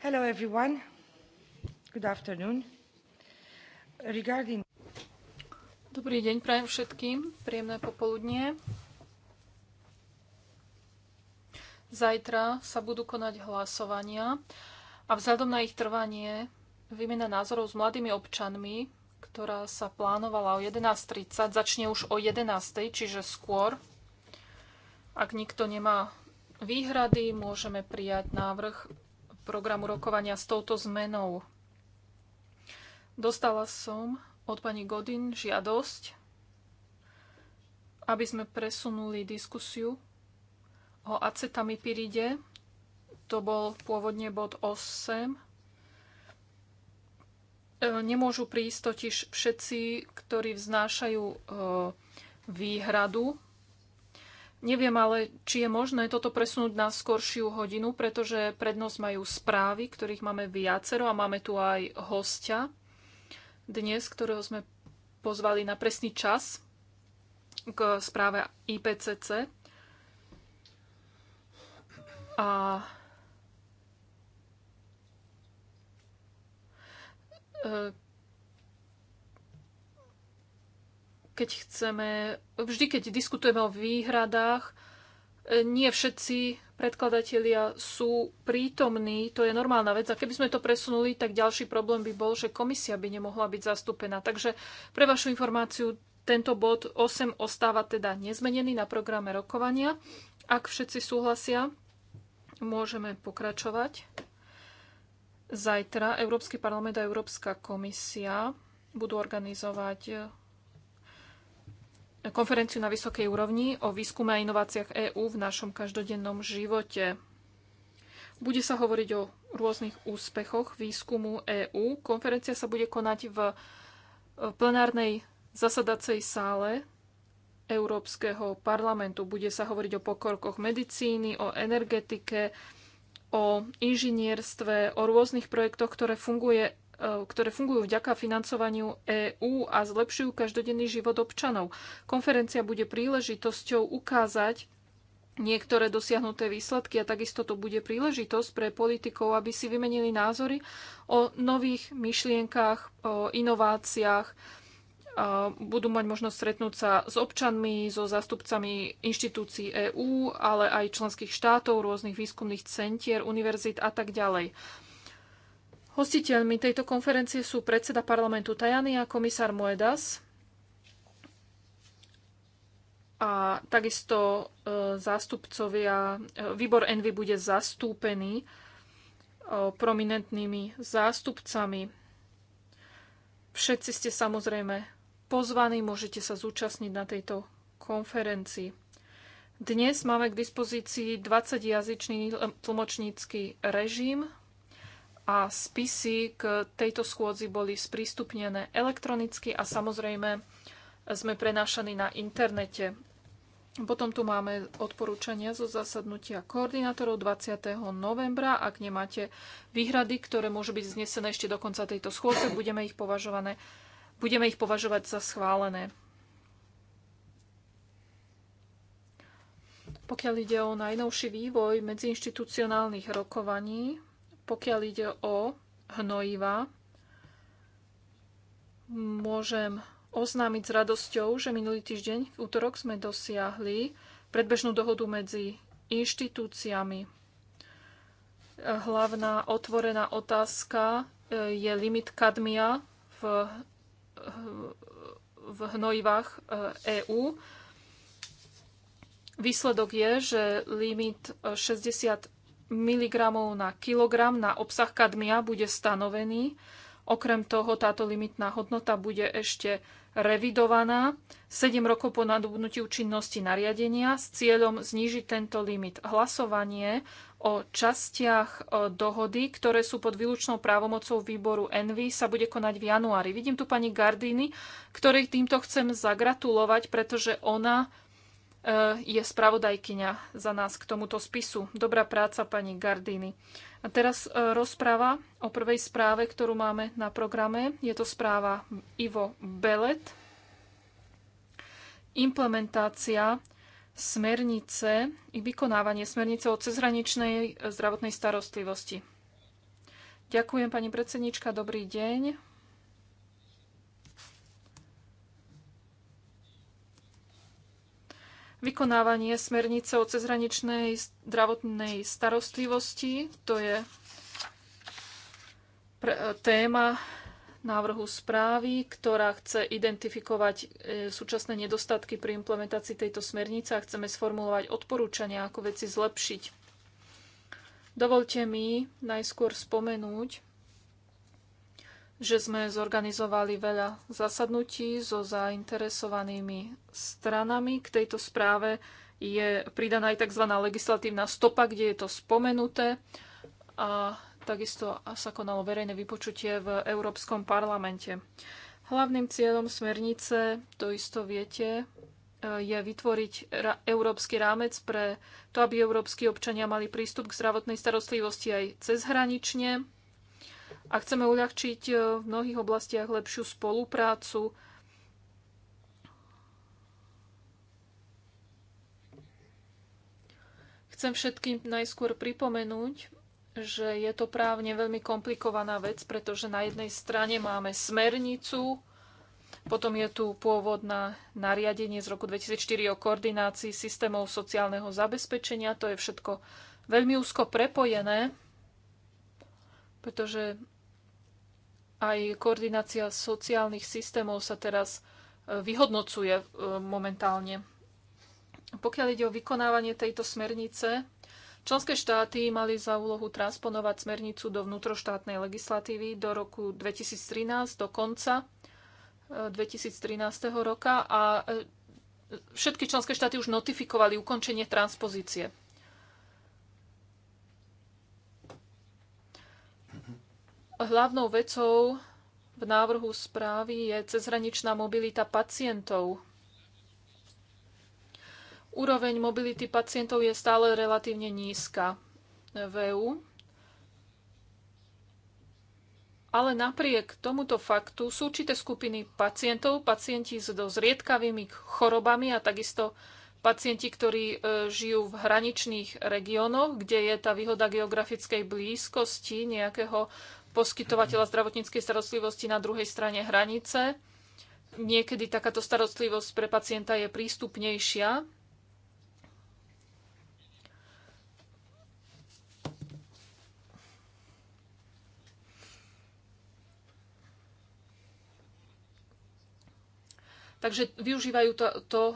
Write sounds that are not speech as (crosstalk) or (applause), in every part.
Hello everyone. Good afternoon. Regarding... Dobrý deň prajem všetkým. Príjemné popoludnie. Zajtra sa budú konať hlasovania a vzhľadom na ich trvanie výmena názorov s mladými občanmi, ktorá sa plánovala o 11.30, začne už o 11.00, čiže skôr. Ak nikto nemá výhrady, môžeme prijať návrh programu rokovania s touto zmenou. Dostala som od pani Godin žiadosť, aby sme presunuli diskusiu o acetamipiride. To bol pôvodne bod 8. E, nemôžu prísť totiž všetci, ktorí vznášajú e, výhradu Neviem ale, či je možné toto presunúť na skoršiu hodinu, pretože prednosť majú správy, ktorých máme viacero a máme tu aj hostia dnes, ktorého sme pozvali na presný čas k správe IPCC. A keď chceme, vždy keď diskutujeme o výhradách, nie všetci predkladatelia sú prítomní, to je normálna vec. A keby sme to presunuli, tak ďalší problém by bol, že komisia by nemohla byť zastúpená. Takže pre vašu informáciu, tento bod 8 ostáva teda nezmenený na programe rokovania. Ak všetci súhlasia, môžeme pokračovať. Zajtra Európsky parlament a Európska komisia budú organizovať konferenciu na vysokej úrovni o výskume a inováciách EÚ v našom každodennom živote. Bude sa hovoriť o rôznych úspechoch výskumu EÚ. Konferencia sa bude konať v e, plenárnej zasadacej sále Európskeho parlamentu. Bude sa hovoriť o pokorkoch medicíny, o energetike, o inžinierstve, o rôznych projektoch, ktoré funguje, Eh, ktoré fungujú vďaka financovaniu EÚ a zlepšujú každodenný život občanov. Konferencia bude príležitosťou ukázať niektoré dosiahnuté výsledky a takisto to bude príležitosť pre politikov, aby si vymenili názory o nových myšlienkách, o inováciách, eh, budú mať možnosť stretnúť sa s občanmi, so zástupcami inštitúcií EÚ, ale aj členských štátov, rôznych výskumných centier, univerzít a tak ďalej. Hostiteľmi tejto konferencie sú predseda parlamentu Tajany a komisár Moedas a takisto e, zástupcovia, e, výbor Envy bude zastúpený e, prominentnými zástupcami. Všetci ste samozrejme pozvaní, môžete sa zúčastniť na tejto konferencii. Dnes máme k dispozícii 20-jazyčný tlmočnícky režim, a spisy k tejto schôdzi boli sprístupnené elektronicky a samozrejme sme prenášaní na internete. Potom tu máme odporúčania zo zasadnutia koordinátorov 20. novembra. Ak nemáte výhrady, ktoré môžu byť znesené ešte do konca tejto schôdze, budeme ich, považované, budeme ich považovať za schválené. Pokiaľ ide o najnovší vývoj medziinštitucionálnych rokovaní, pokiaľ ide o hnojiva, môžem oznámiť s radosťou, že minulý týždeň v útorok sme dosiahli predbežnú dohodu medzi inštitúciami. Hlavná otvorená otázka eh, je limit kadmia v, eh, v hnojivách EÚ. Eh, e Výsledok je, že limit 60 mg na kilogram na obsah kadmia bude stanovený. Okrem toho táto limitná hodnota bude ešte revidovaná 7 rokov po nadobudnutí účinnosti nariadenia s cieľom znížiť tento limit. Hlasovanie o častiach e, dohody, ktoré sú pod výlučnou právomocou výboru Envy, sa bude konať v januári. Vidím tu pani Gardiny, ktorej týmto chcem zagratulovať, pretože ona E, je spravodajkyňa za nás k tomuto spisu. Dobrá práca pani Gardini. A teraz e, rozpráva o prvej správe, ktorú máme na programe. Je to správa Ivo Belet. Implementácia smernice i vykonávanie smernice o cezhraničnej e, zdravotnej starostlivosti. Ďakujem, pani predsednička. Dobrý deň. vykonávanie smernice o cezhraničnej zdravotnej starostlivosti. To je e, téma návrhu správy, ktorá chce identifikovať e, súčasné nedostatky pri implementácii tejto smernice a chceme sformulovať odporúčania, ako veci zlepšiť. Dovolte mi najskôr spomenúť že sme zorganizovali veľa zasadnutí so zainteresovanými stranami. K tejto správe je pridaná aj tzv. legislatívna stopa, kde je to spomenuté. A takisto sa konalo verejné vypočutie v Európskom parlamente. Hlavným cieľom smernice, to isto viete, je vytvoriť európsky rámec pre to, aby európsky občania mali prístup k zdravotnej starostlivosti aj cezhranične a chceme uľahčiť e, v mnohých oblastiach lepšiu spoluprácu. Chcem všetkým najskôr pripomenúť, že je to právne veľmi komplikovaná vec, pretože na jednej strane máme smernicu, potom je tu pôvodná nariadenie z roku 2004 o koordinácii systémov sociálneho zabezpečenia. To je všetko veľmi úzko prepojené, pretože aj koordinácia sociálnych systémov sa teraz e, vyhodnocuje e, momentálne. Pokiaľ ide o vykonávanie tejto smernice, členské štáty mali za úlohu transponovať smernicu do vnútroštátnej legislatívy do roku 2013, do konca 2013 e, roka a všetky členské štáty už notifikovali ukončenie transpozície. Hlavnou vecou v návrhu správy je cezhraničná mobilita pacientov. Úroveň mobility pacientov je stále relatívne nízka v EU. Ale napriek tomuto faktu sú určité skupiny pacientov, pacienti s zriedkavými chorobami a takisto pacienti, ktorí e, žijú v hraničných regiónoch, kde je tá výhoda geografickej blízkosti nejakého poskytovateľa zdravotníckej starostlivosti na druhej strane hranice. Niekedy takáto starostlivosť pre pacienta je prístupnejšia. Takže využívajú to, to e,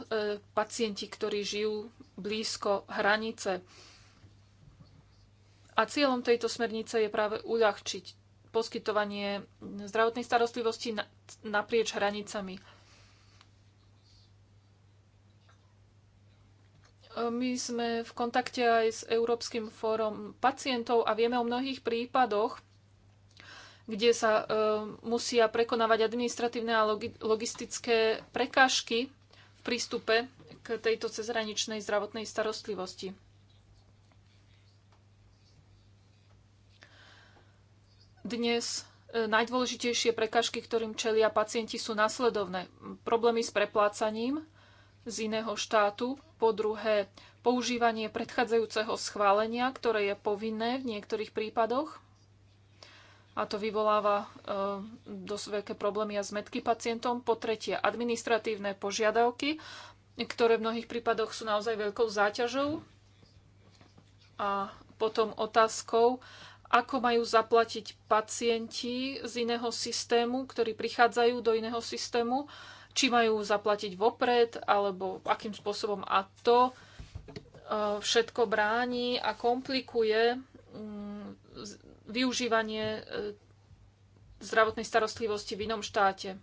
pacienti, ktorí žijú blízko hranice. A cieľom tejto smernice je práve uľahčiť poskytovanie zdravotnej starostlivosti naprieč hranicami. My sme v kontakte aj s Európskym fórom pacientov a vieme o mnohých prípadoch, kde sa e, musia prekonávať administratívne a logistické prekážky v prístupe k tejto cezhraničnej zdravotnej starostlivosti. Dnes e, najdôležitejšie prekažky, ktorým čelia pacienti, sú následovné. Problémy s preplácaním z iného štátu, po druhé používanie predchádzajúceho schválenia, ktoré je povinné v niektorých prípadoch a to vyvoláva e, dosť veľké problémy a zmetky pacientom, po tretie administratívne požiadavky, ktoré v mnohých prípadoch sú naozaj veľkou záťažou a potom otázkou, ako majú zaplatiť pacienti z iného systému, ktorí prichádzajú do iného systému, či majú zaplatiť vopred, alebo akým spôsobom a to e, všetko bráni a komplikuje mm, využívanie e, zdravotnej starostlivosti v inom štáte.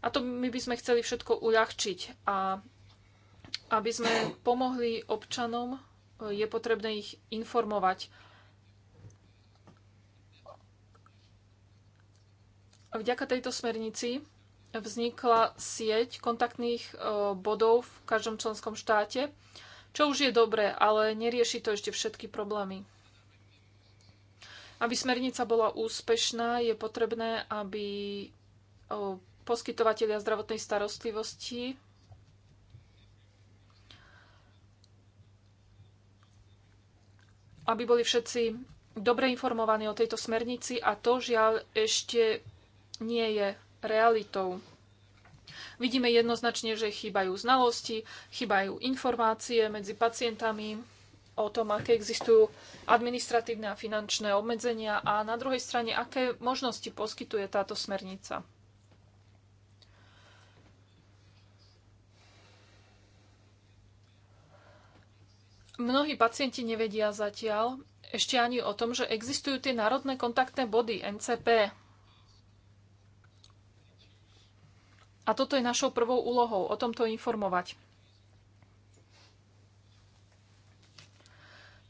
A to my by sme chceli všetko uľahčiť. A aby sme pomohli občanom, e, je potrebné ich informovať Vďaka tejto smernici vznikla sieť kontaktných e, bodov v každom členskom štáte, čo už je dobré, ale nerieši to ešte všetky problémy. Aby smernica bola úspešná, je potrebné, aby e, poskytovateľia zdravotnej starostlivosti aby boli všetci dobre informovaní o tejto smernici a to žiaľ ešte nie je realitou. Vidíme jednoznačne, že chýbajú znalosti, chýbajú informácie medzi pacientami o tom, aké existujú administratívne a finančné obmedzenia a na druhej strane, aké možnosti poskytuje táto smernica. Mnohí pacienti nevedia zatiaľ ešte ani o tom, že existujú tie národné kontaktné body NCP, A toto je našou prvou úlohou, o tomto informovať.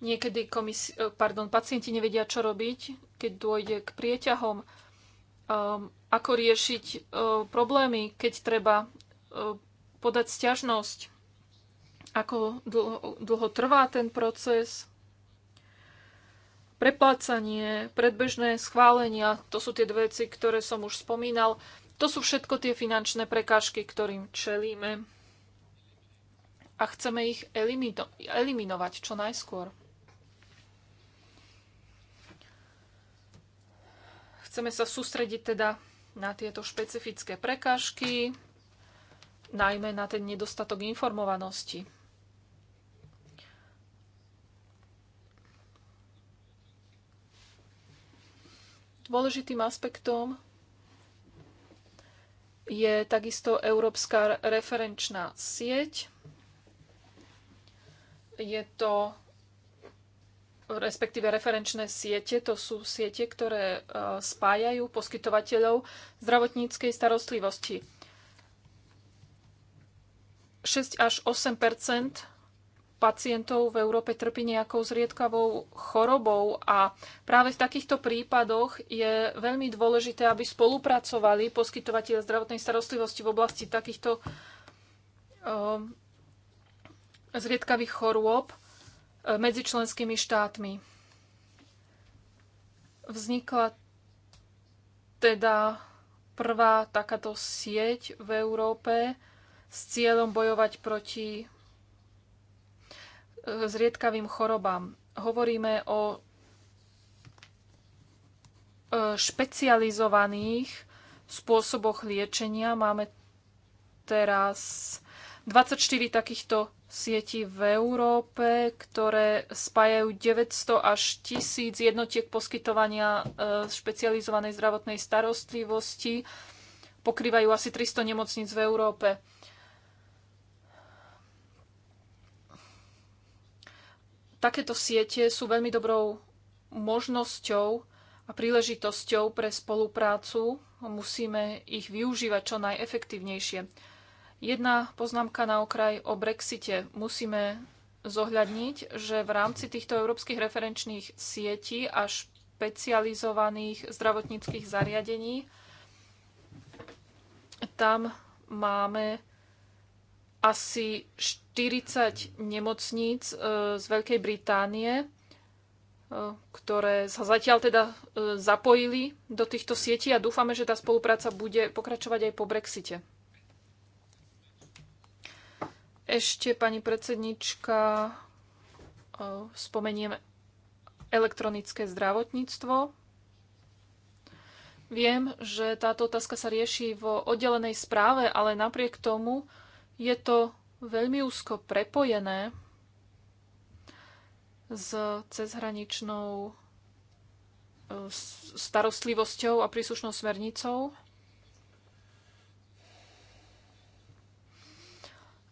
Niekedy komis- e, pardon, pacienti nevedia, čo robiť, keď dôjde k prieťahom, um, ako riešiť um, problémy, keď treba um, podať sťažnosť, ako dlho, dlho trvá ten proces, preplácanie, predbežné schválenia, to sú tie dve veci, ktoré som už spomínal. To sú všetko tie finančné prekážky, ktorým čelíme a chceme ich elimino eliminovať čo najskôr. Chceme sa sústrediť teda na tieto špecifické prekážky, najmä na ten nedostatok informovanosti. Dôležitým aspektom je takisto Európska referenčná sieť. Je to respektíve referenčné siete, to sú siete, ktoré e, spájajú poskytovateľov zdravotníckej starostlivosti. 6 až 8 pacientov v Európe trpí nejakou zriedkavou chorobou a práve v takýchto prípadoch je veľmi dôležité, aby spolupracovali poskytovateľe zdravotnej starostlivosti v oblasti takýchto um, zriedkavých chorôb e, medzi členskými štátmi. Vznikla teda prvá takáto sieť v Európe s cieľom bojovať proti zriedkavým chorobám. Hovoríme o e, špecializovaných spôsoboch liečenia. Máme teraz 24 takýchto sietí v Európe, ktoré spájajú 900 až 1000 jednotiek poskytovania e, špecializovanej zdravotnej starostlivosti. Pokrývajú asi 300 nemocníc v Európe. Takéto siete sú veľmi dobrou možnosťou a príležitosťou pre spoluprácu. Musíme ich využívať čo najefektívnejšie. Jedna poznámka na okraj o Brexite. Musíme zohľadniť, že v rámci týchto európskych referenčných sietí a špecializovaných zdravotníckých zariadení tam máme asi 4 40 nemocníc e, z Veľkej Británie, e, ktoré sa zatiaľ teda e, zapojili do týchto sietí a dúfame, že tá spolupráca bude pokračovať aj po Brexite. Ešte, pani predsednička, spomeniem elektronické zdravotníctvo. Viem, že táto otázka sa rieši vo oddelenej správe, ale napriek tomu je to veľmi úzko prepojené s cezhraničnou e, starostlivosťou a príslušnou smernicou.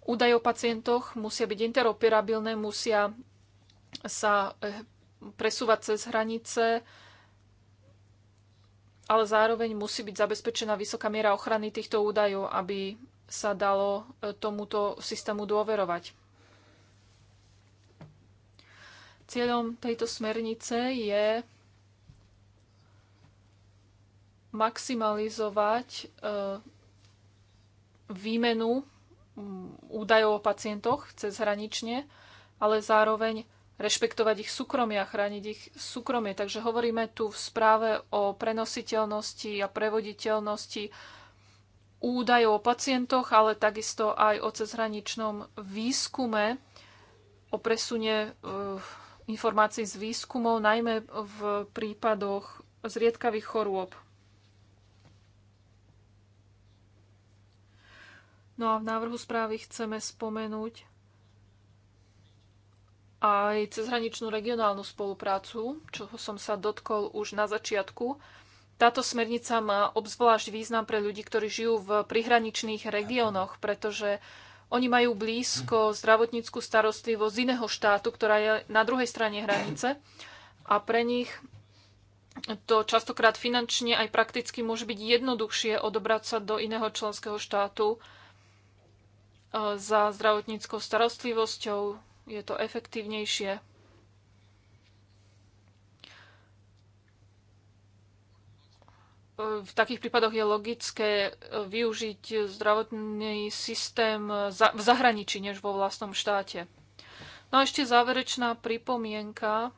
Údaj o pacientoch musia byť interoperabilné, musia sa e, presúvať cez hranice, ale zároveň musí byť zabezpečená vysoká miera ochrany týchto údajov, aby sa dalo e, tomuto systému dôverovať. Cieľom tejto smernice je maximalizovať e, výmenu údajov o pacientoch cez hranične, ale zároveň rešpektovať ich súkromie a chrániť ich súkromie. Takže hovoríme tu v správe o prenositeľnosti a prevoditeľnosti údajov o pacientoch, ale takisto aj o cezhraničnom výskume, o presune e, informácií z výskumov, najmä v prípadoch zriedkavých chorôb. No a v návrhu správy chceme spomenúť aj cezhraničnú regionálnu spoluprácu, čoho som sa dotkol už na začiatku. Táto smernica má obzvlášť význam pre ľudí, ktorí žijú v prihraničných regiónoch, pretože oni majú blízko zdravotníckú starostlivosť z iného štátu, ktorá je na druhej strane hranice a pre nich to častokrát finančne aj prakticky môže byť jednoduchšie odobrať sa do iného členského štátu e, za zdravotníckou starostlivosťou. Je to efektívnejšie. v takých prípadoch je logické eh, využiť zdravotný systém eh, v zahraničí než vo vlastnom štáte. No a ešte záverečná pripomienka.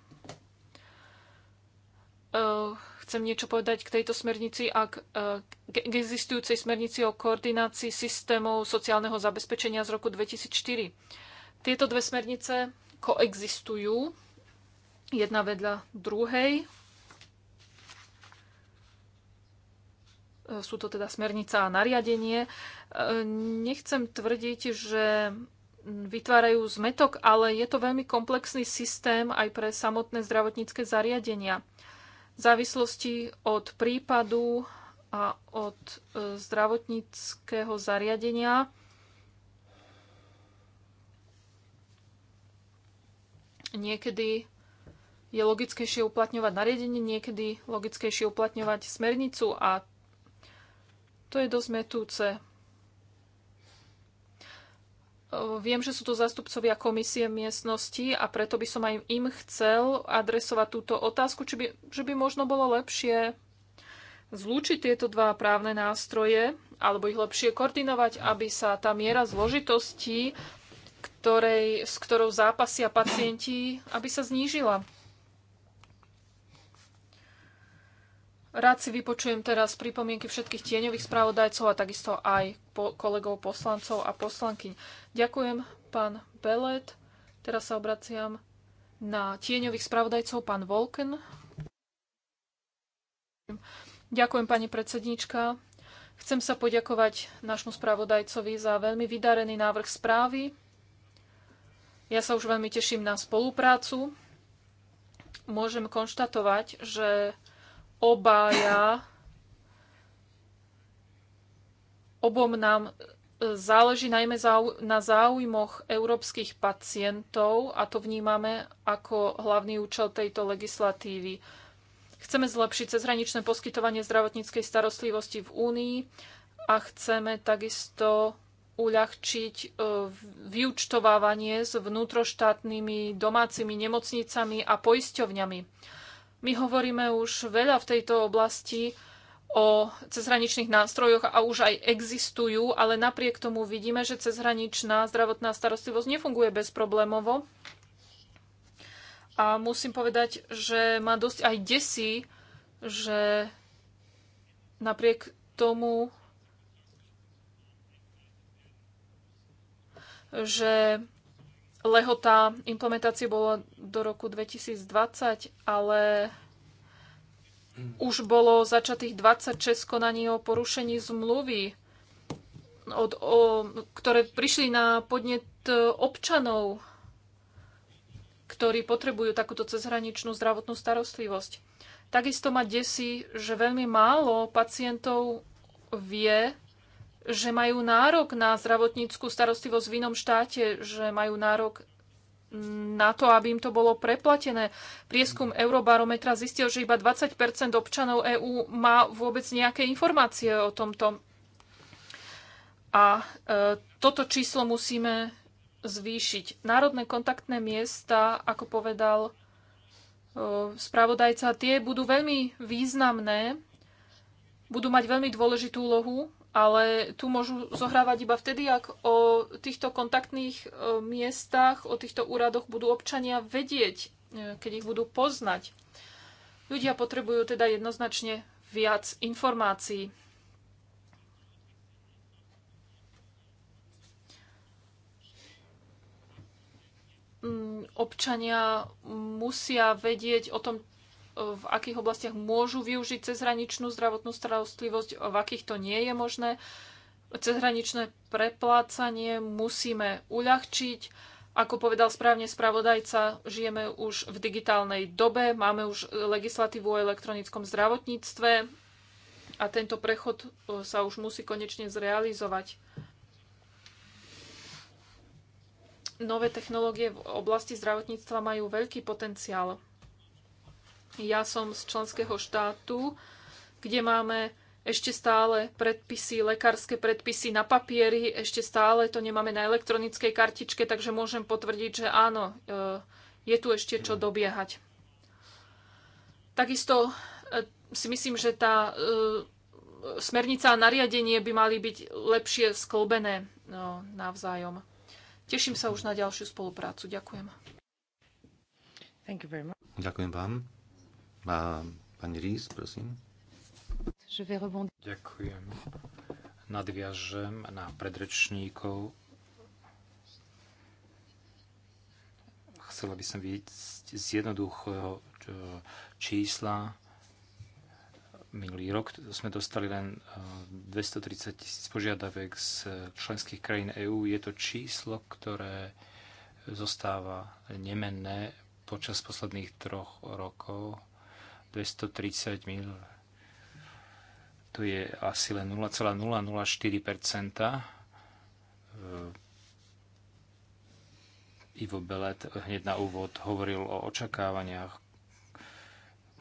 Eh, chcem niečo povedať k tejto smernici a k, k existujúcej smernici o koordinácii systémov sociálneho zabezpečenia z roku 2004. Tieto dve smernice koexistujú jedna vedľa druhej E, sú to teda smernica a nariadenie. E, nechcem tvrdiť, že vytvárajú zmetok, ale je to veľmi komplexný systém aj pre samotné zdravotnícke zariadenia. V závislosti od prípadu a od e, zdravotníckého zariadenia niekedy je logickejšie uplatňovať nariadenie, niekedy logickejšie uplatňovať smernicu a to je dosť metúce. Viem, že sú to zástupcovia komisie miestnosti a preto by som aj im chcel adresovať túto otázku, či by, že by možno bolo lepšie zlúčiť tieto dva právne nástroje alebo ich lepšie koordinovať, aby sa tá miera zložitosti, ktorej, s ktorou zápasia pacienti, aby sa znížila. Rád si vypočujem teraz pripomienky všetkých tieňových spravodajcov a takisto aj po kolegov poslancov a poslankyň. Ďakujem, pán Belet. Teraz sa obraciam na tieňových spravodajcov, pán Volken. Ďakujem, pani predsednička. Chcem sa poďakovať našmu spravodajcovi za veľmi vydarený návrh správy. Ja sa už veľmi teším na spoluprácu. Môžem konštatovať, že obaja Obom nám e, záleží najmä na záujmoch európskych pacientov a to vnímame ako hlavný účel tejto legislatívy. Chceme zlepšiť cezhraničné poskytovanie zdravotníckej starostlivosti v Únii a chceme takisto uľahčiť e, vyučtovávanie s vnútroštátnymi domácimi nemocnicami a poisťovňami. My hovoríme už veľa v tejto oblasti o cezhraničných nástrojoch a už aj existujú, ale napriek tomu vidíme, že cezhraničná zdravotná starostlivosť nefunguje bezproblémovo. A musím povedať, že ma dosť aj desí, že napriek tomu, že lehota implementácie bola do roku 2020, ale už bolo začatých 26 konaní o porušení zmluvy, od, o, ktoré prišli na podnet e, občanov, ktorí potrebujú takúto cezhraničnú zdravotnú starostlivosť. Takisto ma desí, že veľmi málo pacientov vie, že majú nárok na zdravotníckú starostlivosť v inom štáte, že majú nárok na to, aby im to bolo preplatené. Prieskum Eurobarometra zistil, že iba 20 občanov EÚ má vôbec nejaké informácie o tomto. A e, toto číslo musíme zvýšiť. Národné kontaktné miesta, ako povedal e, spravodajca, tie budú veľmi významné, budú mať veľmi dôležitú úlohu ale tu môžu zohrávať iba vtedy, ak o týchto kontaktných e, miestach, o týchto úradoch budú občania vedieť, e, keď ich budú poznať. Ľudia potrebujú teda jednoznačne viac informácií. Mm, občania musia vedieť o tom, v akých oblastiach môžu využiť cezhraničnú zdravotnú starostlivosť, v akých to nie je možné. Cezhraničné preplácanie musíme uľahčiť. Ako povedal správne spravodajca, žijeme už v digitálnej dobe, máme už legislatívu o elektronickom zdravotníctve a tento prechod e, sa už musí konečne zrealizovať. Nové technológie v oblasti zdravotníctva majú veľký potenciál. Ja som z členského štátu, kde máme ešte stále predpisy, lekárske predpisy na papieri, ešte stále to nemáme na elektronickej kartičke, takže môžem potvrdiť, že áno, e, je tu ešte čo dobiehať. Takisto e, si myslím, že tá e, smernica a nariadenie by mali byť lepšie sklbené no, navzájom. Teším sa už na ďalšiu spoluprácu. Ďakujem. Ďakujem vám. A pani Rís, prosím. Ďakujem. Nadviažem na predrečníkov. Chcela by som vidieť z jednoduchého čísla. Minulý rok sme dostali len 230 eh, tisíc požiadavek z eh, členských krajín EÚ. Je to číslo, ktoré zostáva nemenné počas posledných troch rokov 230 mil. To je asi len 0,004 e, Ivo Belet hneď na úvod hovoril o očakávaniach,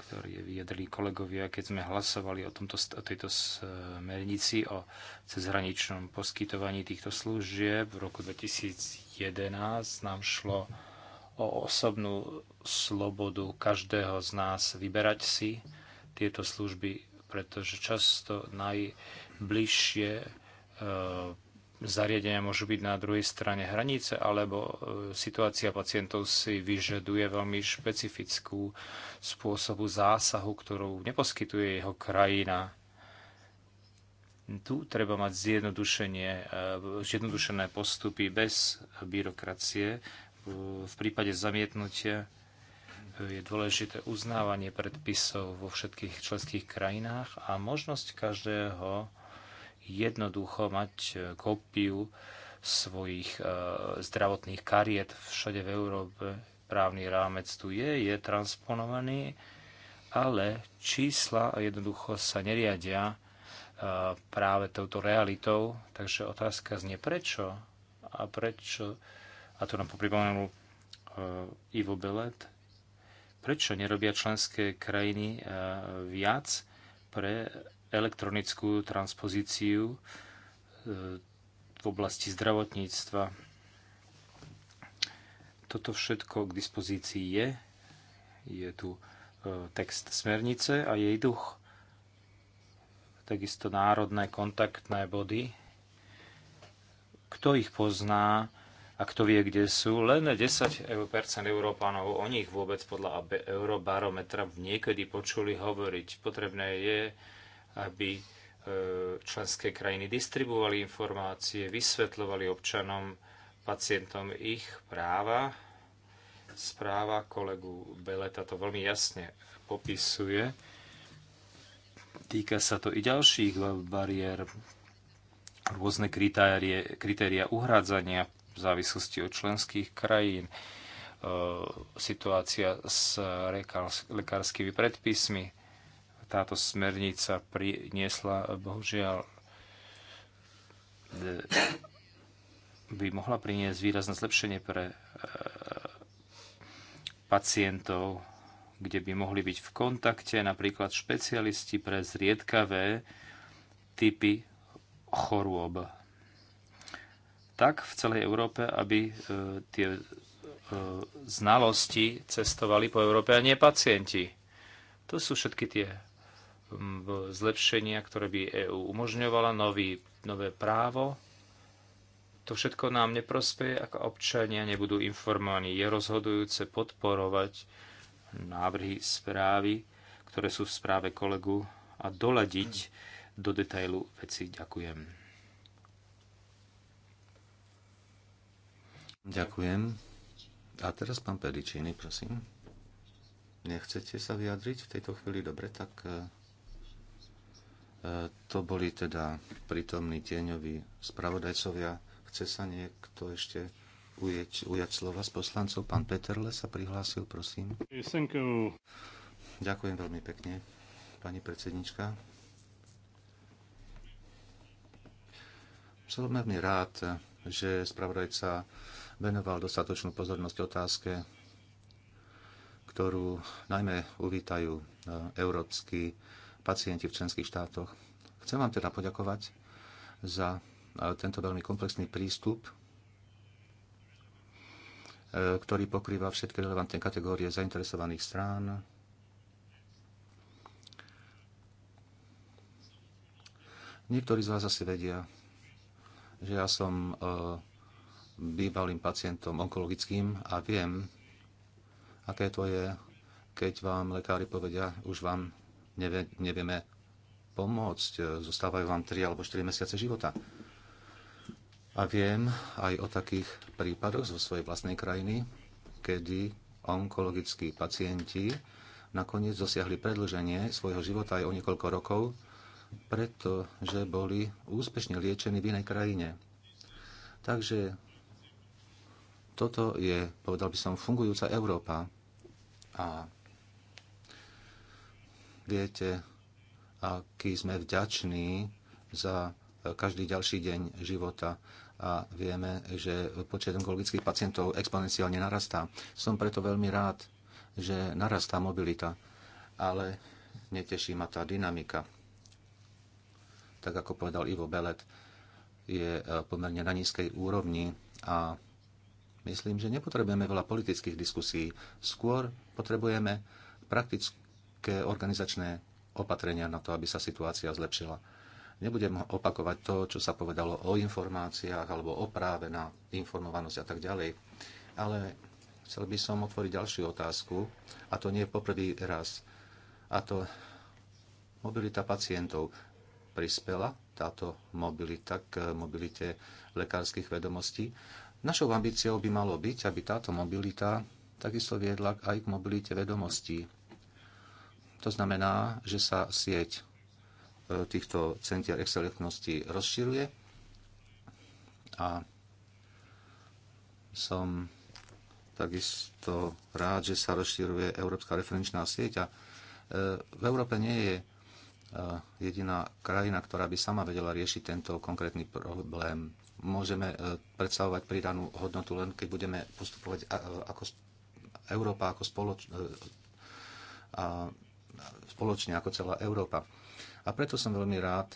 ktoré vyjadrili kolegovia, keď sme hlasovali o, tomto, o tejto smernici o cezhraničnom poskytovaní týchto služieb v roku 2011. Nám šlo o osobnú slobodu každého z nás vyberať si tieto služby, pretože často najbližšie e, zariadenia môžu byť na druhej strane hranice, alebo e, situácia pacientov si vyžaduje veľmi špecifickú spôsobu zásahu, ktorú neposkytuje jeho krajina. Tu treba mať e, zjednodušené postupy bez byrokracie, v prípade zamietnutia eh, je dôležité uznávanie predpisov vo všetkých členských krajinách a možnosť každého jednoducho mať eh, kópiu svojich eh, zdravotných kariet všade v Európe. Právny rámec tu je, je transponovaný, ale čísla jednoducho sa neriadia práve touto realitou. Takže otázka znie prečo a prečo a to nám uh, Ivo Belet, prečo nerobia členské krajiny e, viac pre elektronickú transpozíciu e, v oblasti zdravotníctva. Toto všetko k dispozícii je. Je tu text smernice a jej duch. Takisto národné kontaktné body. Kto ich pozná, a kto vie, kde sú, len 10% e, Európanov o nich vôbec podľa Eurobarometra niekedy počuli hovoriť. Potrebné je, aby e, členské krajiny distribuovali informácie, vysvetľovali občanom, pacientom ich práva. Správa kolegu Beleta to veľmi jasne popisuje. Týka sa to i ďalších bariér, rôzne kritérie, kritéria uhrádzania v závislosti od členských krajín, e, situácia s lekárskymi predpismi. Táto smernica priniesla, bohužiaľ, e, by mohla priniesť výrazné zlepšenie pre e, pacientov, kde by mohli byť v kontakte napríklad špecialisti pre zriedkavé typy chorôb tak v celej Európe, aby e, tie e, znalosti cestovali po Európe a nie pacienti. To sú všetky tie zlepšenia, ktoré by EÚ umožňovala, nový, nové právo. To všetko nám neprospeje, ak občania nebudú informovaní. Je rozhodujúce podporovať návrhy správy, ktoré sú v správe kolegu a doladiť do detailu veci. Ďakujem. Ďakujem. A teraz pán Pedičiny, prosím. Nechcete sa vyjadriť v tejto chvíli? Dobre, tak e, e, to boli teda prítomní tieňoví spravodajcovia. Chce sa niekto ešte ujať, ujať slova z poslancov? Pán Peterle sa prihlásil, prosím. Ďakujem veľmi pekne, pani predsednička. Som veľmi rád, že spravodajca venoval dostatočnú pozornosť otázke, ktorú najmä uvítajú e, európsky pacienti v členských štátoch. Chcem vám teda poďakovať za e, tento veľmi komplexný prístup, e, ktorý pokrýva všetky relevantné kategórie zainteresovaných strán. Niektorí z vás asi vedia, že ja som bývalým pacientom onkologickým a viem, aké to je, keď vám lekári povedia, už vám nevie, nevieme pomôcť, zostávajú vám 3 alebo 4 mesiace života. A viem aj o takých prípadoch zo svojej vlastnej krajiny, kedy onkologickí pacienti nakoniec dosiahli predlženie svojho života aj o niekoľko rokov, pretože boli úspešne liečení v inej krajine. Takže toto je, povedal by som, fungujúca Európa. A viete, aký sme vďační za každý ďalší deň života a vieme, že počet onkologických pacientov exponenciálne narastá. Som preto veľmi rád, že narastá mobilita, ale neteší ma tá dynamika. Tak ako povedal Ivo Belet, je eh, pomerne na nízkej úrovni a Myslím, že nepotrebujeme veľa politických diskusí, skôr potrebujeme praktické organizačné opatrenia na to, aby sa situácia zlepšila. Nebudem opakovať to, čo sa povedalo o informáciách alebo o práve na informovanosť a tak ďalej, ale chcel by som otvoriť ďalšiu otázku, a to nie je poprvý raz, a to mobilita pacientov. Prispela táto mobilita k mobilite lekárskych vedomostí Našou ambíciou by malo byť, aby táto mobilita takisto viedla aj k mobilite vedomostí. To znamená, že sa sieť e, týchto centier excelentnosti rozširuje a som takisto rád, že sa rozširuje Európska referenčná sieť a e, v Európe nie je e, jediná krajina, ktorá by sama vedela riešiť tento konkrétny problém môžeme e, predstavovať pridanú hodnotu len keď budeme postupovať e, ako Európa, ako spoloč, e, spoločne, ako celá Európa. A preto som veľmi rád,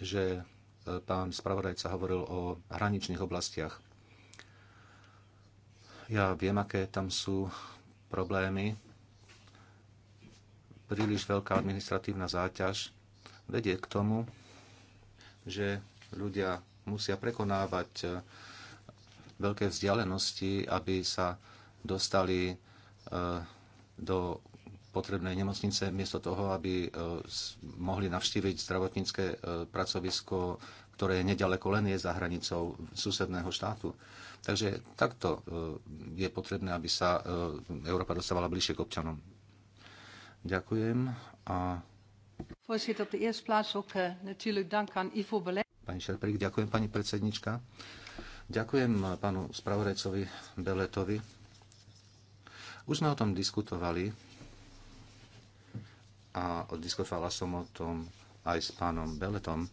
že pán spravodajca hovoril o hraničných oblastiach. Ja viem, aké tam sú problémy. Príliš veľká administratívna záťaž vedie k tomu, že ľudia musia prekonávať eh, veľké vzdialenosti, aby sa dostali eh, do potrebnej nemocnice, miesto toho, aby eh, mohli navštíviť zdravotnícke pracovisko, ktoré je nedaleko len je za hranicou susedného štátu. Takže takto je potrebné, aby sa Európa dostávala bližšie k občanom. Ďakujem. A... Voorzitter, op de eerste plaats ook uh, natuurlijk dank aan Ivo Belet. Pani Šerprík, ďakujem pani predsednička. Ďakujem pánu spravorecovi Beletovi. Už sme o tom diskutovali a diskutovala som o tom aj s pánom Beletom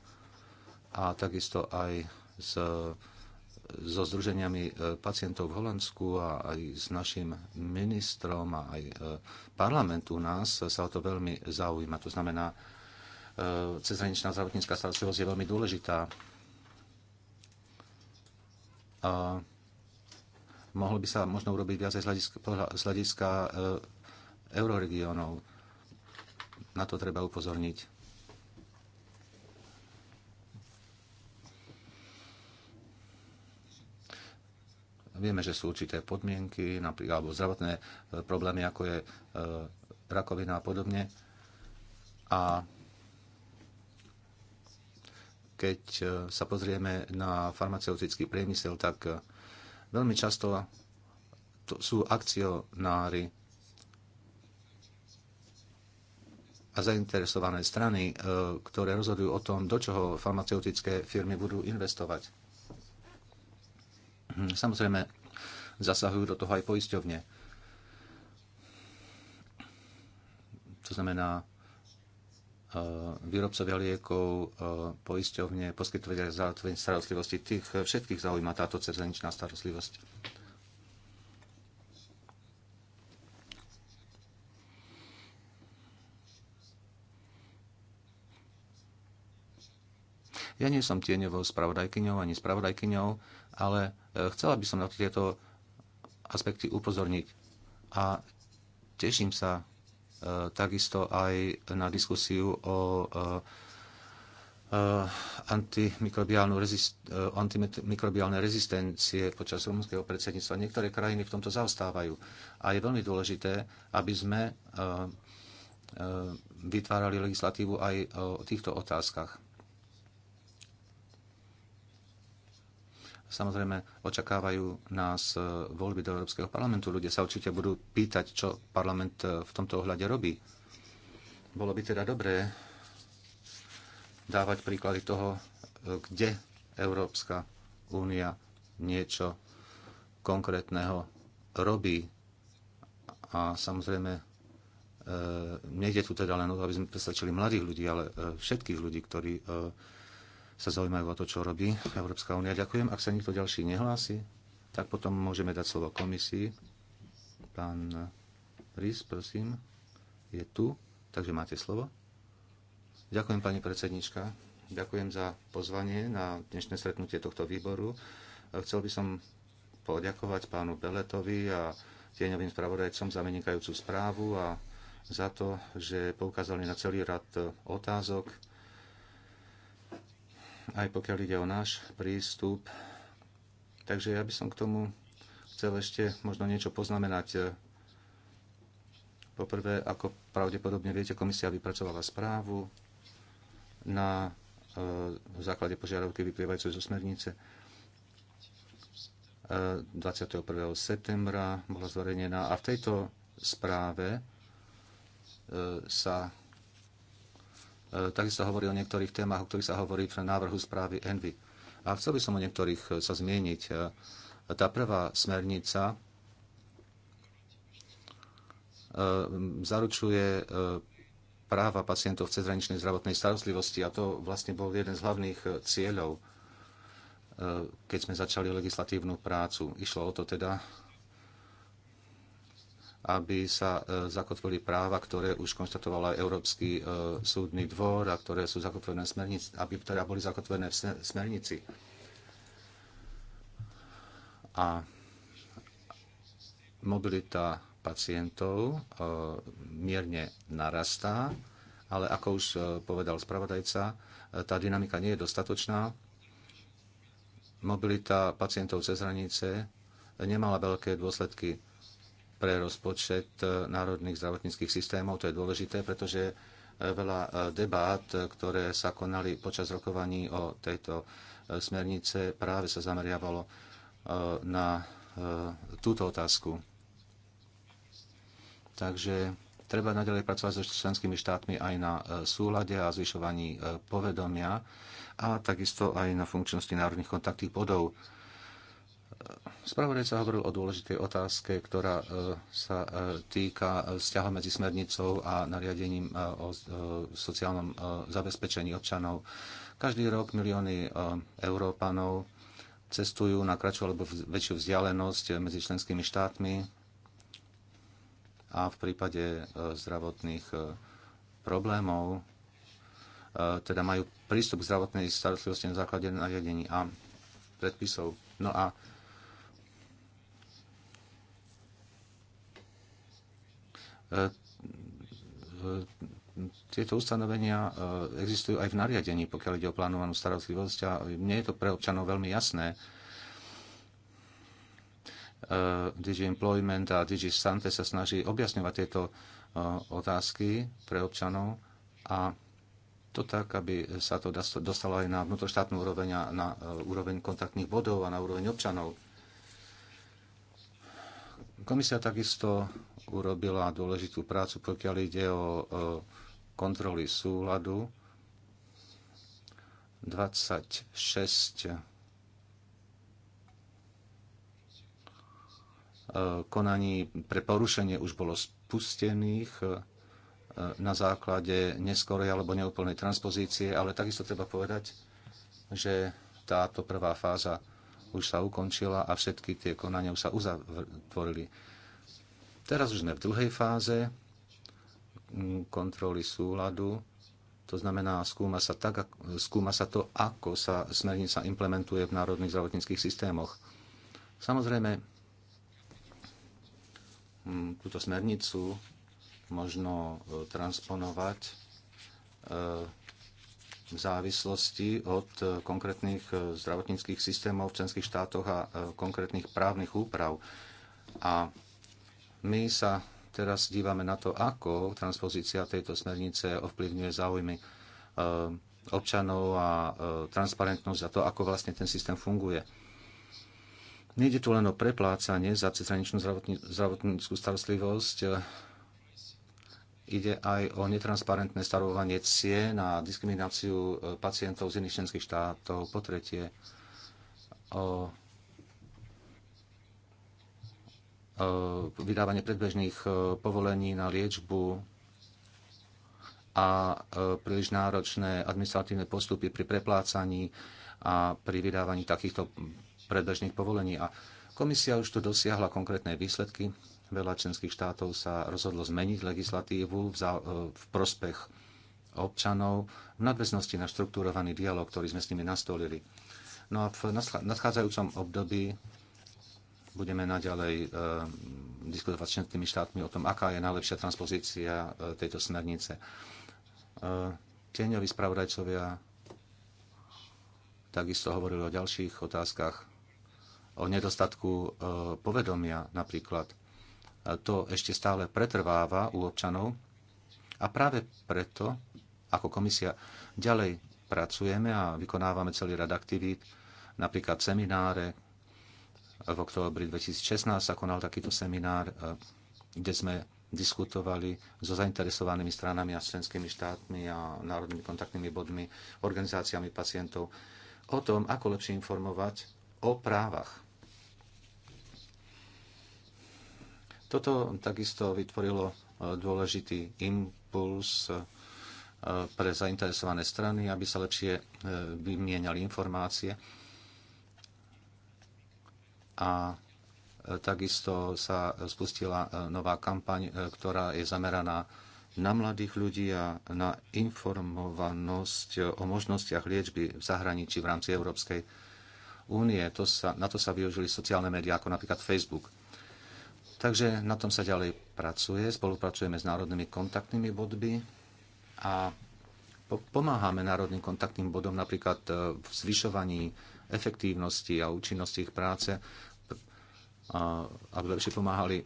a takisto aj s, so združeniami e, pacientov v Holandsku a aj s našim ministrom a aj e, parlamentu nás sa o to veľmi zaujíma. To znamená, E, cezhraničná zdravotnícká starostlivosť je veľmi dôležitá. A mohlo by sa možno urobiť viac z hľadiska, z hľadiska e, euroregiónov. Na to treba upozorniť. Vieme, že sú určité podmienky, napríklad alebo zdravotné e, problémy, ako je rakovina a podobne. A keď e, sa pozrieme na farmaceutický priemysel, tak e, veľmi často to sú akcionári a zainteresované strany, e, ktoré rozhodujú o tom, do čoho farmaceutické firmy budú investovať. Hm, samozrejme, zasahujú do toho aj poisťovne. To znamená, E, výrobcovia liekov, e, poisťovne, poskytovateľe zdravotnej starostlivosti. Tých e, všetkých zaujíma táto cezhraničná starostlivosť. Ja nie som tieňovou spravodajkyňou ani spravodajkyňou, ale chcela by som na tieto aspekty upozorniť. A teším sa E, takisto aj na diskusiu o e, e, antimikrobiálne rezistencie počas rumunského predsedníctva. Niektoré krajiny v tomto zaostávajú. A je veľmi dôležité, aby sme vytvárali legislatívu aj o týchto otázkach. Samozrejme, očakávajú nás e, voľby do Európskeho parlamentu. Ľudia sa určite budú pýtať, čo parlament e, v tomto ohľade robí. Bolo by teda dobré dávať príklady toho, e, kde Európska únia niečo konkrétneho robí. A samozrejme, nejde tu teda len o to, aby sme presvedčili mladých ľudí, ale všetkých ľudí, ktorí sa zaujímajú o to, čo robí Európska únia. Ďakujem. Ak sa nikto ďalší nehlási, tak potom môžeme dať slovo komisii. Pán Rís, prosím, je tu, takže máte slovo. Ďakujem, pani predsednička. Ďakujem za pozvanie na dnešné stretnutie tohto výboru. Chcel by som poďakovať pánu Beletovi a tieňovým spravodajcom za vynikajúcu správu a za to, že poukázali na celý rad otázok, aj pokiaľ ide o náš prístup. Takže ja by som k tomu chcel ešte možno niečo poznamenať. Poprvé, ako pravdepodobne viete, komisia vypracovala správu na e, základe požiadavky vyplývajúcej zo smernice. 21. E, septembra bola zverejnená a v tejto správe e, sa E, takisto hovorí o niektorých témach, o ktorých sa hovorí v návrhu správy Envy. A chcel by som o niektorých e, sa zmieniť. E, tá prvá smernica zaručuje práva pacientov v cezhraničnej zdravotnej starostlivosti a to vlastne bol jeden z hlavných cieľov, keď sme začali legislatívnu prácu. Išlo o to teda aby sa e, zakotvili práva, ktoré už konštatoval aj Európsky e, súdny dvor a ktoré sú zakotvené v smernici, aby ktoré boli zakotvené v smernici. A mobilita pacientov e, mierne narastá, ale ako už povedal spravodajca, tá dynamika nie je dostatočná. Mobilita pacientov cez hranice nemala veľké dôsledky pre rozpočet e, národných zdravotníckých systémov. To je dôležité, pretože e, veľa e, debát, ktoré sa konali počas rokovaní o tejto smernice, práve sa zameriavalo na túto otázku. Takže treba nadalej pracovať so členskými štátmi aj na súlade a zvyšovaní povedomia a takisto aj na funkčnosti národných kontaktných bodov Spravodajca hovoril o dôležitej otázke, ktorá e, sa e, týka vzťahu medzi smernicou a nariadením e, o sociálnom zabezpečení občanov. Každý rok milióny Európanov cestujú na kratšiu alebo väčšiu vzdialenosť medzi členskými štátmi a v prípade zdravotných problémov teda majú prístup k zdravotnej starostlivosti na základe nariadení a predpisov. No a E, e, tieto ustanovenia e, existujú aj v nariadení, pokiaľ ide o plánovanú starostlivosť a mne je to pre občanov veľmi jasné. Digi Employment a Digi Sante sa snaží objasňovať tieto otázky pre občanov a to tak, aby sa to dostalo aj na vnútroštátnu úroveň a na úroveň kontaktných bodov a na úroveň občanov. Komisia takisto urobila dôležitú prácu, pokiaľ ide o kontroly súladu. 26 e, konaní pre porušenie už bolo spustených e, na základe neskorej alebo neúplnej transpozície, ale takisto treba povedať, že táto prvá fáza už sa ukončila a všetky tie konania už sa uzatvorili. Teraz už sme v druhej fáze mm, kontroly súladu, to znamená, skúma sa, tak, skúma sa to, ako sa smernica implementuje v národných zdravotníckých systémoch. Samozrejme, mm, túto smernicu možno e, transponovať e, v závislosti od e, konkrétnych zdravotníckých systémov v členských štátoch a konkrétnych právnych úprav. A my sa teraz dívame na to, ako transpozícia tejto smernice ovplyvňuje záujmy e, občanov a e, transparentnosť a to, ako vlastne ten systém funguje. Nejde tu len o preplácanie za cezhraničnú zdravotníckú starostlivosť, e, ide aj o netransparentné starovanie cien a diskrimináciu pacientov z iných členských štátov, po tretie o E, vydávanie predbežných e, povolení na liečbu a e, príliš náročné administratívne postupy pri preplácaní a pri vydávaní takýchto predbežných povolení. A komisia už tu dosiahla konkrétne výsledky. Veľa členských štátov sa rozhodlo zmeniť legislatívu v, v prospech občanov v nadväznosti na štruktúrovaný dialog, ktorý sme s nimi nastolili. No a v nadchádzajúcom období budeme naďalej eh, diskutovať s členskými štátmi o tom, aká je najlepšia transpozícia eh, tejto smernice. Eh, tieňoví spravodajcovia takisto hovorili o ďalších otázkach, o nedostatku povedomia napríklad. To ešte stále pretrváva u občanov a práve preto, ako komisia, ďalej pracujeme a vykonávame celý rad aktivít, napríklad semináre, v októbri 2016 sa konal takýto seminár, e, kde sme diskutovali so zainteresovanými stranami a členskými štátmi a národnými kontaktnými bodmi, organizáciami pacientov o tom, ako lepšie informovať o právach. Toto takisto vytvorilo e, dôležitý impuls e, pre zainteresované strany, aby sa lepšie vymieniali informácie a e, takisto sa spustila e, nová kampaň, e, ktorá je zameraná na mladých ľudí a na informovanosť o možnostiach liečby v zahraničí v rámci Európskej únie. To sa, na to sa využili sociálne médiá, ako napríklad Facebook. Takže na tom sa ďalej pracuje, spolupracujeme s národnými kontaktnými bodmi a pomáhame národným kontaktným bodom napríklad v zvyšovaní efektívnosti a účinnosti ich práce aby lepšie pomáhali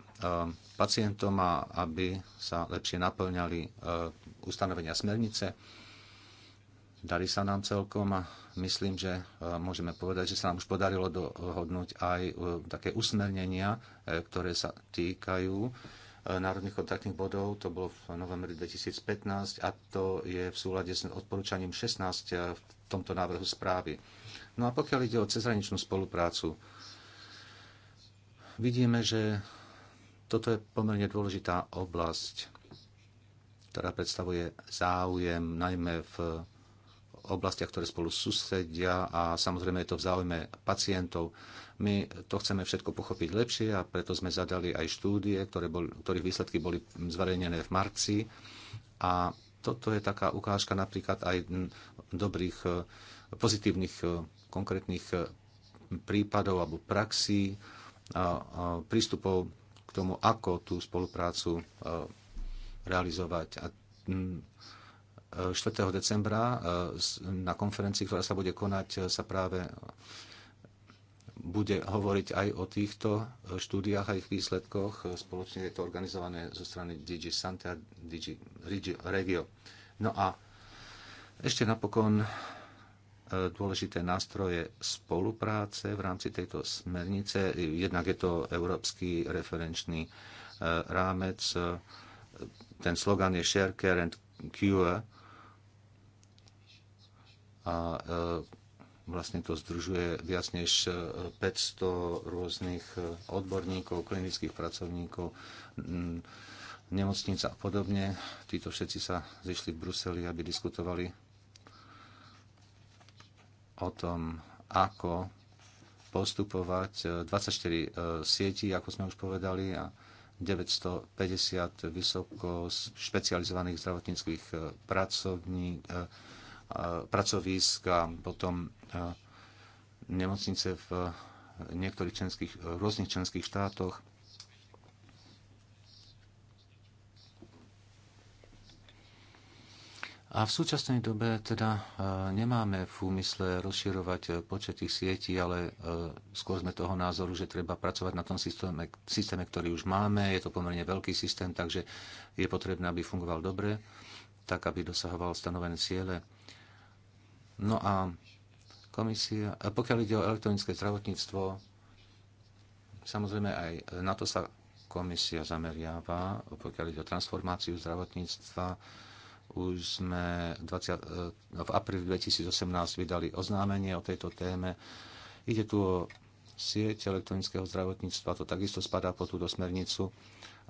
pacientom a aby sa lepšie naplňali ustanovenia smernice. Dali sa nám celkom a myslím, že môžeme povedať, že sa nám už podarilo dohodnúť aj e, také usmernenia, e, ktoré sa týkajú e, národných kontaktných bodov, to bolo v novembri 2015 a to je v súlade s odporúčaním 16 v tomto návrhu správy. No a pokiaľ ide o cezhraničnú spoluprácu, vidíme, že toto je pomerne dôležitá oblasť, ktorá predstavuje záujem najmä v oblastiach, ktoré spolu susedia a samozrejme je to v záujme pacientov. My to chceme všetko pochopiť lepšie a preto sme zadali aj štúdie, ktoré bol, ktorých výsledky boli zverejnené v marci. A toto je taká ukážka napríklad aj dobrých, e, pozitívnych, e, konkrétnych e, prípadov alebo praxí, prístupov k tomu, ako tú spoluprácu realizovať. A 4. E, decembra e, na konferencii, ktorá sa bude konať, e, sa práve bude hovoriť aj o týchto štúdiách a ich výsledkoch. Spoločne je to organizované zo strany DG Santa a DG Regio. No a ešte napokon dôležité nástroje spolupráce v rámci tejto smernice. Jednak je to Európsky referenčný e, rámec. Ten slogan je Share, Care and Cure. A e, vlastne to združuje viac než 500 e, rôznych odborníkov, klinických pracovníkov, nemocníc a podobne. Títo všetci sa zišli v Bruseli, aby diskutovali o tom, ako postupovať. 24 e, e, sietí, ako sme už povedali, a 950 vysoko špecializovaných zdravotníckých e, pracovní, pracovísk a potom nemocnice v niektorých členských, rôznych členských štátoch A v súčasnej dobe teda e, nemáme v úmysle rozširovať e, počet tých sietí, ale e, skôr sme toho názoru, že treba pracovať na tom systéme, systéme, ktorý už máme. Je to pomerne veľký systém, takže je potrebné, aby fungoval dobre, tak aby dosahoval stanovené ciele. No a komisia, pokiaľ ide o elektronické zdravotníctvo, samozrejme aj na to sa komisia zameriava, pokiaľ ide o transformáciu zdravotníctva, už sme 20, e, v apríli 2018 vydali oznámenie o tejto téme. Ide tu o sieť elektronického zdravotníctva, to takisto spadá pod túto smernicu.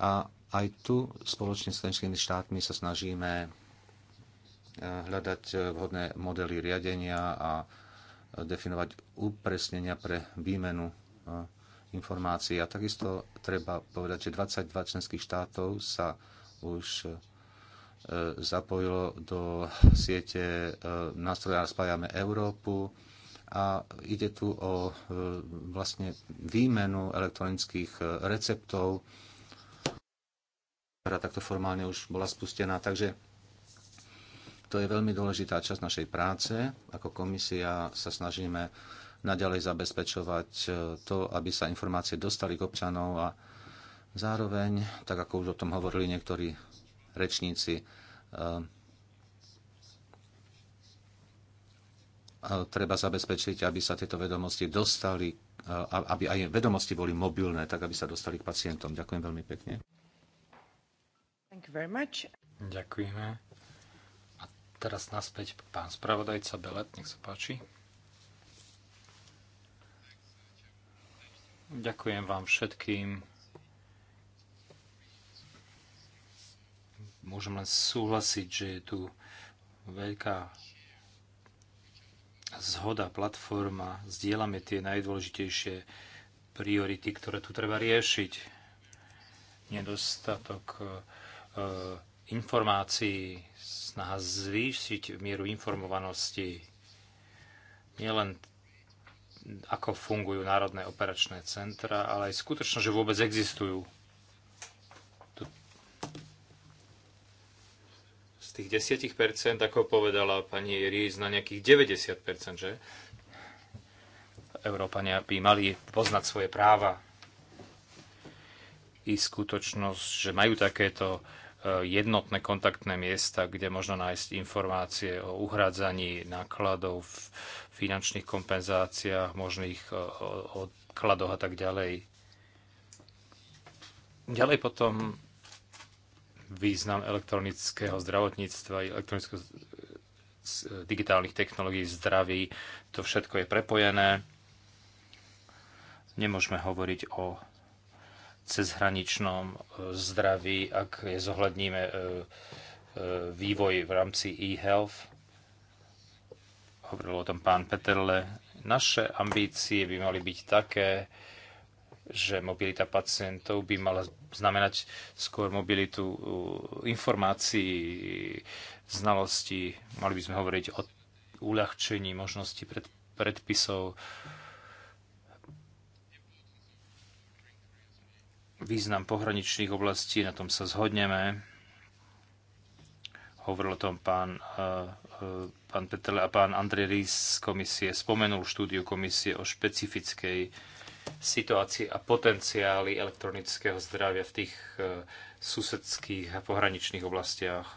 A aj tu spoločne s členskými štátmi sa snažíme e, hľadať vhodné modely riadenia a definovať upresnenia pre výmenu e, informácií. A takisto treba povedať, že 22 členských štátov sa už E, zapojilo do siete e, nástroja Spájame Európu a ide tu o e, vlastne výmenu elektronických receptov, ktorá takto formálne už bola spustená. Takže to je veľmi dôležitá časť našej práce. Ako komisia sa snažíme naďalej zabezpečovať to, aby sa informácie dostali k občanov a zároveň, tak ako už o tom hovorili niektorí rečníci. Eh, treba zabezpečiť, aby sa tieto vedomosti dostali, eh, aby aj vedomosti boli mobilné, tak aby sa dostali k pacientom. Ďakujem veľmi pekne. Ďakujeme. A teraz naspäť pán spravodajca Belet, nech sa páči. Ďakujem vám všetkým môžem len súhlasiť, že je tu veľká zhoda, platforma, zdieľame tie najdôležitejšie priority, ktoré tu treba riešiť. Nedostatok e, informácií, snaha zvýšiť mieru informovanosti, nielen ako fungujú národné operačné centra, ale aj skutočno, že vôbec existujú tých 10%, ako povedala pani Ries, na nejakých 90%, že? Európania by mali poznať svoje práva i skutočnosť, že majú takéto e, jednotné kontaktné miesta, kde možno nájsť informácie o uhradzaní nákladov, finančných kompenzáciách, možných e, odkladoch a tak ďalej. Ďalej potom význam elektronického zdravotníctva, elektronického digitálnych technológií zdraví. To všetko je prepojené. Nemôžeme hovoriť o cezhraničnom e, zdraví, ak zohľadníme e, e, vývoj v rámci e-health. Hovoril o tom pán Peterle. Naše ambície by mali byť také, že mobilita pacientov by mala znamenať skôr mobilitu uh, informácií, znalostí. Mali by sme hovoriť o uľahčení možnosti pred, predpisov, význam pohraničných oblastí, na tom sa zhodneme. Hovoril o tom pán, uh, uh, pán Petrle a pán Andrej Rís z komisie. Spomenul štúdiu komisie o špecifickej situácii a potenciály elektronického zdravia v tých e, susedských a pohraničných oblastiach,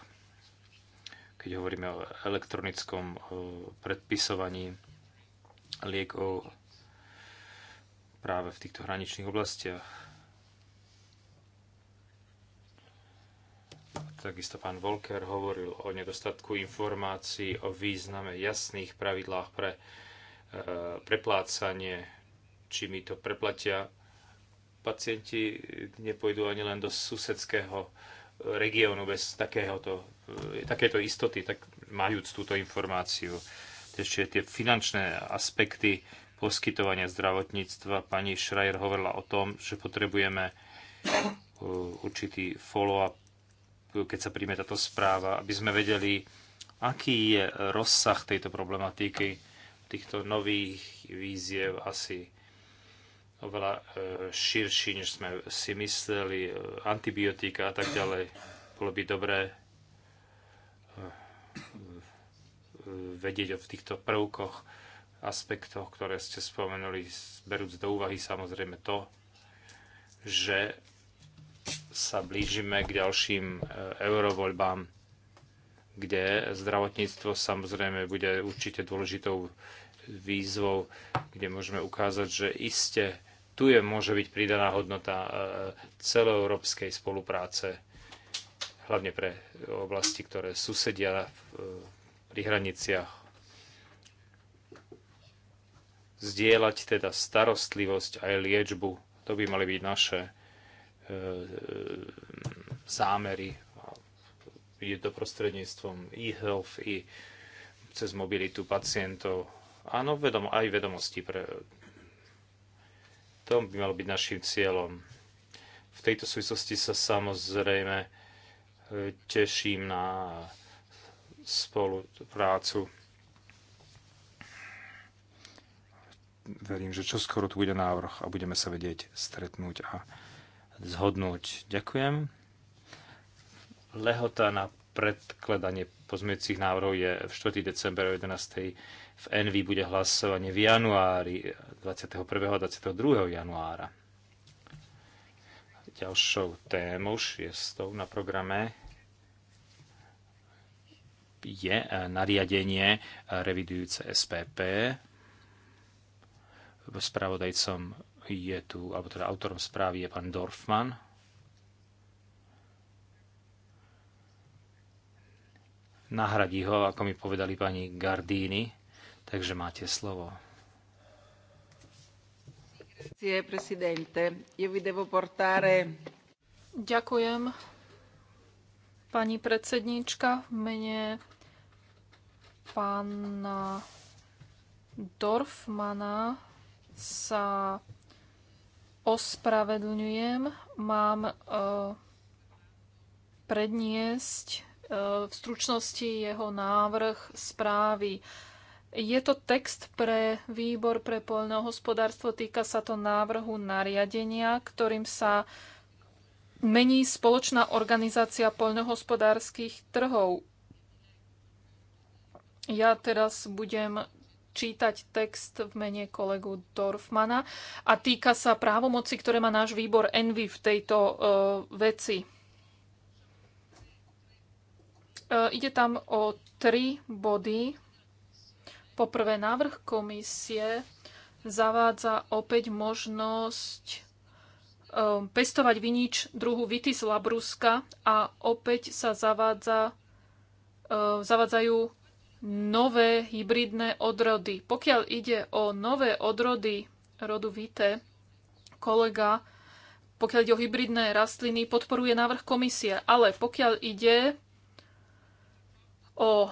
keď hovoríme o elektronickom e, predpisovaní liekov práve v týchto hraničných oblastiach. Takisto pán Volker hovoril o nedostatku informácií, o význame jasných pravidlách pre e, preplácanie či mi to preplatia pacienti nepôjdu ani len do susedského e, regiónu bez takéhoto, e, takéto istoty, tak majúc túto informáciu. Ešte tie finančné aspekty poskytovania zdravotníctva. Pani Schreier hovorila o tom, že potrebujeme e, určitý follow-up, keď sa príjme táto správa, aby sme vedeli, aký je rozsah tejto problematiky, týchto nových víziev asi oveľa e, širší, než sme si mysleli, e, antibiotika a tak ďalej. Bolo by dobré e, vedieť o týchto prvkoch, aspektoch, ktoré ste spomenuli, berúc do úvahy samozrejme to, že sa blížime k ďalším eurovoľbám, kde zdravotníctvo samozrejme bude určite dôležitou výzvou, kde môžeme ukázať, že iste tu je, môže byť pridaná hodnota e, celoeurópskej spolupráce, hlavne pre oblasti, ktoré susedia e, pri hraniciach. Zdieľať teda starostlivosť aj liečbu, to by mali byť naše e, zámery. Je to prostredníctvom e-health i cez mobilitu pacientov. Áno, aj vedomosti pre to by malo byť našim cieľom. V tejto súvislosti sa samozrejme e, teším na spoluprácu. Verím, že čoskoro tu bude návrh a budeme sa vedieť stretnúť a zhodnúť. Ďakujem. Lehota na predkladanie pozmeňujúcich návrhov je 4. december 11. V Envy bude hlasovanie v januári, 21. a 22. januára. Ďalšou témou, šiestou na programe, je eh, nariadenie eh, revidujúce SPP. Spravodajcom je tu, alebo teda autorom správy je pán Dorfman. Nahradí ho, ako mi povedali pani Gardini Takže máte slovo. Ďakujem, pani predsedníčka, v mene pána Dorfmana sa ospravedlňujem. Mám e, predniesť e, v stručnosti jeho návrh správy. Je to text pre výbor pre poľnohospodárstvo, týka sa to návrhu nariadenia, ktorým sa mení spoločná organizácia poľnohospodárskych trhov. Ja teraz budem čítať text v mene kolegu Dorfmana a týka sa právomoci, ktoré má náš výbor Envy v tejto uh, veci. Uh, ide tam o tri body. Poprvé, návrh komisie zavádza opäť možnosť um, pestovať vinič druhu Vitis labruska a opäť sa zavádza, um, zavádzajú nové hybridné odrody. Pokiaľ ide o nové odrody rodu Vite, kolega, pokiaľ ide o hybridné rastliny, podporuje návrh komisie. Ale pokiaľ ide o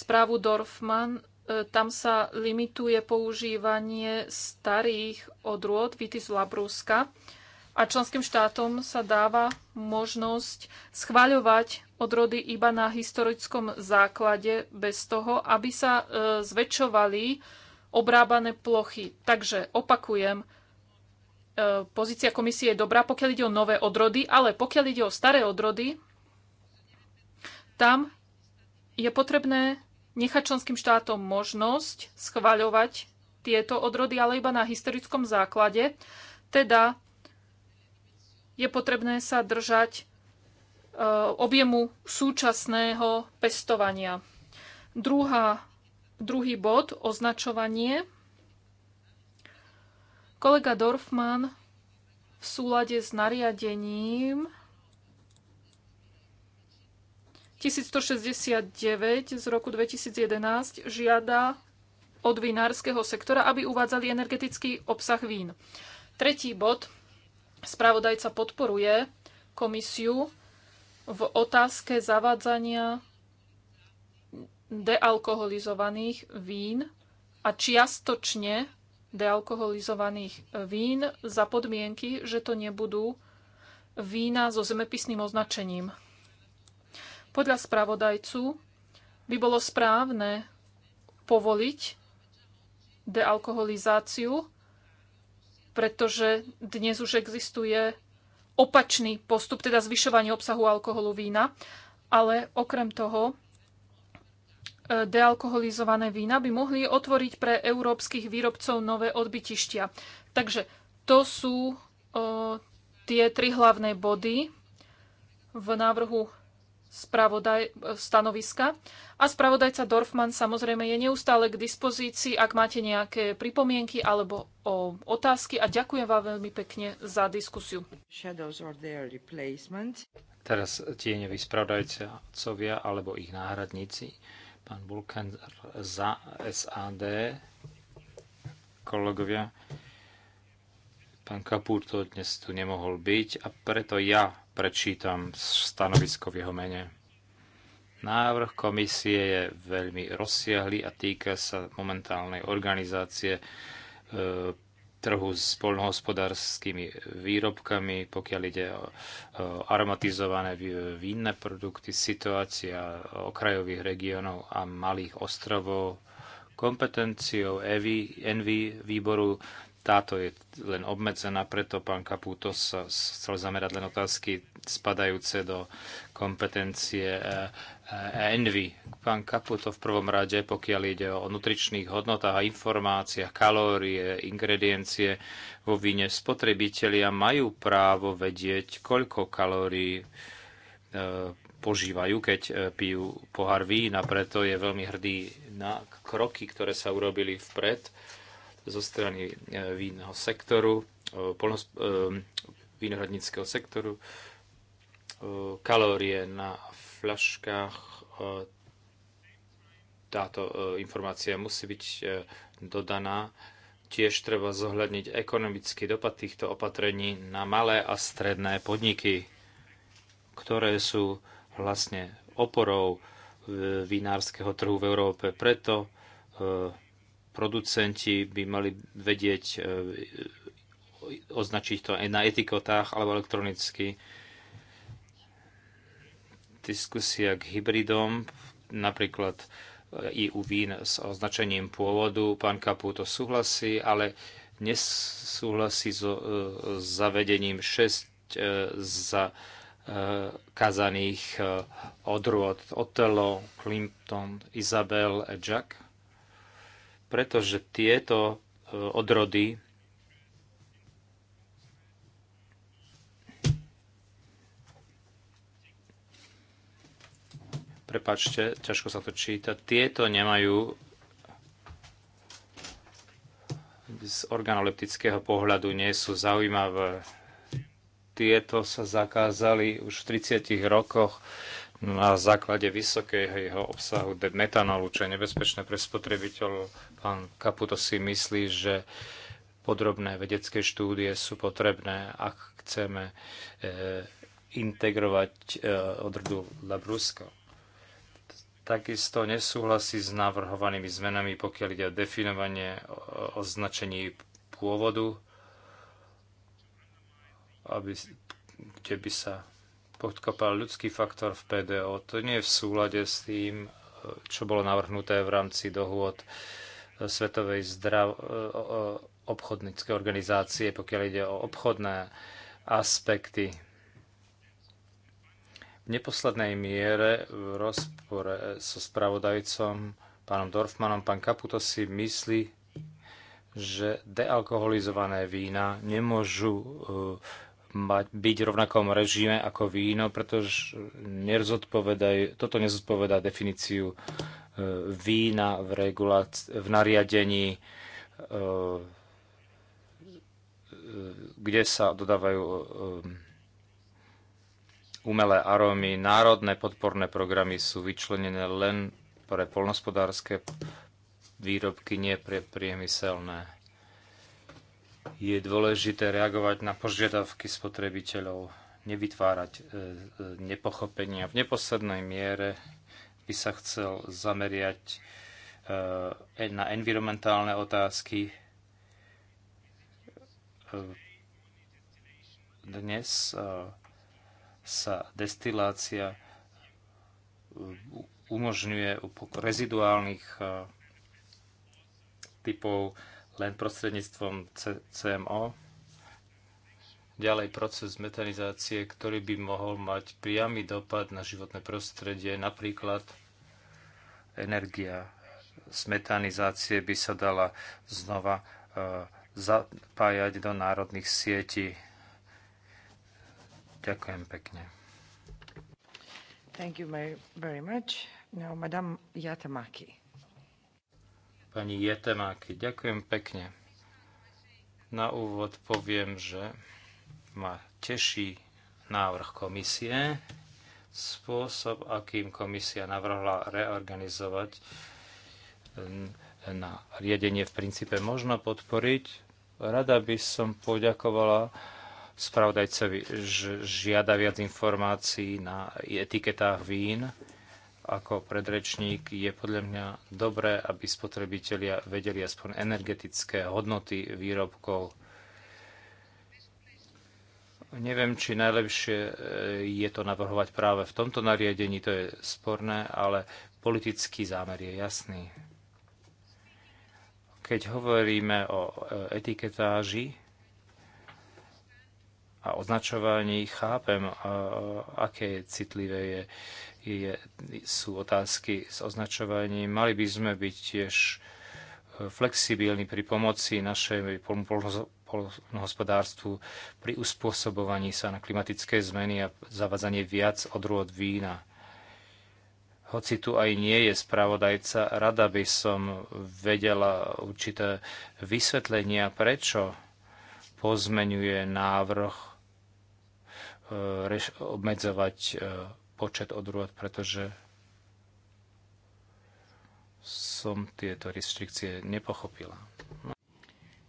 správu Dorfman, e, tam sa limituje používanie starých odrôd Vitis labruska a členským štátom sa dáva možnosť schváľovať odrody iba na historickom základe bez toho, aby sa e, zväčšovali obrábané plochy. Takže opakujem, e, pozícia komisie je dobrá, pokiaľ ide o nové odrody, ale pokiaľ ide o staré odrody, tam je potrebné nechať členským štátom možnosť schvaľovať tieto odrody, ale iba na historickom základe. Teda je potrebné sa držať e, objemu súčasného pestovania. Druhá, druhý bod, označovanie. Kolega Dorfman v súlade s nariadením 1169 z roku 2011 žiada od vinárskeho sektora, aby uvádzali energetický obsah vín. Tretí bod. Spravodajca podporuje komisiu v otázke zavádzania dealkoholizovaných vín a čiastočne dealkoholizovaných vín za podmienky, že to nebudú vína so zemepisným označením. Podľa spravodajcu by bolo správne povoliť dealkoholizáciu, pretože dnes už existuje opačný postup, teda zvyšovanie obsahu alkoholu vína, ale okrem toho e, dealkoholizované vína by mohli otvoriť pre európskych výrobcov nové odbytištia. Takže to sú o, e, tie tri hlavné body v návrhu spravodaj, stanoviska. A spravodajca Dorfman samozrejme je neustále k dispozícii, ak máte nejaké pripomienky alebo o otázky. A ďakujem vám veľmi pekne za diskusiu. Teraz tieňoví spravodajcovia alebo ich náhradníci. Pán Bulkan za SAD, kolegovia. Pán Kapúr to dnes tu nemohol byť a preto ja prečítam stanovisko v jeho mene. Návrh komisie je veľmi rozsiahly a týka sa momentálnej organizácie e, trhu s poľnohospodárskymi výrobkami, pokiaľ ide o aromatizované vínne produkty, situácia okrajových regiónov a malých ostrovov. Kompetenciou EVI, ENVI výboru táto je len obmedzená, preto pán Kaputo sa chcel zamerať len otázky spadajúce do kompetencie eh, eh, envy. Pán Kaputo v prvom rade, pokiaľ ide o nutričných hodnotách a informáciách, kalórie, ingrediencie vo víne, spotrebitelia majú právo vedieť, koľko kalórií eh, požívajú, keď pijú pohár vína, preto je veľmi hrdý na kroky, ktoré sa urobili vpred zo strany e, vínneho sektoru, e, e, vínohradníckého sektoru, kalórie na flaškách. Táto informácia musí byť dodaná. Tiež treba zohľadniť ekonomický dopad týchto opatrení na malé a stredné podniky, ktoré sú vlastne oporou vinárskeho trhu v Európe. Preto producenti by mali vedieť e, označiť to aj na etikotách alebo elektronicky. Diskusia k hybridom, napríklad i e, e u vín s označením pôvodu. Pán to súhlasí, ale nesúhlasí so zavedením 6 za kazaných odrôd Otelo, Clinton, Isabel a Jack pretože tieto e, odrody prepačte, ťažko sa to číta, tieto nemajú z organoleptického pohľadu nie sú zaujímavé. Tieto sa zakázali už v 30 rokoch na základe vysokého obsahu metanolu, čo je nebezpečné pre spotrebiteľ, Pán Kaputo si myslí, že podrobné vedecké štúdie sú potrebné, ak chceme e, integrovať e, odrdu Labrusko. Takisto nesúhlasí s navrhovanými zmenami, pokiaľ ide o definovanie označení pôvodu, aby, kde by sa podkopal ľudský faktor v PDO. To nie je v súlade s tým, e, čo bolo navrhnuté v rámci dohôd e, Svetovej zdrav- e, obchodníckej organizácie, pokiaľ ide o obchodné aspekty. V neposlednej miere v rozpore so spravodajcom pánom Dorfmanom pán Kaputo si myslí, že dealkoholizované vína nemôžu uh, mať, byť v rovnakom režime ako víno, pretože toto nezodpovedá definíciu e, vína v, v nariadení, e, e, kde sa dodávajú umelé arómy. Národné podporné programy sú vyčlenené len pre polnospodárske výrobky, nie pre priemyselné je dôležité reagovať na požiadavky spotrebiteľov, nevytvárať e, e, nepochopenia. V neposlednej miere by sa chcel zameriať e, na environmentálne otázky. Dnes sa destilácia umožňuje u reziduálnych typov len prostredníctvom CMO. Ďalej proces metanizácie, ktorý by mohol mať priamy dopad na životné prostredie, napríklad energia z metanizácie by sa dala znova e, zapájať do národných sietí. Ďakujem pekne. Thank you very much. Now, Madame Yatamaki pani Jetemáky. Ďakujem pekne. Na úvod poviem, že ma teší návrh komisie, spôsob, akým komisia navrhla reorganizovať na riadenie v princípe možno podporiť. Rada by som poďakovala spravodajcovi, že žiada viac informácií na etiketách vín ako predrečník, je podľa mňa dobré, aby spotrebitelia vedeli aspoň energetické hodnoty výrobkov. Neviem, či najlepšie e, je to navrhovať práve v tomto nariadení, to je sporné, ale politický zámer je jasný. Keď hovoríme o e, etiketáži, a označovaní chápem, aké aké citlivé je, je, sú otázky s označovaním. Mali by sme byť tiež e, flexibilní pri pomoci našej polnohospodárstvu pri uspôsobovaní sa na klimatické zmeny a zavadzanie viac odrôd vína. Hoci tu aj nie je spravodajca, rada by som vedela určité vysvetlenia, prečo pozmenuje návrh E, reš- obmedzovať e, počet odrôd, pretože som tieto restrikcie nepochopila.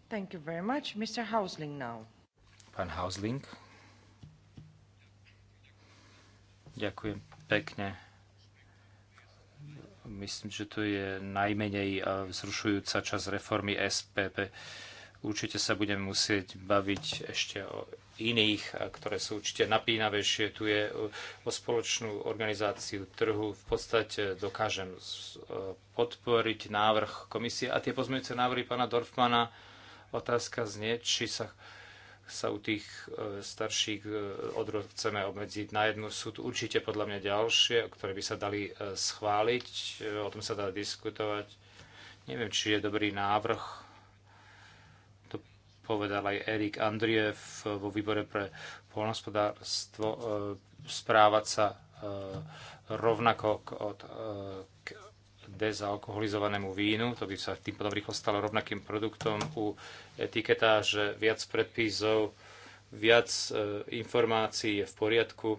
Thank you very much. Mr. Hausling now. Pán Hausling. Ďakujem pekne. Myslím, že to je najmenej e, vzrušujúca časť reformy SPP. Určite sa budeme musieť baviť ešte o iných, ktoré sú určite napínavejšie. Tu je e, o spoločnú organizáciu trhu. V podstate dokážem e, podporiť návrh komisie a tie pozmeňujúce návrhy pána Dorfmana. Otázka znie, či sa, sa u tých e, starších odrod chceme obmedziť na jednu. Sú tu určite podľa mňa ďalšie, ktoré by sa dali schváliť. O tom sa dá diskutovať. Neviem, či je dobrý návrh povedal aj Erik Andriev eh, vo výbore pre poľnohospodárstvo, eh, správať sa eh, rovnako k, od, k dezalkoholizovanému vínu, to by sa tým potom rýchlo stalo rovnakým produktom u že viac predpisov, viac informácií je v poriadku.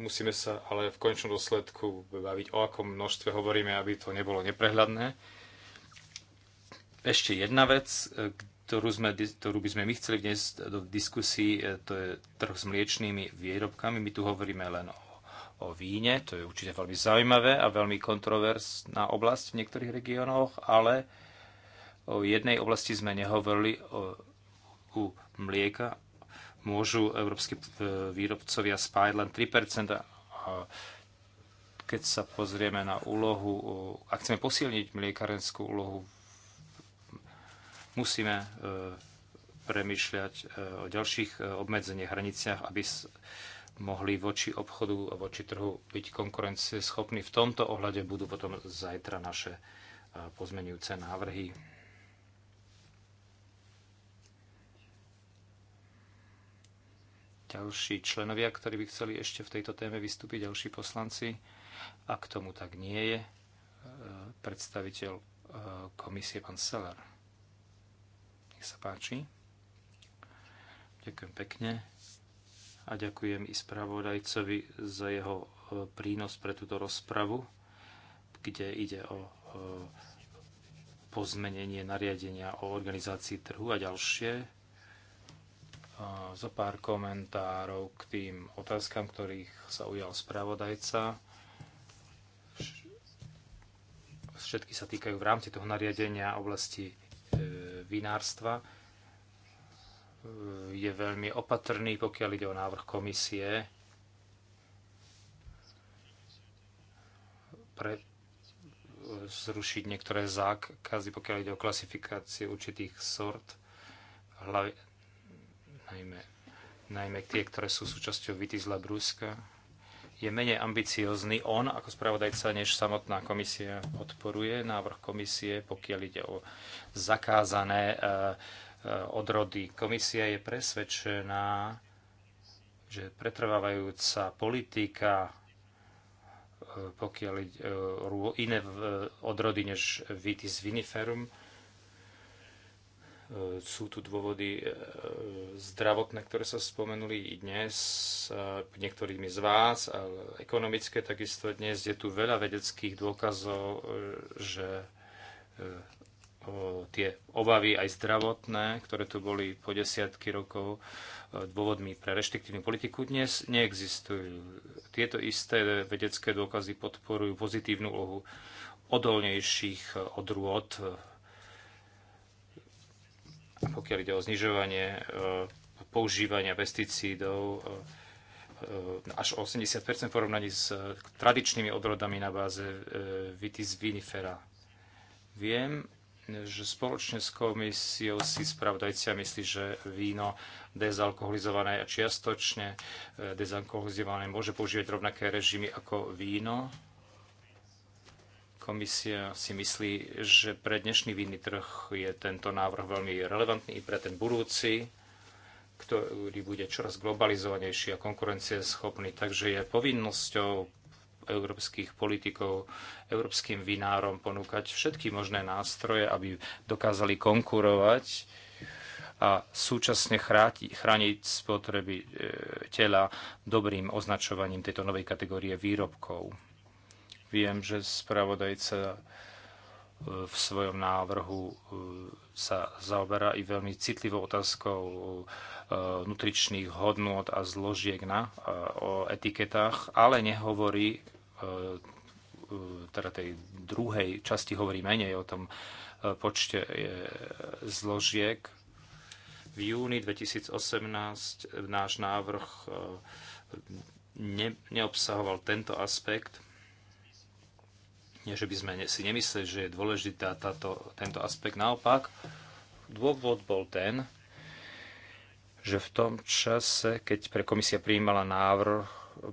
Musíme sa ale v končnom dôsledku baviť, o akom množstve hovoríme, aby to nebolo neprehľadné. Ešte jedna vec, ktorú, sme, ktorú by sme my chceli dnes do diskusii, e, to je trh s mliečnými výrobkami. My tu hovoríme len o, o víne, to je určite veľmi zaujímavé a veľmi kontroverzná oblasť v niektorých regiónoch, ale o jednej oblasti sme nehovorili, o, u mlieka môžu európsky e, výrobcovia spájať len 3 keď sa pozrieme na úlohu, ak chceme posilniť mliekarenskú úlohu Musíme e, premyšľať e, o ďalších e, obmedzeniach, hraniciach, aby mohli voči obchodu a voči trhu byť konkurencieschopní. V tomto ohľade budú potom zajtra naše pozmenujúce návrhy. Ďalší členovia, ktorí by chceli ešte v tejto téme vystúpiť, ďalší poslanci. Ak tomu tak nie je, predstaviteľ komisie pán Seller. Nech sa páči. Ďakujem pekne a ďakujem i spravodajcovi za jeho e, prínos pre túto rozpravu, kde ide o e, pozmenenie nariadenia o organizácii trhu a ďalšie e, zo pár komentárov k tým otázkam, ktorých sa ujal spravodajca. Všetky sa týkajú v rámci toho nariadenia oblasti E, vinárstva e, je veľmi opatrný, pokiaľ ide o návrh komisie. Pre e, zrušiť niektoré zákazy, pokiaľ ide o klasifikáciu určitých sort, hlavne, najmä, najmä tie, ktoré sú súčasťou Vitis Bruska je menej ambiciózny on ako spravodajca, než samotná komisia podporuje návrh komisie, pokiaľ ide o zakázané e, e, odrody. Komisia je presvedčená, že pretrvávajúca politika, e, pokiaľ ide o iné odrody než Vitis viniferum, E, sú tu dôvody e, zdravotné, ktoré sa spomenuli i dnes e, niektorými z vás, ale ekonomické takisto dnes. Je tu veľa vedeckých dôkazov, že tie obavy aj zdravotné, ktoré tu boli po desiatky rokov dôvodmi pre reštriktívnu politiku, dnes neexistujú. Tieto isté vedecké dôkazy podporujú pozitívnu úlohu odolnejších odrôd pokiaľ ide o znižovanie e, používania pesticídov e, e, až 80 v porovnaní s tradičnými odrodami na báze vitis vinifera. Viem, že spoločne s komisiou si spravodajcia myslí, že víno dezalkoholizované a čiastočne dezalkoholizované môže používať rovnaké režimy ako víno. Komisia si myslí, že pre dnešný vinný trh je tento návrh veľmi relevantný i pre ten budúci, ktorý bude čoraz globalizovanejší a konkurencieschopný. Takže je povinnosťou európskych politikov, európskym vinárom ponúkať všetky možné nástroje, aby dokázali konkurovať a súčasne chráti, chrániť spotreby e, tela dobrým označovaním tejto novej kategórie výrobkov Viem, že spravodajca e, v svojom návrhu e, sa zaoberá i veľmi citlivou otázkou e, nutričných hodnôt a zložiek na, o etiketách, ale nehovorí, teda tej druhej časti hovorí menej o tom počte zložiek. V júni 2018 náš návrh neobsahoval tento aspekt nie, že by sme si nemysleli, že je dôležitá táto, tento aspekt. Naopak, dôvod bol ten, že v tom čase, keď pre komisia prijímala návrh,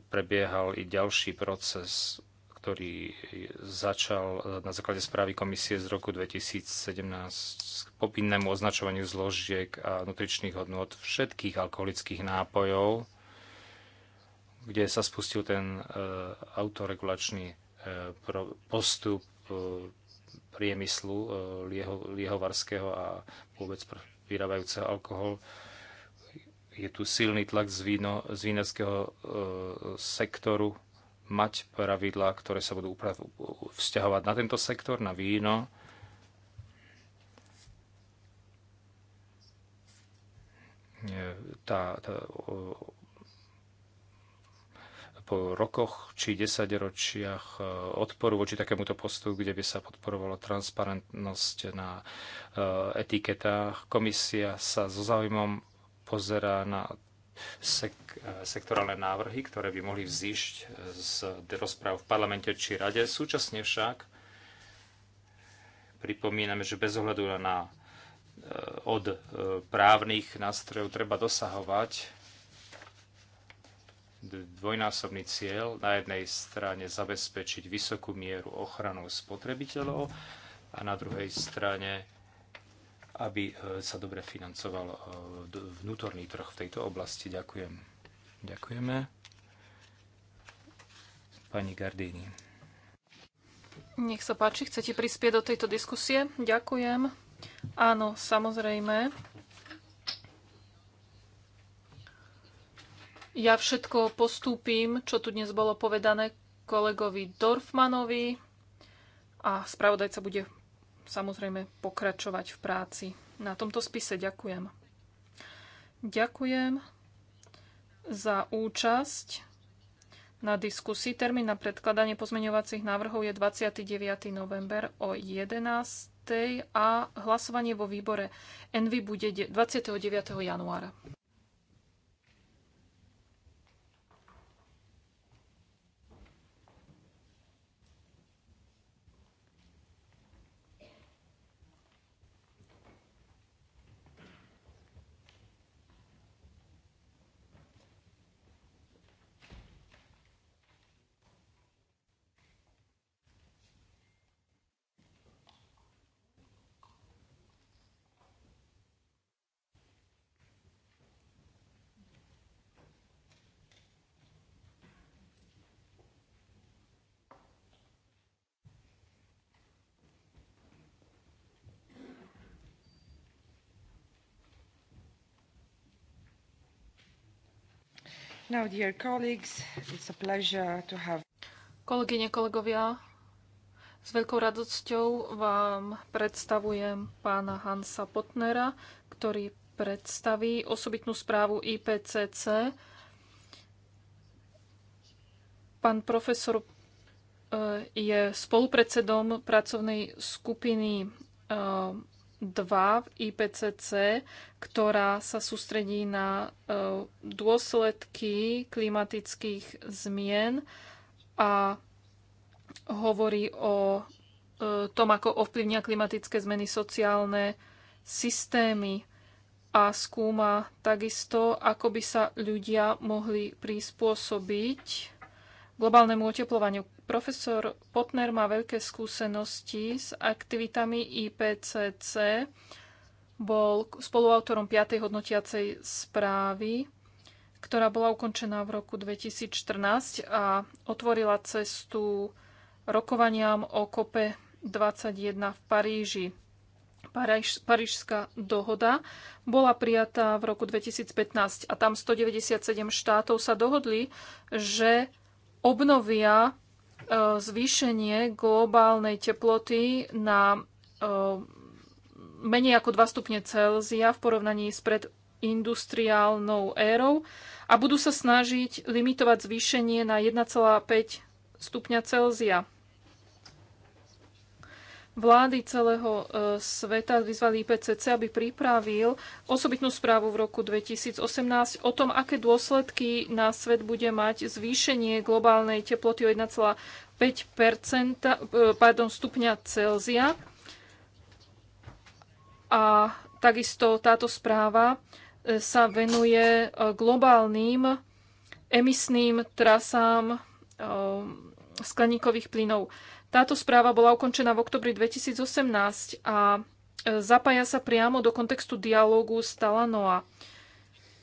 prebiehal i ďalší proces, ktorý začal na základe správy komisie z roku 2017 k popinnému označovaniu zložiek a nutričných hodnot všetkých alkoholických nápojov, kde sa spustil ten e, autoregulačný postup e, priemyslu e, lieho, liehovarského a vôbec vyrábajúceho alkohol. Je tu silný tlak z, víno, z vínerského e, sektoru mať pravidlá, ktoré sa budú uprav, vzťahovať na tento sektor, na víno. E, tá, tá o, po rokoch či desaťročiach e, odporu voči takémuto postupu, kde by sa podporovala transparentnosť na e, etiketách. Komisia sa so záujmom pozerá na sek- e, sektorálne návrhy, ktoré by mohli vzísť z rozpráv v parlamente či rade. Súčasne však pripomíname, že bez ohľadu na od právnych nástrojov treba dosahovať dvojnásobný cieľ. Na jednej strane zabezpečiť vysokú mieru ochranu spotrebiteľov a na druhej strane, aby e, sa dobre financoval e, vnútorný trh v tejto oblasti. Ďakujem. Ďakujeme. Pani Gardini. Nech sa páči, chcete prispieť do tejto diskusie? Ďakujem. Áno, samozrejme. Ja všetko postúpim, čo tu dnes bolo povedané kolegovi Dorfmanovi a spravodajca bude samozrejme pokračovať v práci. Na tomto spise ďakujem. Ďakujem za účasť na diskusii. Termín na predkladanie pozmeňovacích návrhov je 29. november o 11. a hlasovanie vo výbore Envy bude 29. januára. Now, dear colleagues, it's a pleasure to have... Kolegyne, kolegovia, s veľkou radosťou vám predstavujem pána Hansa Potnera, ktorý predstaví osobitnú správu IPCC. Pán profesor e, je spolupredsedom pracovnej skupiny e, 2 v IPCC, ktorá sa sústredí na e, dôsledky klimatických zmien a hovorí o e, tom, ako ovplyvnia klimatické zmeny sociálne systémy a skúma takisto, ako by sa ľudia mohli prispôsobiť globálnemu oteplovaniu. Profesor Potner má veľké skúsenosti s aktivitami IPCC, bol spoluautorom 5. hodnotiacej správy, ktorá bola ukončená v roku 2014 a otvorila cestu rokovaniam o KOPE 21 v Paríži. Paríž, Parížská dohoda bola prijatá v roku 2015 a tam 197 štátov sa dohodli, že obnovia e, zvýšenie globálnej teploty na e, menej ako 2 stupne Celzia v porovnaní s predindustriálnou érou a budú sa snažiť limitovať zvýšenie na 1,5 stupňa Celzia. Vlády celého e, sveta vyzvali IPCC, aby pripravil osobitnú správu v roku 2018 o tom, aké dôsledky na svet bude mať zvýšenie globálnej teploty o 1,5 e, pardon, stupňa Celzia. A takisto táto správa e, sa venuje globálnym emisným trasám skleníkových plynov. Táto správa bola ukončená v oktobri 2018 a e, zapája sa priamo do kontextu dialógu s Talanoa.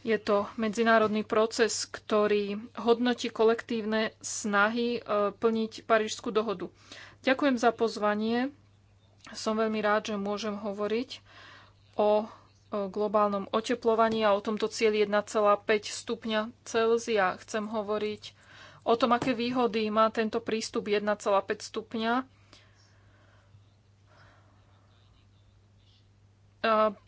Je to medzinárodný proces, ktorý hodnotí kolektívne snahy e, plniť Parížskú dohodu. Ďakujem za pozvanie. Som veľmi rád, že môžem hovoriť o e, globálnom oteplovaní a o tomto cieľi 1,5 stupňa Celzia. Chcem hovoriť o tom, aké výhody má tento prístup 1,5 stupňa.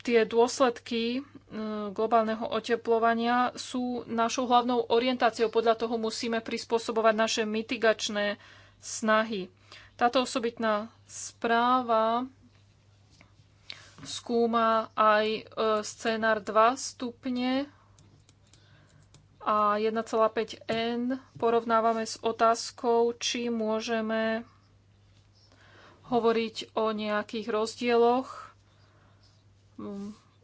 Tie dôsledky mm, globálneho oteplovania sú našou hlavnou orientáciou. Podľa toho musíme prispôsobovať naše mitigačné snahy. Táto osobitná správa skúma aj e, scenár 2 stupne a 1,5N porovnávame s otázkou, či môžeme hovoriť o nejakých rozdieloch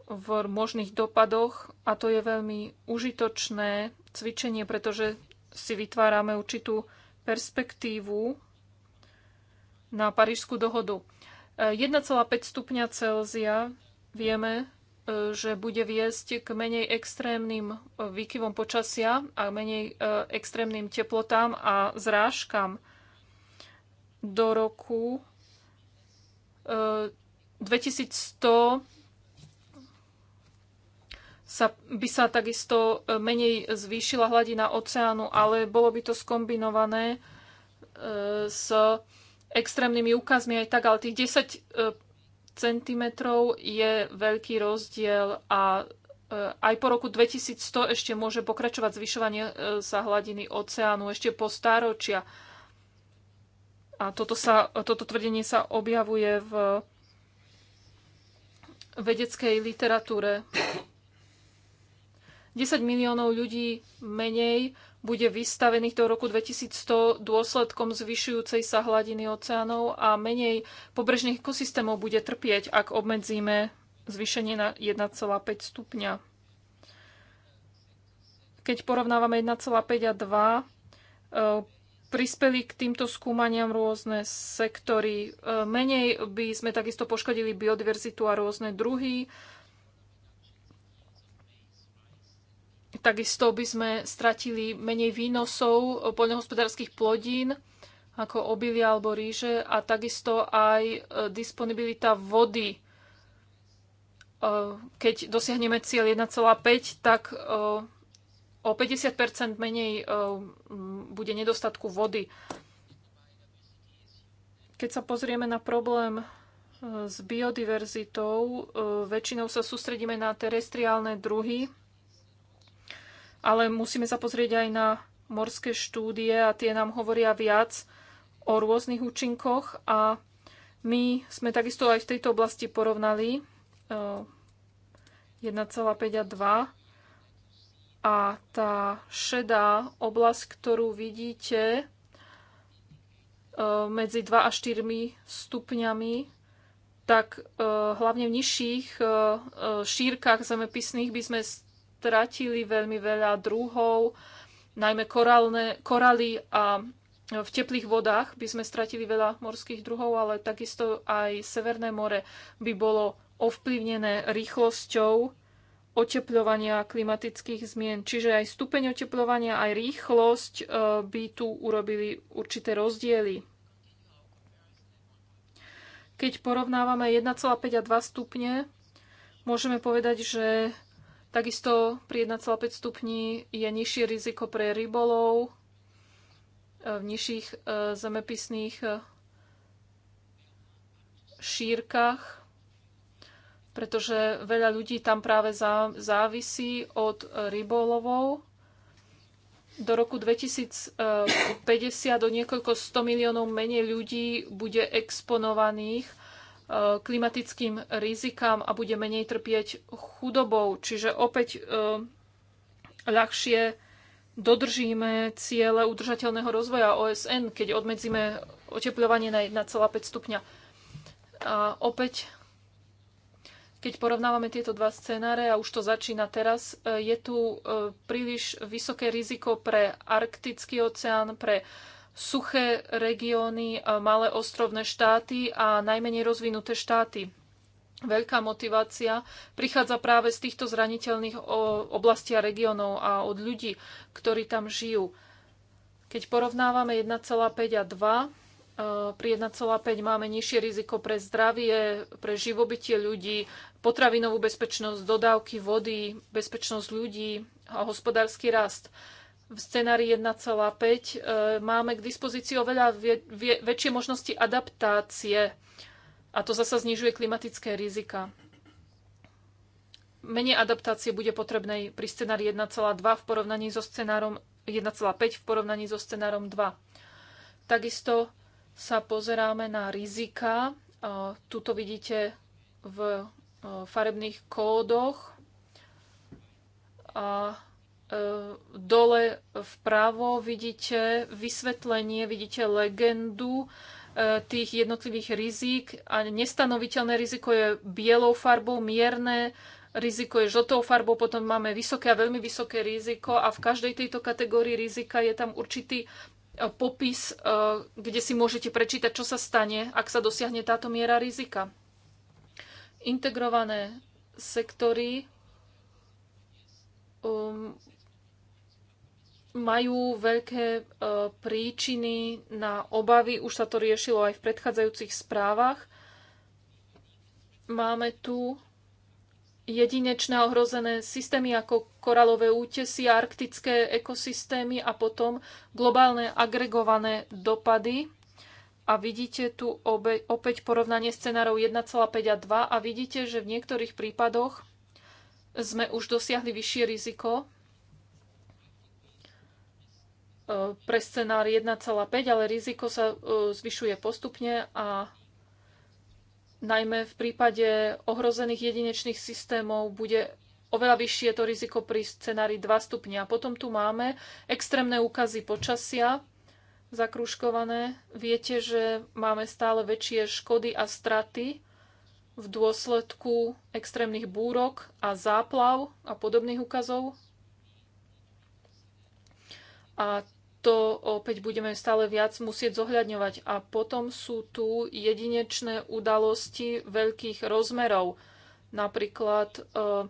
v možných dopadoch a to je veľmi užitočné cvičenie, pretože si vytvárame určitú perspektívu na Parížskú dohodu. 1,5 stupňa Celzia vieme, že bude viesť k menej extrémnym e, výkyvom počasia a menej e, extrémnym teplotám a zrážkam. Do roku 2100 e, sa, by sa takisto menej zvýšila hladina oceánu, ale bolo by to skombinované s extrémnymi úkazmi aj tak, ale tých 10 cm je veľký rozdiel a e, aj po roku 2100 ešte môže pokračovať zvyšovanie e, sa hladiny oceánu, ešte po stáročia. A toto, sa, toto tvrdenie sa objavuje v vedeckej literatúre. 10 miliónov ľudí menej bude vystavených do roku 2100 dôsledkom zvyšujúcej sa hladiny oceánov a menej pobrežných ekosystémov bude trpieť, ak obmedzíme zvýšenie na 1,5 stupňa. Keď porovnávame 1,5 a 2, e, prispeli k týmto skúmaniam rôzne sektory. E, menej by sme takisto poškodili biodiverzitu a rôzne druhy. Takisto by sme stratili menej výnosov poľnohospodárskych plodín, ako obilia alebo ríže a takisto aj e, disponibilita vody. E, keď dosiahneme cieľ 1,5, tak e, o 50 menej bude nedostatku vody. Keď sa pozrieme na problém s biodiverzitou, väčšinou sa sústredíme na terestriálne druhy, ale musíme sa pozrieť aj na morské štúdie a tie nám hovoria viac o rôznych účinkoch a my sme takisto aj v tejto oblasti porovnali 1,5 e, a 2 a tá šedá oblasť, ktorú vidíte e, medzi 2 a 4 stupňami tak e, hlavne v nižších šírkach zemepisných by sme stratili veľmi veľa druhov, najmä korálne, korály a v teplých vodách by sme stratili veľa morských druhov, ale takisto aj Severné more by bolo ovplyvnené rýchlosťou oteplovania klimatických zmien. Čiže aj stupeň oteplovania, aj rýchlosť e, by tu urobili určité rozdiely. Keď porovnávame 1,5 a 2 stupne, môžeme povedať, že Takisto pri 1,5 stupni je nižšie riziko pre rybolov e, v nižších e, zemepisných e, šírkach pretože veľa ľudí tam práve závisí od rybolovov. Do roku 2050 o niekoľko 100 miliónov menej ľudí bude exponovaných klimatickým rizikám a bude menej trpieť chudobou. Čiže opäť e, ľahšie dodržíme ciele udržateľného rozvoja OSN, keď odmedzíme oteplovanie na 1,5 stupňa. A opäť, keď porovnávame tieto dva scenáre, a už to začína teraz, e, je tu e, príliš vysoké riziko pre Arktický oceán, pre suché regióny, e, malé ostrovné štáty a najmenej rozvinuté štáty. Veľká motivácia prichádza práve z týchto zraniteľných oblastí a regiónov a od ľudí, ktorí tam žijú. Keď porovnávame 1,5 a 2, e, pri 1,5 máme nižšie riziko pre zdravie, pre živobytie ľudí, potravinovú bezpečnosť, dodávky vody, bezpečnosť ľudí a hospodársky rast v scenári 1,5 e, máme k dispozícii oveľa väčšie možnosti adaptácie a to zasa znižuje klimatické rizika. Menej adaptácie bude potrebnej pri scenári 1,2 v porovnaní so scenárom 1,5 v porovnaní so scenárom 2. Takisto sa pozeráme na rizika. E, tuto vidíte v e, farebných kódoch. A E, dole vpravo vidíte vysvetlenie, vidíte legendu e, tých jednotlivých rizík a nestanoviteľné riziko je bielou farbou, mierne riziko je žltou farbou, potom máme vysoké a veľmi vysoké riziko a v každej tejto kategórii rizika je tam určitý e, popis, kde si môžete prečítať, čo sa stane, ak sa dosiahne táto miera rizika. Integrované sektory um, majú veľké e, príčiny na obavy. Už sa to riešilo aj v predchádzajúcich správach. Máme tu jedinečné ohrozené systémy ako koralové útesy, arktické ekosystémy a potom globálne agregované dopady. A vidíte tu obe, opäť porovnanie scenárov 1,5 a 2 a vidíte, že v niektorých prípadoch sme už dosiahli vyššie riziko E, pre scenár 1,5, ale riziko sa e, zvyšuje postupne a najmä v prípade ohrozených jedinečných systémov bude oveľa vyššie to riziko pri scenári 2 stupňa. Potom tu máme extrémne úkazy počasia zakruškované. Viete, že máme stále väčšie škody a straty v dôsledku extrémnych búrok a záplav a podobných ukazov. A to opäť budeme stále viac musieť zohľadňovať. A potom sú tu jedinečné udalosti veľkých rozmerov. Napríklad uh,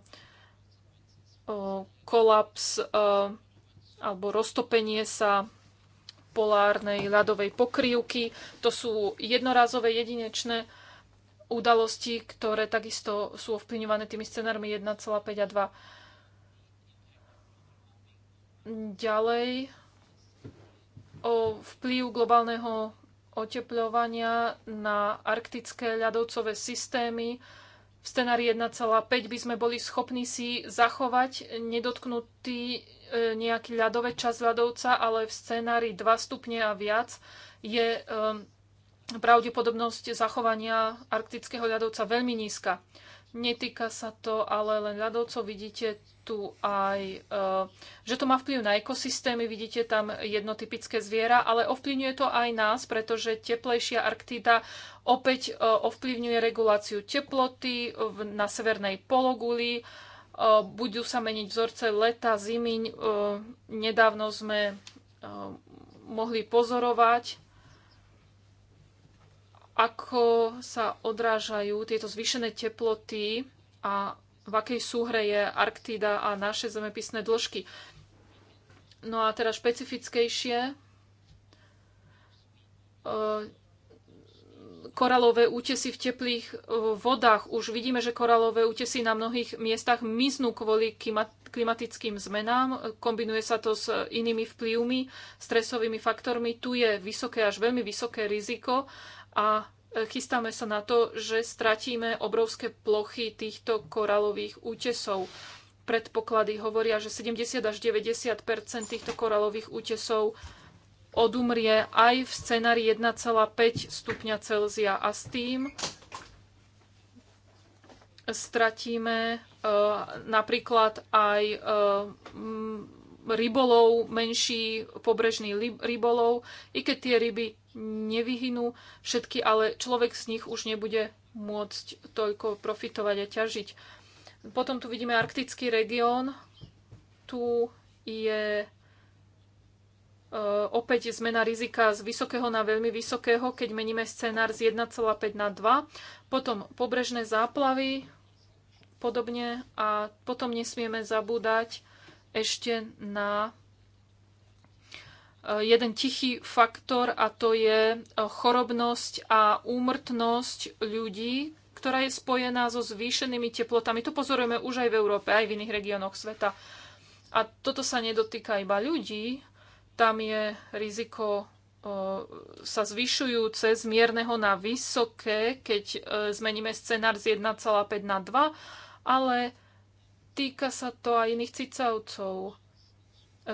uh, kolaps uh, alebo roztopenie sa polárnej ľadovej pokrývky. To sú jednorazové jedinečné udalosti, ktoré takisto sú ovplyvňované tými scenármi 1,5 a 2. Ďalej o vplyv globálneho oteplovania na arktické ľadovcové systémy. V scenári 1,5 by sme boli schopní si zachovať nedotknutý e, nejaký ľadové čas ľadovca, ale v scenári 2 stupne a viac je e, pravdepodobnosť zachovania arktického ľadovca veľmi nízka. Netýka sa to ale len ľadovcov. Vidíte tu aj, eh, že to má vplyv na ekosystémy, vidíte tam jedno typické zviera, ale ovplyvňuje to aj nás, pretože teplejšia Arktída opäť eh, ovplyvňuje reguláciu teploty na severnej pologuli, eh, budú sa meniť vzorce leta, zimy. Nedávno sme mohli pozorovať, ako sa odrážajú tieto zvýšené teploty a v akej súhre je Arktída a naše zemepisné dĺžky. No a teraz špecifickejšie, e, koralové útesy v teplých e, vodách. Už vidíme, že koralové útesy na mnohých miestach miznú kvôli klimatickým zmenám. Kombinuje sa to s inými vplyvmi, stresovými faktormi. Tu je vysoké až veľmi vysoké riziko a chystáme sa na to, že stratíme obrovské plochy týchto koralových útesov. Predpoklady hovoria, že 70 až 90 týchto koralových útesov odumrie aj v scenári 1,5 stupňa Celzia a s tým e, stratíme e, napríklad aj e, rybolov, menší pobrežný rybolov, i keď tie ryby nevyhynú všetky, ale človek z nich už nebude môcť toľko profitovať a ťažiť. Potom tu vidíme arktický región. Tu je e, opäť zmena rizika z vysokého na veľmi vysokého, keď meníme scenár z 1,5 na 2. Potom pobrežné záplavy podobne a potom nesmieme zabúdať ešte na Eh, jeden tichý faktor a to je eh, chorobnosť a úmrtnosť ľudí, ktorá je spojená so zvýšenými teplotami. To pozorujeme už aj v Európe, aj v iných regiónoch sveta. A toto sa nedotýka iba ľudí, tam je riziko eh, sa zvyšujúce z mierneho na vysoké, keď zmeníme scenár z 1,5 na 2, ale týka sa to aj iných cicavcov,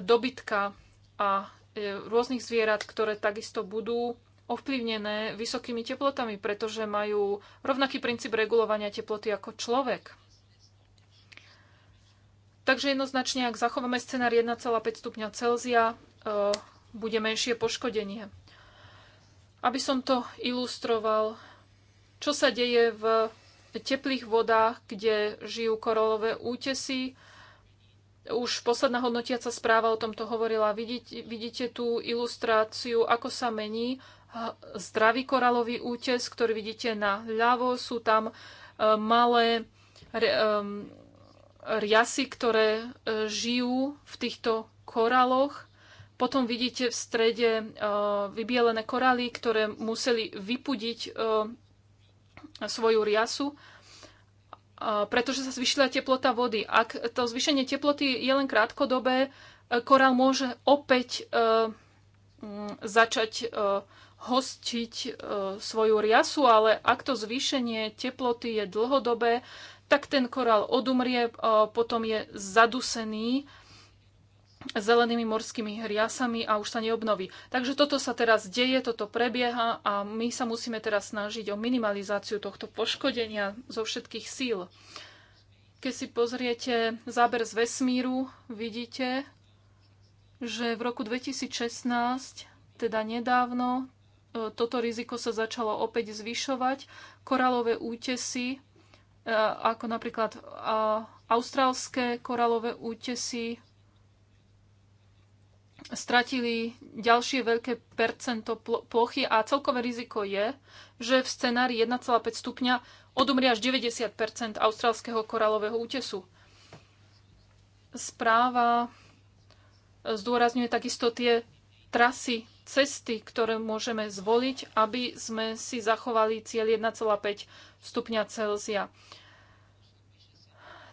dobytka a E, rôznych zvierat, ktoré takisto budú ovplyvnené vysokými teplotami, pretože majú rovnaký princíp regulovania teploty ako človek. Takže jednoznačne, ak zachováme scenár 1,5 stupňa Celzia, e, bude menšie poškodenie. Aby som to ilustroval, čo sa deje v teplých vodách, kde žijú korolové útesy, už posledná hodnotiaca správa o tomto hovorila. Vidíte, vidíte tú ilustráciu, ako sa mení zdravý koralový útes, ktorý vidíte na ľavo. Sú tam e, malé e, riasy, ktoré e, žijú v týchto koraloch. Potom vidíte v strede vybielené koraly, ktoré museli vypudiť svoju riasu pretože sa zvyšila teplota vody. Ak to zvýšenie teploty je len krátkodobé, e, korál môže opäť e, začať e, hostiť svoju riasu, ale ak to zvýšenie teploty je dlhodobé, tak ten korál odumrie, potom je zadusený zelenými morskými hriasami a už sa neobnoví. Takže toto sa teraz deje, toto prebieha a my sa musíme teraz snažiť o minimalizáciu tohto poškodenia zo všetkých síl. Keď si pozriete záber z vesmíru, vidíte, že v roku 2016, teda nedávno, e, toto riziko sa začalo opäť zvyšovať. Koralové útesy, e, ako napríklad austrálske koralové útesy, stratili ďalšie veľké percento plochy a celkové riziko je, že v scenári 1,5 stupňa odumrie až 90 austrálskeho koralového útesu. Správa zdôrazňuje takisto tie trasy, cesty, ktoré môžeme zvoliť, aby sme si zachovali cieľ 1,5 stupňa Celzia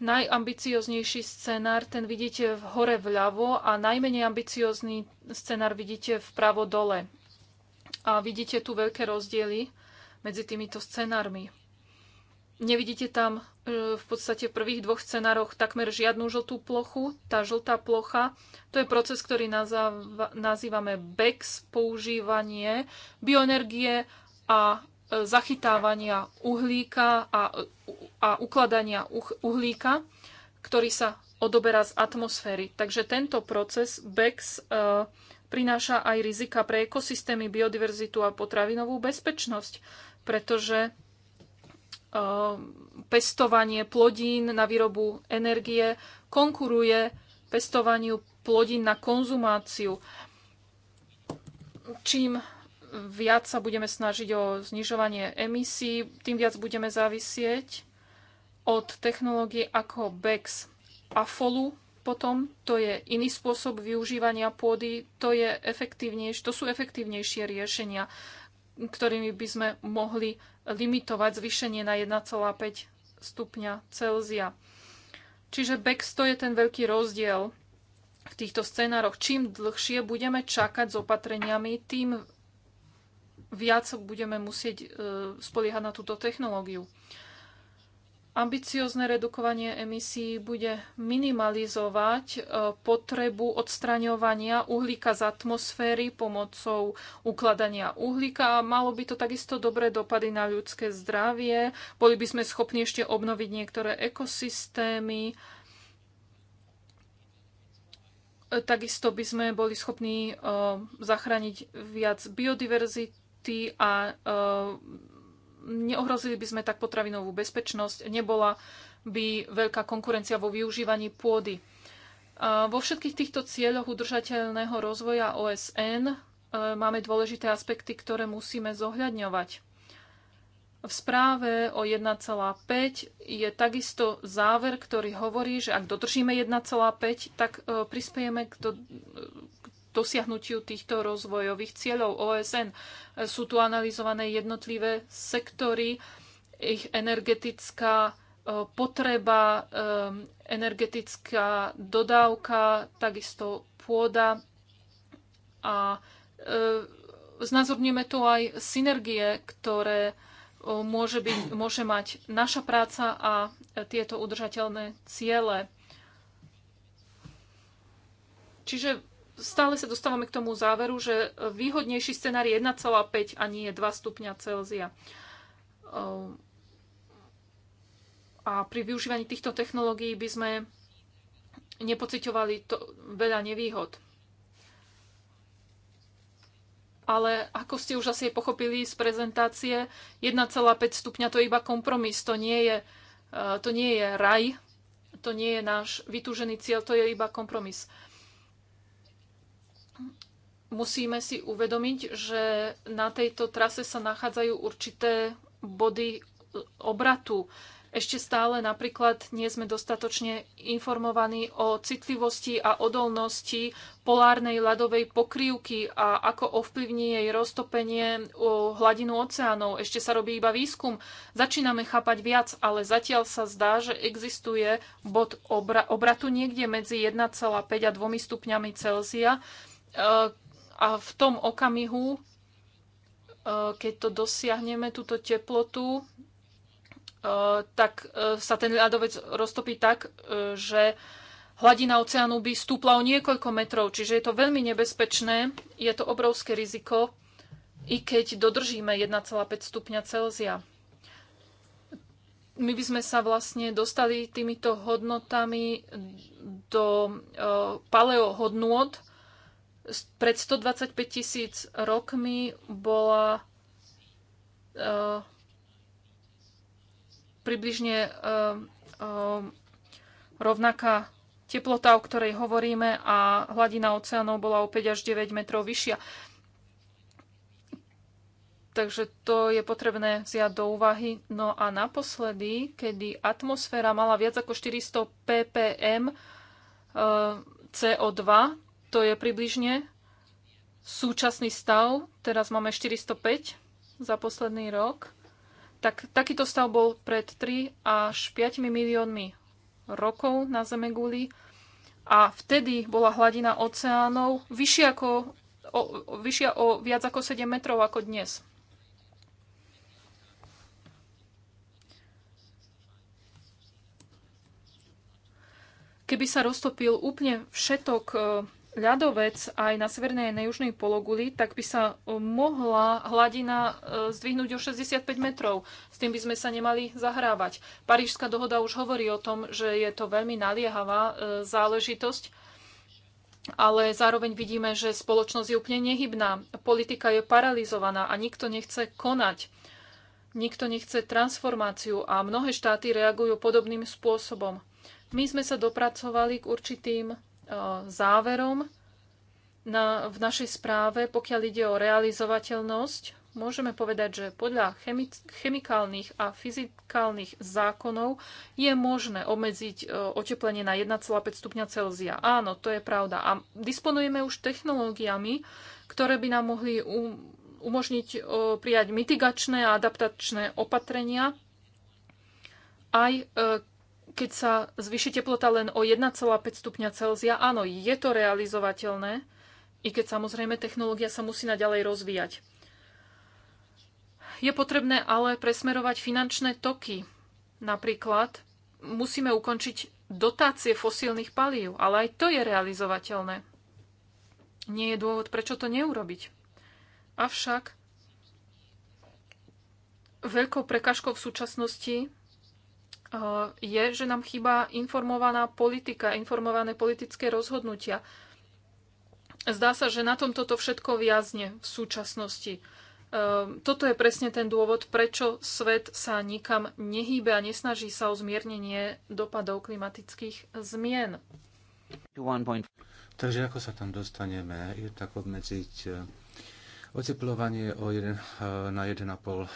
najambicioznejší scenár, ten vidíte v hore vľavo a najmenej ambiciozný scenár vidíte vpravo dole. A vidíte tu veľké rozdiely medzi týmito scenármi. Nevidíte tam e, v podstate v prvých dvoch scenároch takmer žiadnu žltú plochu. Tá žltá plocha, to je proces, ktorý nazývame BEX, používanie bioenergie a zachytávania uhlíka a, a ukladania uhlíka, ktorý sa odoberá z atmosféry. Takže tento proces BEX e, prináša aj rizika pre ekosystémy, biodiverzitu a potravinovú bezpečnosť, pretože e, pestovanie plodín na výrobu energie konkuruje pestovaniu plodín na konzumáciu. Čím viac sa budeme snažiť o znižovanie emisí, tým viac budeme závisieť od technológie ako BEX a FOLU. Potom to je iný spôsob využívania pôdy, to, je efektívnejš- to sú efektívnejšie riešenia, ktorými by sme mohli limitovať zvýšenie na 1,5 stupňa Celzia. Čiže BEX to je ten veľký rozdiel v týchto scenároch. Čím dlhšie budeme čakať s opatreniami, tým viac budeme musieť e, spoliehať na túto technológiu. Ambiciozne redukovanie emisí bude minimalizovať e, potrebu odstraňovania uhlíka z atmosféry pomocou ukladania uhlíka. Malo by to takisto dobré dopady na ľudské zdravie. Boli by sme schopní ešte obnoviť niektoré ekosystémy. E, takisto by sme boli schopní zachrániť viac biodiverzity produkty a e, neohrozili by sme tak potravinovú bezpečnosť, nebola by veľká konkurencia vo využívaní pôdy. E, vo všetkých týchto cieľoch udržateľného rozvoja OSN e, máme dôležité aspekty, ktoré musíme zohľadňovať. V správe o 1,5 je takisto záver, ktorý hovorí, že ak dodržíme 1,5, tak prispiejeme k, do, dosiahnutiu týchto rozvojových cieľov OSN. Sú tu analyzované jednotlivé sektory, ich energetická e, potreba, e, energetická dodávka, takisto pôda a e, znázorníme tu aj synergie, ktoré môže, byť, môže mať naša práca a tieto udržateľné ciele. Čiže stále sa dostávame k tomu záveru, že výhodnejší scenár je 1,5 a nie 2 stupňa Celzia. A pri využívaní týchto technológií by sme nepociťovali to, veľa nevýhod. Ale ako ste už asi pochopili z prezentácie, 1,5 stupňa to je iba kompromis, to nie je, to nie je raj, to nie je náš vytúžený cieľ, to je iba kompromis musíme si uvedomiť, že na tejto trase sa nachádzajú určité body obratu. Ešte stále napríklad nie sme dostatočne informovaní o citlivosti a odolnosti polárnej ľadovej pokrývky a ako ovplyvní jej roztopenie hladinu oceánov. Ešte sa robí iba výskum. Začíname chápať viac, ale zatiaľ sa zdá, že existuje bod obratu niekde medzi 1,5 a 2 stupňami Celzia, e, a v tom okamihu, e, keď to dosiahneme, túto teplotu, e, tak e, sa ten ľadovec roztopí tak, že hladina oceánu by stúpla o niekoľko metrov, čiže je to veľmi nebezpečné, je to obrovské riziko, i keď dodržíme 1,5 stupňa Celzia. My by sme sa vlastne dostali týmito hodnotami do paleohodnôt pred 125 tisíc rokmi bola uh, približne uh, uh, rovnaká teplota, o ktorej hovoríme, a hladina oceánov bola o 5 až 9 metrov vyššia. Takže to je potrebné vziať do úvahy. No a naposledy, kedy atmosféra mala viac ako 400 ppm CO2, to je približne súčasný stav. Teraz máme 405 za posledný rok. Tak, takýto stav bol pred 3 až 5 miliónmi rokov na Zeme guli a vtedy bola hladina oceánov vyššia, ako, o, vyššia o viac ako 7 metrov ako dnes. Keby sa roztopil úplne všetok eh, ľadovec aj na severnej a na južnej pologuli, tak by sa e, mohla hladina e, zdvihnúť o 65 metrov. S tým by sme sa nemali zahrávať. Parížská dohoda už hovorí o tom, že je to veľmi naliehavá e, záležitosť, ale zároveň vidíme, že spoločnosť je úplne nehybná. Politika je paralizovaná a nikto nechce konať. Nikto nechce transformáciu a mnohé štáty reagujú podobným spôsobom. My sme sa dopracovali k určitým E, záverom na, v našej správe, pokiaľ ide o realizovateľnosť, môžeme povedať, že podľa chemi- chemikálnych a fyzikálnych zákonov je možné obmedziť e, oteplenie na 1,5 stupňa Celzia. Áno, to je pravda. A disponujeme už technológiami, ktoré by nám mohli um, umožniť e, prijať mitigačné a adaptačné opatrenia, aj e, keď sa zvyši teplota len o 1,5 stupňa Celzia, áno, je to realizovateľné, i keď samozrejme technológia sa musí naďalej rozvíjať. Je potrebné ale presmerovať finančné toky. Napríklad musíme ukončiť dotácie fosílnych palív, ale aj to je realizovateľné. Nie je dôvod, prečo to neurobiť. Avšak veľkou prekažkou v súčasnosti je, že nám chýba informovaná politika, informované politické rozhodnutia. Zdá sa, že na tom toto všetko viazne v súčasnosti. Ehm, toto je presne ten dôvod, prečo svet sa nikam nehýbe a nesnaží sa o zmiernenie dopadov klimatických zmien. Takže ako sa tam dostaneme? Je tak obmedziť Oteplovanie o jeden, eh, na 1,5 eh,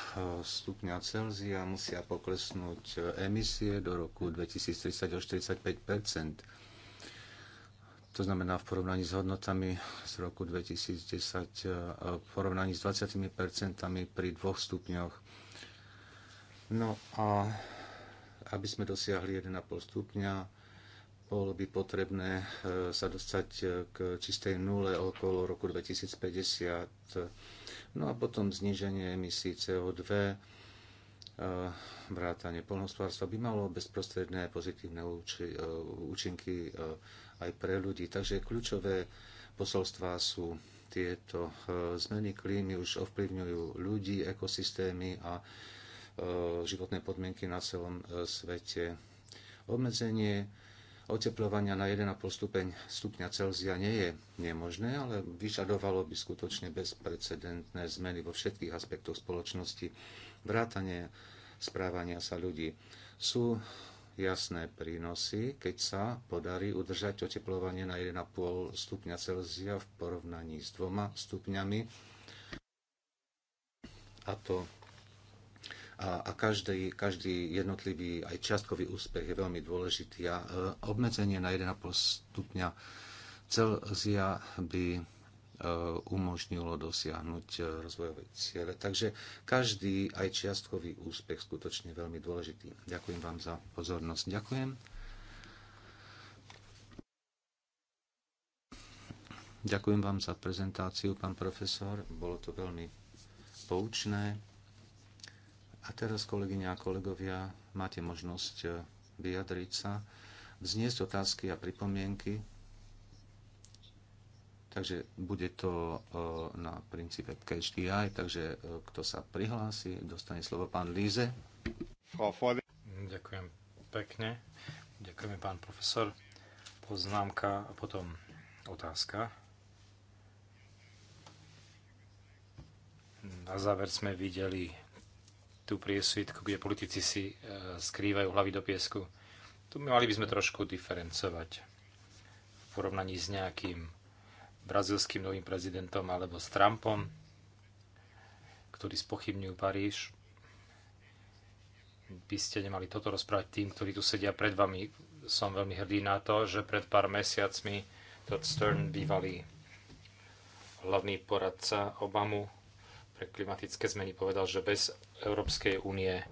stupňa Celzia musia poklesnúť eh, emisie do roku 2030 o 45 to znamená v porovnaní s hodnotami z roku 2010, v porovnaní s 20 pri dvoch stupňoch. No a aby sme dosiahli 1,5 stupňa, bolo by potrebné e, sa dostať e, k čistej nule okolo roku 2050. No a potom zníženie emisí CO2, e, vrátanie polnohospodárstva by malo bezprostredné pozitívne účinky aj pre ľudí. Takže kľúčové posolstvá sú tieto zmeny klímy už ovplyvňujú ľudí, ekosystémy a životné podmienky na celom svete. Obmedzenie oteplovania na 1,5 stupeň, stupňa Celzia nie je nemožné, ale vyžadovalo by skutočne bezprecedentné zmeny vo všetkých aspektoch spoločnosti, vrátanie správania sa ľudí. Sú jasné prínosy, keď sa podarí udržať oteplovanie na 1,5 stupňa Celzia v porovnaní s 2 stupňami. A to a, a každý, každý jednotlivý aj čiastkový úspech je veľmi dôležitý a e, obmedzenie na 1,5 stupňa Celzia by e, umožnilo dosiahnuť e, rozvojové ciele. Takže každý aj čiastkový úspech skutočne veľmi dôležitý. Ďakujem vám za pozornosť. Ďakujem. Ďakujem vám za prezentáciu, pán profesor. Bolo to veľmi poučné. A teraz, kolegyne a kolegovia, máte možnosť e, vyjadriť sa, vzniesť otázky a pripomienky. Takže bude to e, na princípe KHDI, takže e, kto sa prihlási, dostane slovo pán Líze. Ďakujem pekne. Ďakujeme, pán profesor. Poznámka a potom otázka. Na záver sme videli tú priesvitku, kde politici si e, skrývajú hlavy do piesku. Tu mali by sme trošku diferencovať v porovnaní s nejakým brazilským novým prezidentom alebo s Trumpom, ktorí spochybňujú Paríž. By ste nemali toto rozprávať tým, ktorí tu sedia pred vami. Som veľmi hrdý na to, že pred pár mesiacmi Todd Stern, bývalý hlavný poradca Obamu, pre klimatické zmeny povedal, že bez Európskej únie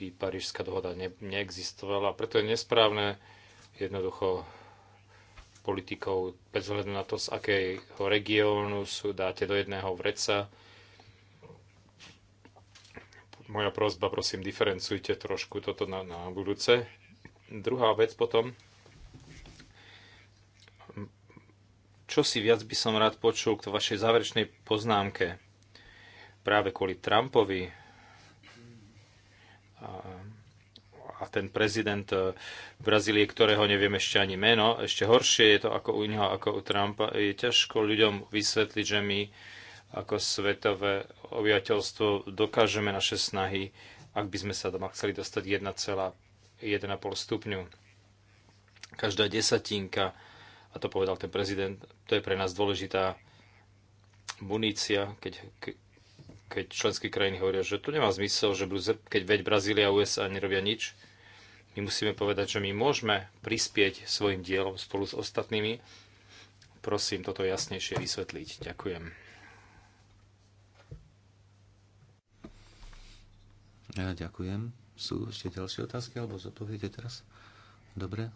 by Parížská dohoda ne, neexistovala. Preto je nesprávne jednoducho politikov bez hľadu na to, z akého regiónu sú, dáte do jedného vreca. Moja prozba, prosím, diferencujte trošku toto na, na budúce. Druhá vec potom, čo si viac by som rád počul k vašej záverečnej poznámke práve kvôli Trumpovi a, a ten prezident e, Brazílie, ktorého neviem ešte ani meno, ešte horšie je to ako u neho, ako u Trumpa. Je ťažko ľuďom vysvetliť, že my ako svetové obyvateľstvo dokážeme naše snahy, ak by sme sa doma chceli dostať 1,1,5 stupňu. Každá desatinka, a to povedal ten prezident, to je pre nás dôležitá munícia, keď, keď členské krajiny hovoria, že to nemá zmysel, že budú, keď veď Brazília a USA nerobia nič, my musíme povedať, že my môžeme prispieť svojim dielom spolu s ostatnými. Prosím toto jasnejšie vysvetliť. Ďakujem. Ja ďakujem. Sú ešte ďalšie otázky, alebo zodpoviete teraz? Dobre.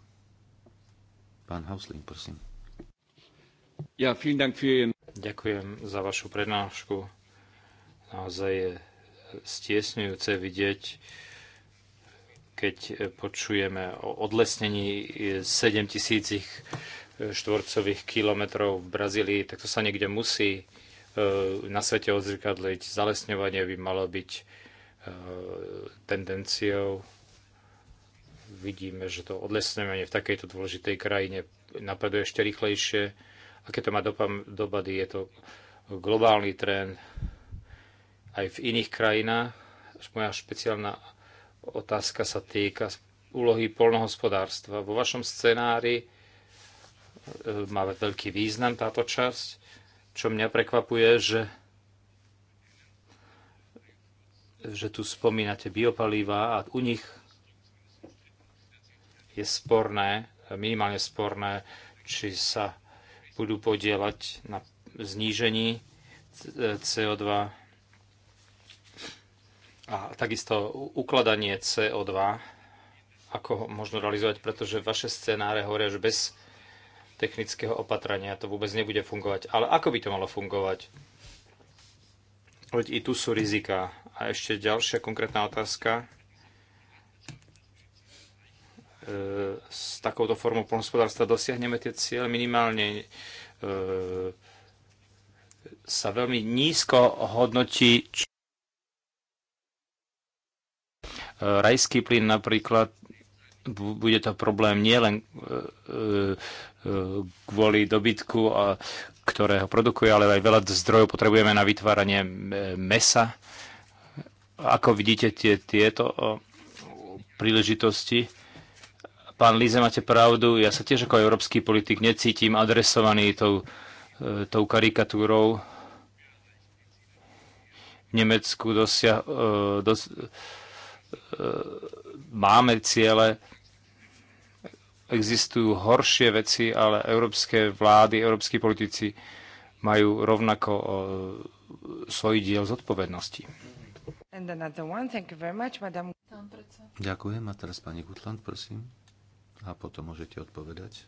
Pán Hausling, prosím. Ja, vielen Dank für... Ďakujem za vašu prednášku Naozaj je stiesňujúce vidieť, keď počujeme o odlesnení 7 tisícich štvorcových kilometrov v Brazílii, tak to sa niekde musí e, na svete odzrkadliť. Zalesňovanie by malo byť e, tendenciou. Vidíme, že to odlesňovanie v takejto dôležitej krajine napreduje ešte rýchlejšie. Aké to má dopady? Je to globálny trend, aj v iných krajinách. Moja špeciálna otázka sa týka úlohy polnohospodárstva. Vo vašom scenári e, má veľký význam táto časť, čo mňa prekvapuje, že že tu spomínate biopalíva a u nich je sporné, minimálne sporné, či sa budú podielať na znížení CO2 e, a takisto ukladanie CO2, ako ho možno realizovať, pretože vaše scenáre hovoria, že bez technického opatrenia to vôbec nebude fungovať. Ale ako by to malo fungovať? Veď i tu sú rizika. A ešte ďalšia konkrétna otázka. E, s takouto formou polnospodárstva dosiahneme tie cieľe minimálne e, sa veľmi nízko hodnotí rajský plyn napríklad, bude to problém nielen e, e, kvôli dobytku, ktorého produkuje, ale aj veľa zdrojov potrebujeme na vytváranie mesa. Ako vidíte tie, tieto príležitosti? Pán Líze, máte pravdu, ja sa tiež ako európsky politik necítim adresovaný tou, e, tou karikatúrou. V Nemecku dosia, dos, E, máme ciele, existujú horšie veci, ale európske vlády, európsky politici majú rovnako e, svoj diel zodpovednosti. Much, Ďakujem. A teraz pani Gutland, prosím. A potom môžete odpovedať.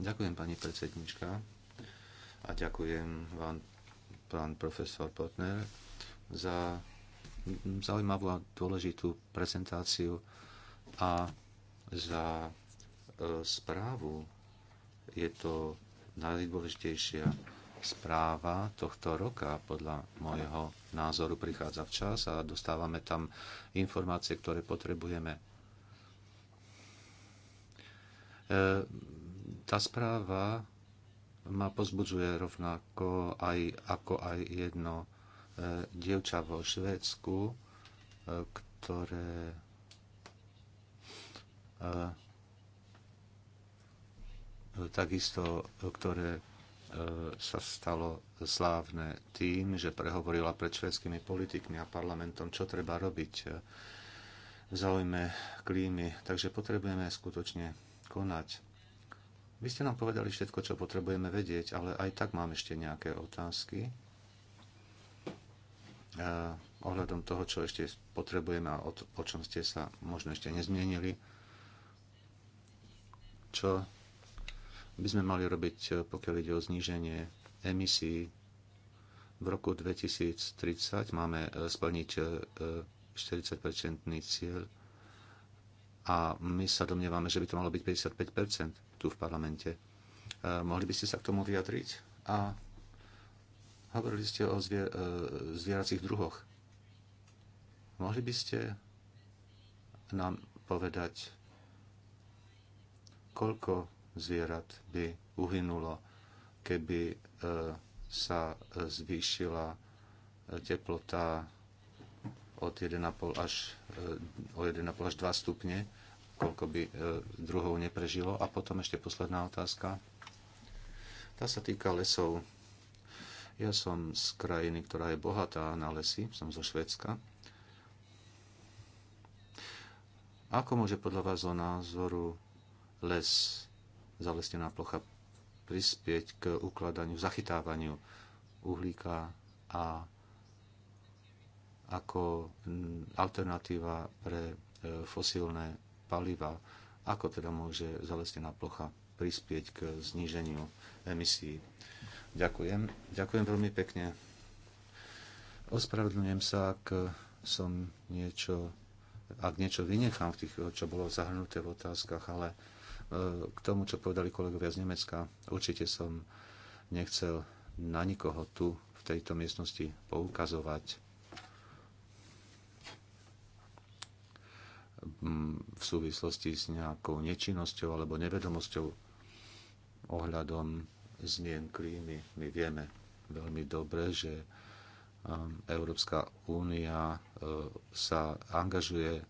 Ďakujem, pani predsednička. A ďakujem vám, pán profesor Potner, za zaujímavú a dôležitú prezentáciu a za e, správu. Je to najdôležitejšia správa tohto roka podľa môjho názoru prichádza včas a dostávame tam informácie, ktoré potrebujeme. E, tá správa ma pozbudzuje rovnako aj, ako aj jedno E, dievča vo Švédsku, e, ktoré e, takisto, ktoré sa stalo slávne tým, že prehovorila pred švedskými politikmi a parlamentom, čo treba robiť v záujme klímy. Takže potrebujeme skutočne konať. Vy ste nám povedali všetko, čo potrebujeme vedieť, ale aj tak mám ešte nejaké otázky ohľadom toho, čo ešte potrebujeme a o čom ste sa možno ešte nezmienili, čo by sme mali robiť, pokiaľ ide o zníženie emisí. V roku 2030 máme e, splniť 40-percentný e, cieľ a my sa domnievame, že by to malo byť 55% tu v parlamente. E, mohli by ste sa k tomu vyjadriť? A Hovorili ste o zvier- e, zvieracích druhoch. Mohli by ste nám povedať, koľko zvierat by uhynulo, keby e, sa zvýšila e, teplota od 1,5 až, o 1,5 až 2 stupne, koľko by druhov neprežilo. A potom ešte posledná otázka. Tá sa týka lesov. Ja som z krajiny, ktorá je bohatá na lesy, som zo Švedska. Ako môže podľa vás o názoru les, zalesnená plocha, prispieť k ukladaniu, zachytávaniu uhlíka a ako alternatíva pre e, fosílne paliva, ako teda môže zalesnená plocha prispieť k zníženiu emisí Ďakujem. Ďakujem veľmi pekne. Ospravedlňujem sa, ak som niečo, ak niečo vynechám v tých, čo bolo zahrnuté v otázkach, ale e, k tomu, čo povedali kolegovia z Nemecka, určite som nechcel na nikoho tu v tejto miestnosti poukazovať. v súvislosti s nejakou nečinnosťou alebo nevedomosťou ohľadom zmien klímy. My vieme veľmi dobre, že um, Európska únia uh, sa angažuje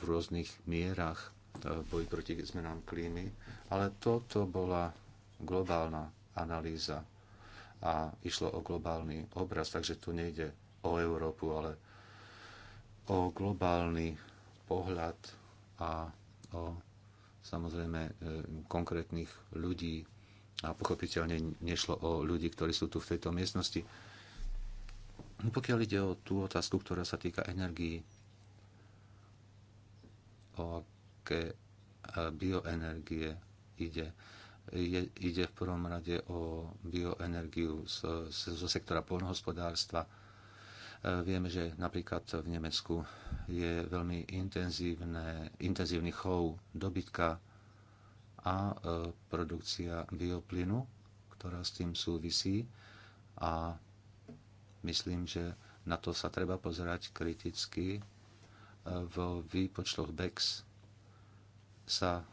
v rôznych mierach uh, boj proti zmenám klímy, ale toto bola globálna analýza a išlo o globálny obraz, takže tu nejde o Európu, ale o globálny pohľad a o samozrejme e, konkrétnych ľudí, a pochopiteľne nešlo o ľudí, ktorí sú tu v tejto miestnosti. Pokiaľ ide o tú otázku, ktorá sa týka energii, o aké e, bioenergie ide. Je, ide v prvom rade o bioenergiu zo, zo sektora polnohospodárstva. E, vieme, že napríklad v Nemecku je veľmi intenzívne, intenzívny chov dobytka, a e, produkcia bioplynu, ktorá s tým súvisí. A myslím, že na to sa treba pozerať kriticky. E, Vo výpočtoch BEX sa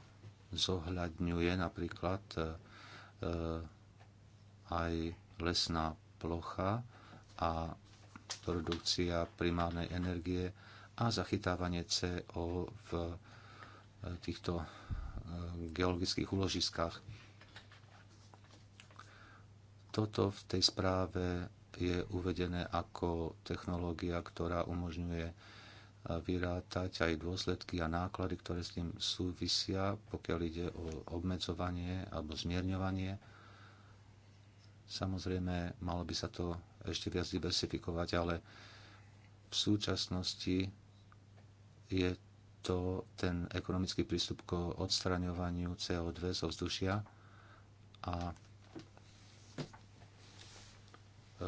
zohľadňuje napríklad e, aj lesná plocha a produkcia primárnej energie a zachytávanie CO v týchto Eh, geologických úložiskách. Toto v tej správe je uvedené ako technológia, ktorá umožňuje eh, vyrátať aj dôsledky a náklady, ktoré s tým súvisia, pokiaľ ide o obmedzovanie alebo zmierňovanie. Samozrejme, malo by sa to ešte viac diversifikovať, ale v súčasnosti je to ten ekonomický prístup k odstraňovaniu CO2 zo vzdušia a e, e,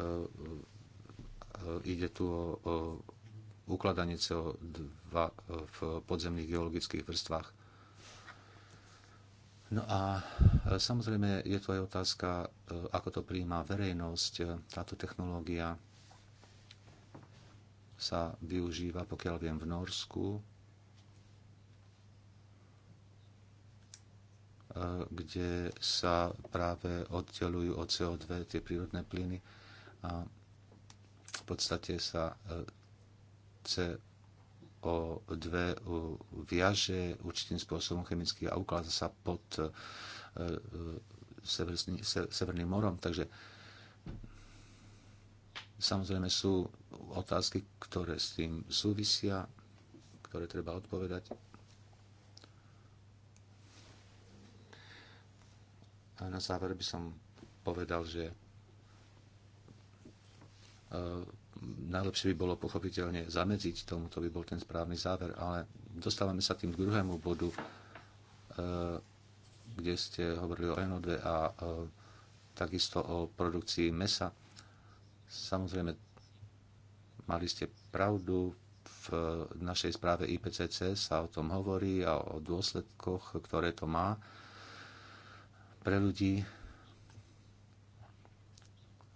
ide tu o, ukladanie CO2 v podzemných geologických vrstvách. No a e, samozrejme je tu aj otázka, ako to prijíma verejnosť. Táto technológia sa využíva, pokiaľ viem, v Norsku, kde sa práve oddelujú od CO2 tie prírodné plyny a v podstate sa e, CO2 viaže určitým spôsobom chemicky a ukladá sa pod e, e, Severný, Severným morom. Takže samozrejme sú otázky, ktoré s tým súvisia, ktoré treba odpovedať A na záver by som povedal, že e, najlepšie by bolo pochopiteľne zamedziť tomu, to by bol ten správny záver, ale dostávame sa tým k druhému bodu, e, kde ste hovorili o NO2 a e, takisto o produkcii mesa. Samozrejme, mali ste pravdu, v našej správe IPCC sa o tom hovorí a o dôsledkoch, ktoré to má pre ľudí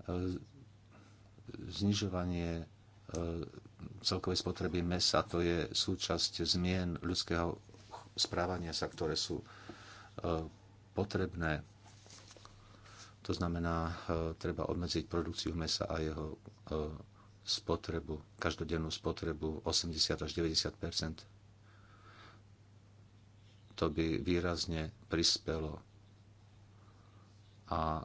e, znižovanie e, celkovej spotreby mesa, to je súčasť zmien ľudského správania sa, ktoré sú e, potrebné. To znamená, treba obmedziť produkciu mesa a jeho spotrebu, každodennú spotrebu 80 až 90 To by výrazne prispelo a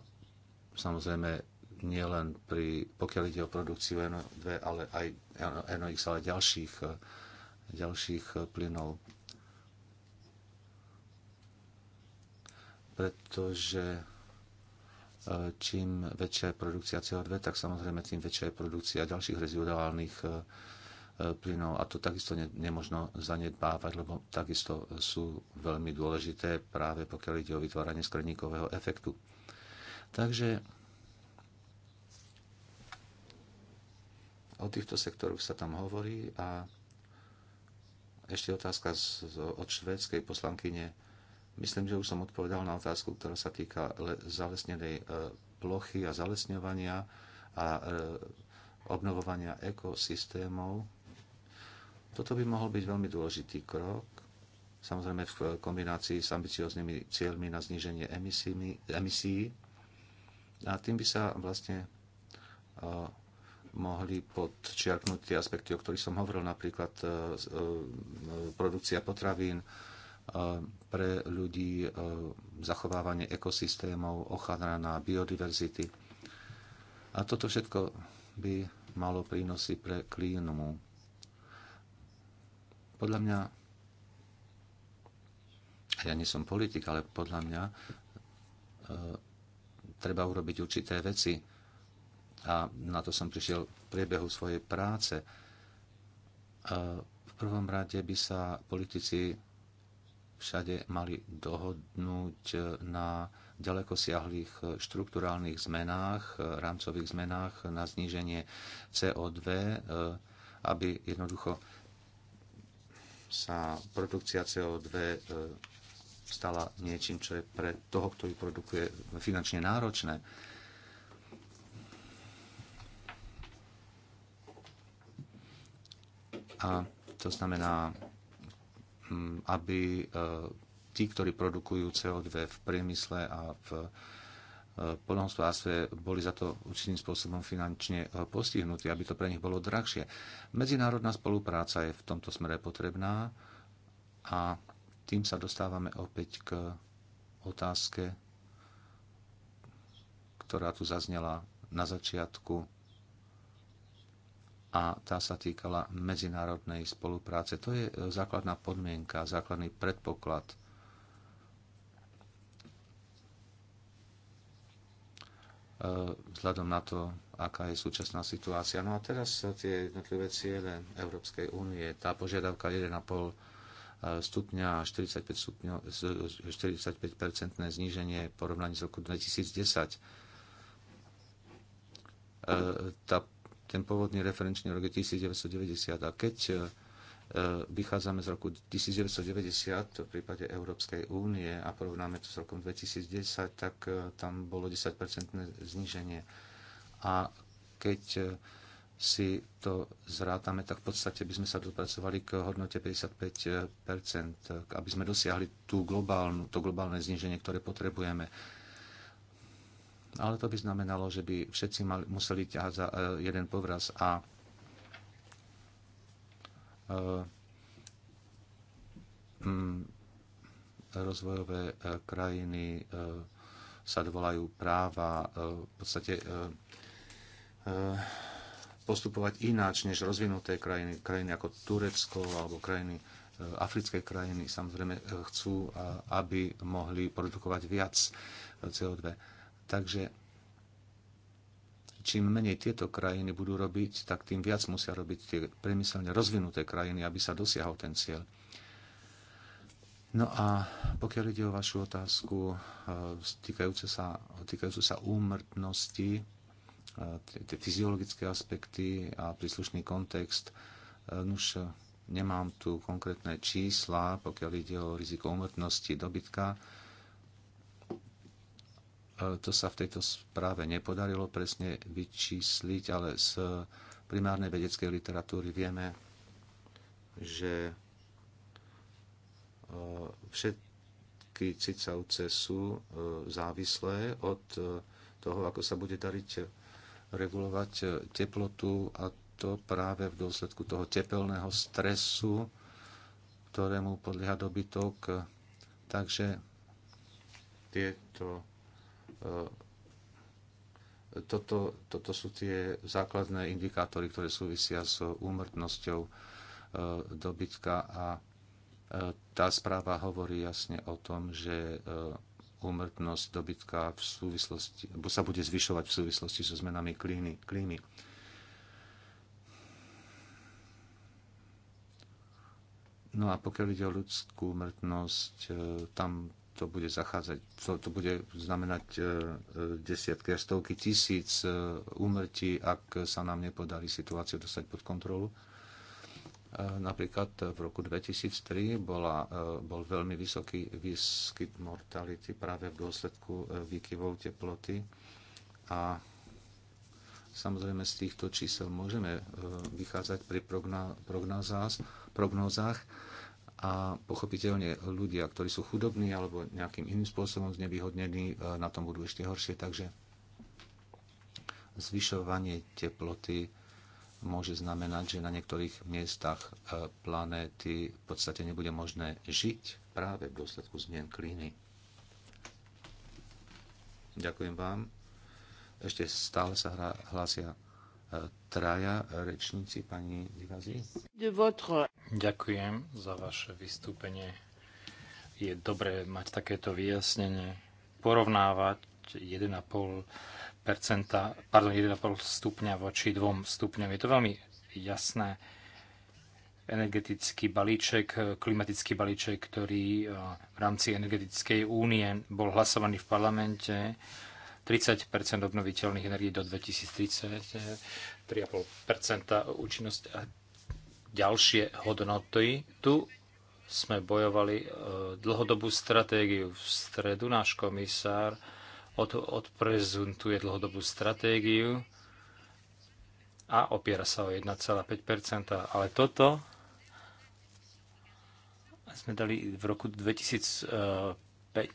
samozrejme nielen pri, pokiaľ ide o produkciu NO2, ale aj NOx, ale ďalších, ďalších plynov. Pretože e, čím väčšia je produkcia CO2, tak samozrejme tým väčšia je produkcia ďalších reziduálnych e, e, plynov a to takisto ne, nemožno zanedbávať, lebo takisto sú veľmi dôležité práve pokiaľ ide o vytváranie skleníkového efektu. Takže o týchto sektoroch sa tam hovorí a ešte otázka z, od švédskej poslankyne. Myslím, že už som odpovedal na otázku, ktorá sa týka zalesnenej e, plochy a zalesňovania a e, obnovovania ekosystémov. Toto by mohol byť veľmi dôležitý krok, samozrejme v e, kombinácii s ambicioznými cieľmi na zníženie emisí, emisí a tým by sa vlastne mohli podčiarknúť tie aspekty, o ktorých som hovoril, napríklad e, e, produkcia potravín e, pre ľudí, zachovávanie ekosystémov, ochrana na biodiverzity. A toto všetko by malo prínosy pre klínu. Podľa mňa, ja nie som politik, ale podľa mňa treba urobiť určité veci. A na to som prišiel v priebehu svojej práce. V prvom rade by sa politici všade mali dohodnúť na ďaleko siahlých štruktúrálnych zmenách, rámcových zmenách na zníženie CO2, e, aby jednoducho sa produkcia CO2 stala niečím, čo je pre toho, kto ju produkuje, finančne náročné. A to znamená, mm, aby e, tí, ktorí produkujú CO2 v priemysle a v e, poľnohospodárstve boli za to určitým spôsobom finančne e, postihnutí, aby to pre nich bolo drahšie. Medzinárodná spolupráca je v tomto smere potrebná a tým sa dostávame opäť k otázke, ktorá tu zaznela na začiatku a tá sa týkala medzinárodnej spolupráce. To je e, základná podmienka, základný predpoklad. E, vzhľadom na to, aká je súčasná situácia. No a teraz tie jednotlivé ciele Európskej únie, tá požiadavka 1,5 stupňa 45, stupňo, 45% zníženie v porovnaní s roku 2010. E, tá, ten pôvodný referenčný rok je 1990 a keď e, vychádzame z roku 1990 v prípade Európskej únie a porovnáme to s rokom 2010, tak e, tam bolo 10% zníženie. A keď si to zrátame, tak v podstate by sme sa dopracovali k hodnote 55 aby sme dosiahli tú globálnu, to globálne zníženie, ktoré potrebujeme. Ale to by znamenalo, že by všetci mali, museli ťahať za eh, jeden povraz a eh, mm, rozvojové eh, krajiny sa dovolajú práva v podstate postupovať ináč než rozvinuté krajiny, krajiny ako Turecko alebo krajiny, e, africké krajiny samozrejme e, chcú, aby mohli produkovať viac e, CO2. Takže čím menej tieto krajiny budú robiť, tak tým viac musia robiť tie priemyselne rozvinuté krajiny, aby sa dosiahol ten cieľ. No a pokiaľ ide o vašu otázku týkajúcu sa, týkajúcu sa úmrtnosti, tie fyziologické aspekty a príslušný kontext. E, Už e, nemám tu konkrétne čísla, pokiaľ ide o riziko umrtnosti dobytka. E, to sa v tejto správe nepodarilo presne vyčísliť, ale z primárnej vedeckej literatúry vieme, že všetky cicavce sú závislé od toho, ako sa bude dariť regulovať e, teplotu a to práve v dôsledku toho tepelného stresu, ktorému podlieha dobytok. Takže tieto, e, toto, toto sú tie základné indikátory, ktoré súvisia s úmrtnosťou e, dobytka a tá správa hovorí jasne o tom, že úmrtnosť dobytka v súvislosti, alebo sa bude zvyšovať v súvislosti so zmenami klímy. klímy. No a pokiaľ ide o ľudskú úmrtnosť. E, tam to bude zachádzať, to, to bude znamenať e, e, desiatky až stovky tisíc úmrtí, ak sa nám nepodarí situáciu dostať pod kontrolu. Eh, napríklad eh, v roku 2003 bola, eh, bol veľmi vysoký výskyt mortality práve v dôsledku výkyvov teploty a samozrejme z týchto čísel môžeme vychádzať pri prognózách a pochopiteľne ľudia, ktorí sú chudobní alebo nejakým iným spôsobom znevýhodnení, na tom budú ešte horšie, takže zvyšovanie teploty môže znamenať, že na niektorých miestach e, planéty v podstate nebude možné žiť práve v dôsledku zmien klíny. Ďakujem vám. Ešte stále sa hra, hlásia e, traja rečníci, pani Divazi. Ďakujem za vaše vystúpenie. Je dobré mať takéto vyjasnenie, porovnávať pardon, 1,5 stupňa voči 2 stupňom. Je to veľmi jasné. Energetický balíček, klimatický balíček, ktorý eh, v rámci energetickej únie bol hlasovaný v parlamente, 30 obnoviteľných energií do 2030, 3,5 účinnosť a ďalšie hodnoty. Tu sme bojovali eh, dlhodobú stratégiu. V stredu náš komisár od, odprezentuje dlhodobú stratégiu a opiera sa o 1,5 Ale toto sme dali v roku 2005 e,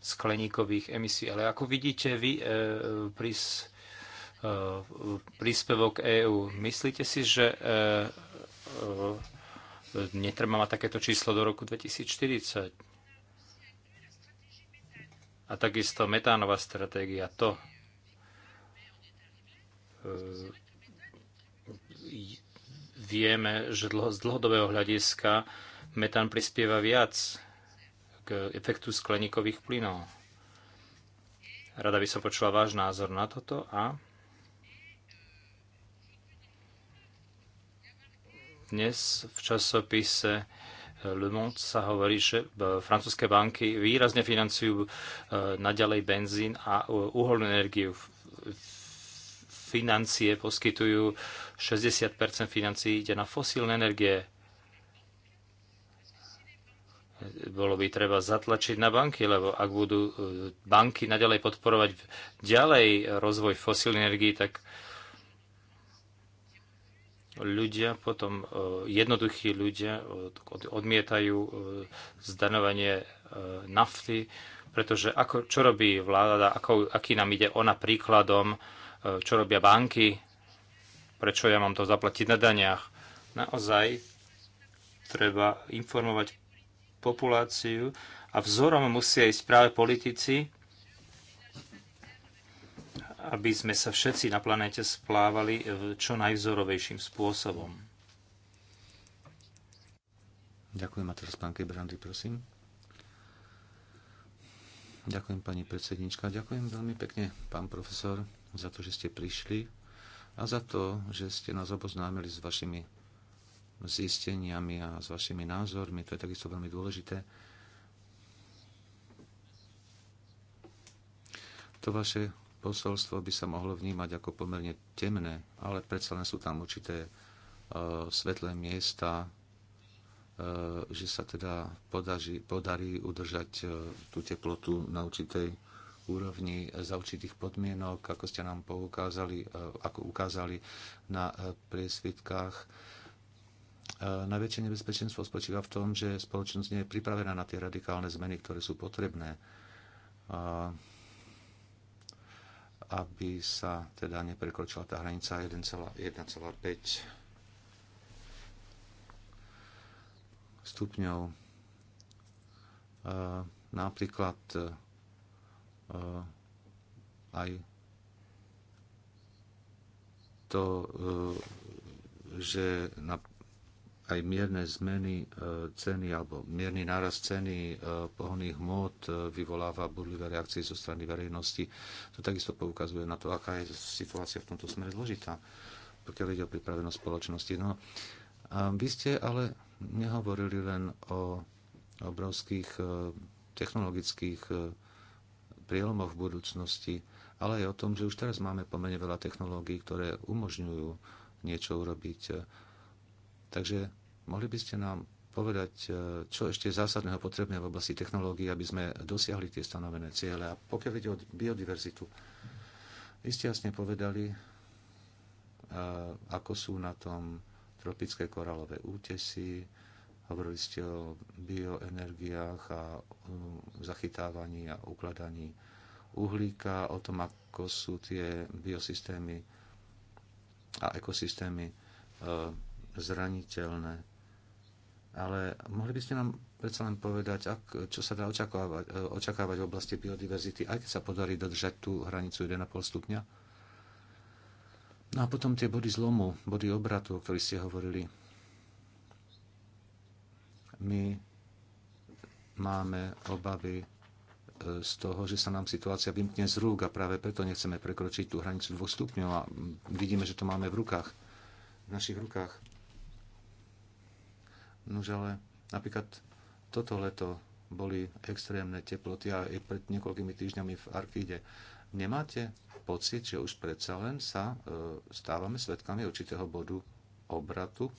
skleníkových emisí. Ale ako vidíte vy e, prís, e, príspevok EÚ, myslíte si, že netreba mať takéto číslo do roku 2040? a takisto metánová stratégia. To e, vieme, že z dlhodobého hľadiska metán prispieva viac k efektu skleníkových plynov. Rada by som počula váš názor na toto a dnes v časopise Le Monde sa hovorí, že e, francúzske banky výrazne financujú e, naďalej benzín a e, uholnú energiu. Financie poskytujú 60 financií ide na fosílne energie. Bolo by treba zatlačiť na banky, lebo ak budú banky naďalej podporovať ďalej rozvoj fosílnej energii, tak ľudia, potom e, jednoduchí ľudia e, odmietajú e, zdanovanie nafty, pretože ako, čo robí vláda, ako, aký nám ide ona príkladom, čo robia banky, prečo ja mám to zaplatiť na daniach. Naozaj treba informovať populáciu a vzorom musia ísť práve politici, aby sme sa všetci na planéte splávali e, čo najvzorovejším spôsobom. Ďakujem a teraz pán Kebrandy, prosím. Ďakujem pani predsednička, ďakujem veľmi pekne pán profesor za to, že ste prišli a za to, že ste nás oboznámili s vašimi zisteniami a s vašimi názormi. To je takisto veľmi dôležité. To vaše posolstvo by sa mohlo vnímať ako pomerne temné, ale predsa len sú tam určité e, svetlé miesta, e, že sa teda podaži, podarí udržať e, tú teplotu na určitej úrovni za určitých podmienok, ako ste nám poukázali, ako ukázali na priesvitkách. Najväčšie nebezpečenstvo spočíva v tom, že spoločnosť nie je pripravená na tie radikálne zmeny, ktoré sú potrebné aby sa teda neprekročila tá hranica 1,5 stupňov. E, napríklad e, aj to, e, že aj mierne zmeny e, ceny alebo mierny nárast ceny e, pohonných hmot e, vyvoláva burlivé reakcie zo strany verejnosti. To takisto poukazuje na to, aká je situácia v tomto smere zložitá, pokiaľ ide o pripravenosť spoločnosti. No, a vy ste ale nehovorili len o obrovských technologických prielomoch v budúcnosti, ale aj o tom, že už teraz máme pomene veľa technológií, ktoré umožňujú niečo urobiť Takže mohli by ste nám povedať, e, čo ešte zásadného potrebné v oblasti technológií, aby sme dosiahli tie stanovené ciele. A pokiaľ ide o biodiverzitu, vy ste jasne povedali, e, ako sú na tom tropické koralové útesy, hovorili ste o bioenergiách a zachytávaní a ukladaní uhlíka, o tom, ako sú tie biosystémy a ekosystémy e, zraniteľné. Ale mohli by ste nám predsa len povedať, ak, čo sa dá očakávať, e, očakávať v oblasti biodiverzity, aj keď sa podarí dodržať tú hranicu 1,5 stupňa? No a potom tie body zlomu, body obratu, o ktorých ste hovorili. My máme obavy e, z toho, že sa nám situácia vymkne z rúk a práve preto nechceme prekročiť tú hranicu 2 stupňov a vidíme, že to máme v rukách, v našich rukách. Nože ale napríklad toto leto boli extrémne teploty a aj pred niekoľkými týždňami v Arkíde. Nemáte pocit, že už predsa len sa e, stávame svetkami určitého bodu obratu?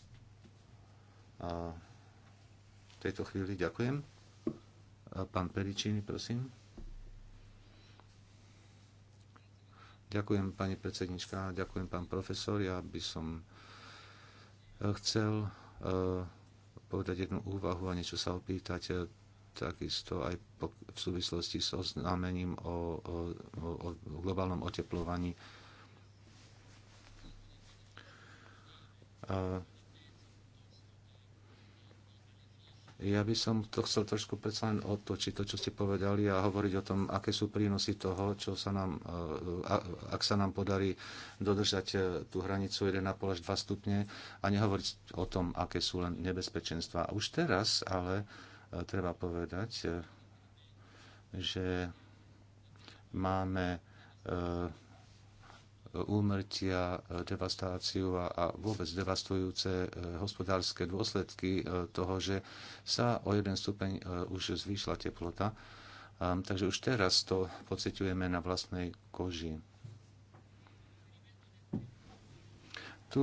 A v tejto chvíli ďakujem. A pán Peričini, prosím. Ďakujem, pani predsednička, ďakujem, pán profesor. Ja by som e, chcel e, povedať jednu úvahu a niečo sa opýtať, e, takisto aj v súvislosti s oznámením o, o, o globálnom oteplovaní. Ja by som to chcel trošku predsa len otočiť, to, čo ste povedali, a hovoriť o tom, aké sú prínosy toho, čo sa nám, eh, ak sa nám podarí dodržať eh, tú hranicu 1,5 až 2 stupne a nehovoriť o tom, aké sú len nebezpečenstva. Už teraz ale eh, treba povedať, že máme úmrtia, e, devastáciu a, a vôbec devastujúce e, hospodárske dôsledky e, toho, že sa o jeden stupeň už zvýšla teplota. Takže už teraz to pociťujeme na vlastnej koži. Tu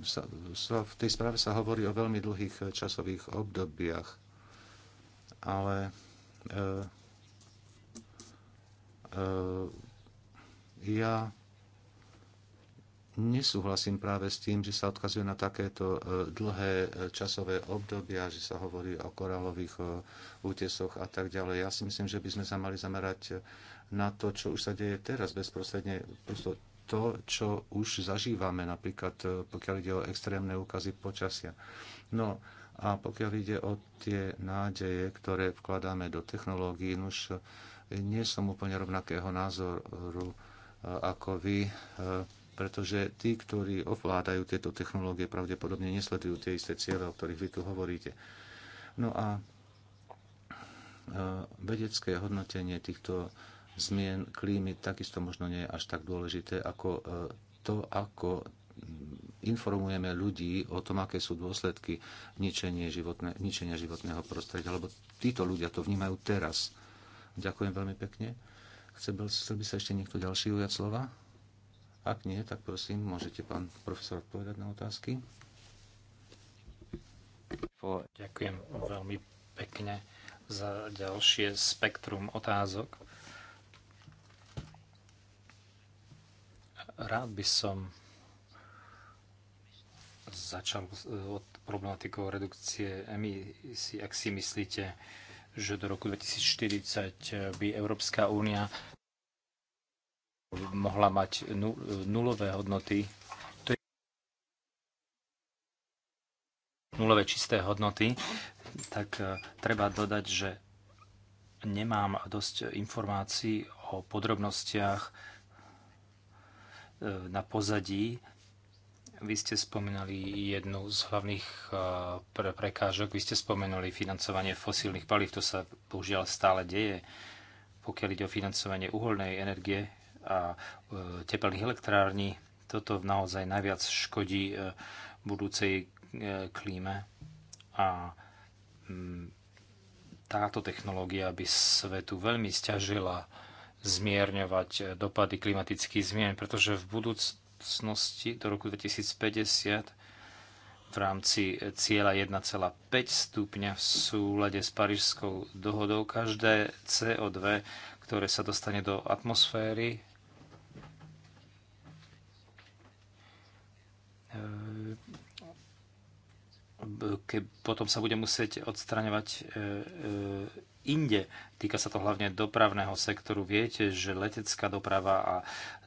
sa, sa, v tej správe sa hovorí o veľmi dlhých časových obdobiach, ale e, e, ja nesúhlasím práve s tým, že sa odkazuje na takéto e, dlhé e, časové obdobia, že sa hovorí o koralových e, útesoch a tak ďalej. Ja si myslím, že by sme sa mali zamerať na to, čo už sa deje teraz bezprostredne, prosto to, čo už zažívame, napríklad pokiaľ ide o extrémne úkazy počasia. No a pokiaľ ide o tie nádeje, ktoré vkladáme do technológií, už nie som úplne rovnakého názoru ako vy pretože tí, ktorí ovládajú tieto technológie, pravdepodobne nesledujú tie isté cieľe, o ktorých vy tu hovoríte. No a e, vedecké hodnotenie týchto zmien klímy takisto možno nie je až tak dôležité ako e, to, ako informujeme ľudí o tom, aké sú dôsledky ničenia, životné, ničenia životného prostredia, lebo títo ľudia to vnímajú teraz. Ďakujem veľmi pekne. by, chcel by sa ešte niekto ďalší ujať slova? Ak nie, tak prosím, môžete pán profesor odpovedať na otázky. Ďakujem veľmi pekne za ďalšie spektrum otázok. Rád by som začal od problematikou redukcie emisí. Ak si myslíte, že do roku 2040 by Európska únia mohla mať nulové hodnoty, to je nulové čisté hodnoty, tak e, treba dodať, že nemám dosť informácií o podrobnostiach e, na pozadí. Vy ste spomenuli jednu z hlavných e, pre prekážok, vy ste spomenuli financovanie fosílnych palív, to sa bohužiaľ stále deje. Pokiaľ ide o financovanie uholnej energie, a e, tepelných elektrární. Toto naozaj najviac škodí e, budúcej e, klíme a mm, táto technológia by svetu veľmi stiažila zmierňovať dopady klimatických zmien, pretože v budúcnosti do roku 2050 v rámci cieľa 1,5 stupňa v súlade s Parížskou dohodou každé CO2, ktoré sa dostane do atmosféry, Keď potom sa bude musieť odstraňovať e, e, inde. Týka sa to hlavne dopravného sektoru. Viete, že letecká doprava a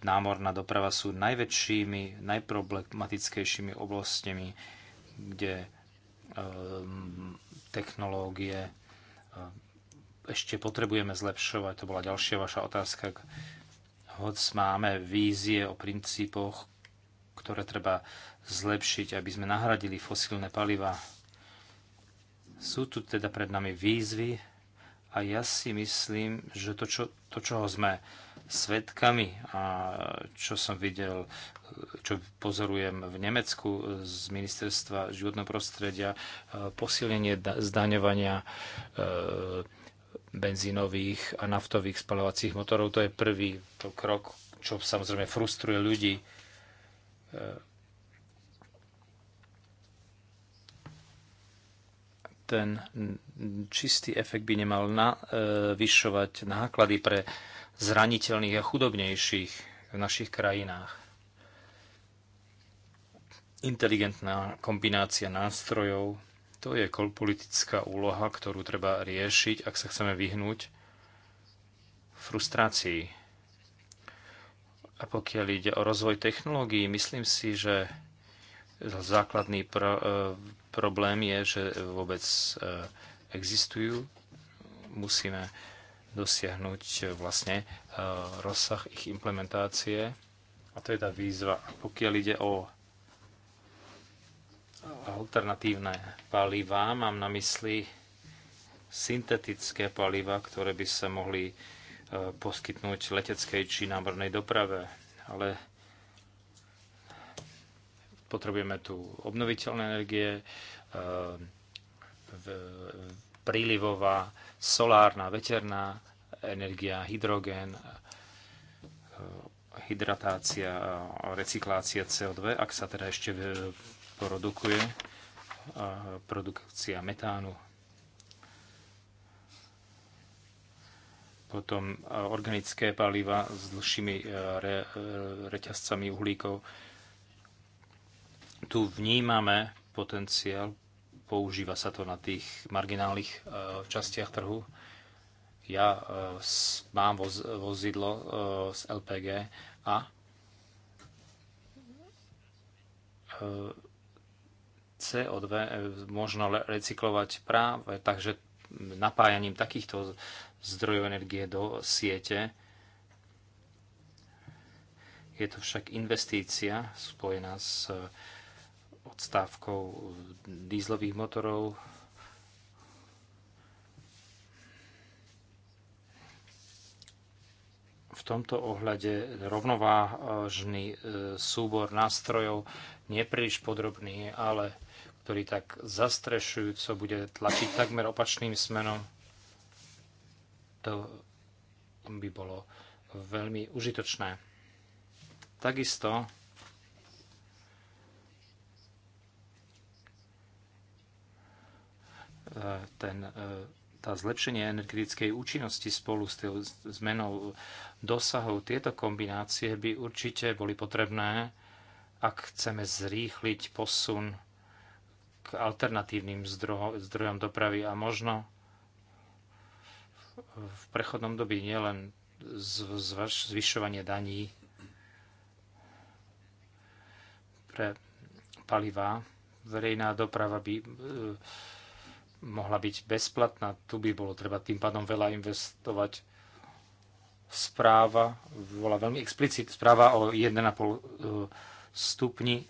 námorná doprava sú najväčšími, najproblematickejšími oblastiami, kde e, technológie ešte potrebujeme zlepšovať. To bola ďalšia vaša otázka. hoď máme vízie o princípoch, ktoré treba zlepšiť, aby sme nahradili fosílne paliva. Sú tu teda pred nami výzvy a ja si myslím, že to, čo, to čoho sme svetkami a čo som videl, čo pozorujem v Nemecku z ministerstva životného prostredia, posilnenie zdaňovania e, benzínových a naftových spalovacích motorov. To je prvý to krok, čo samozrejme frustruje ľudí E, ten čistý efekt by nemal navyšovať e, náklady pre zraniteľných a chudobnejších v našich krajinách. Inteligentná kombinácia nástrojov, to je politická úloha, ktorú treba riešiť, ak sa chceme vyhnúť frustrácii. A pokiaľ ide o rozvoj technológií, myslím si, že základný pro, e, problém je, že vôbec e, existujú. Musíme dosiahnuť vlastne e, rozsah ich implementácie. A to je tá výzva. A pokiaľ ide o alternatívne palivá, mám na mysli syntetické paliva, ktoré by sa mohli poskytnúť leteckej či námornej doprave. Ale potrebujeme tu obnoviteľné energie, e, prílivová, solárna, veterná energia, hydrogén, e, hydratácia a recyklácia CO2, ak sa teda ešte produkuje produkcia metánu potom e, organické paliva s dlhšími e, re, e, reťazcami uhlíkov. Tu vnímame potenciál, používa sa to na tých marginálnych častiach trhu. Ja mám voz, vozidlo z LPG a CO2 možno recyklovať práve takže napájaním takýchto zdrojov energie do siete. Je to však investícia spojená s eh, odstávkou dýzlových motorov. V tomto ohľade rovnovážny eh, súbor nástrojov, nepríliš podrobný, ale ktorý tak zastrešujúco bude tlačiť takmer opačným smerom, to by bolo veľmi užitočné. Takisto ten, tá zlepšenie energetickej účinnosti spolu s tým zmenou dosahov, tieto kombinácie by určite boli potrebné, ak chceme zrýchliť posun k alternatívnym zdrojom dopravy a možno v prechodnom dobi nielen zvyšovanie daní pre palivá. Verejná doprava by e, mohla byť bezplatná. Tu by bolo treba tým pádom veľa investovať. Správa bola veľmi explicit. Správa o 1,5 e, stupni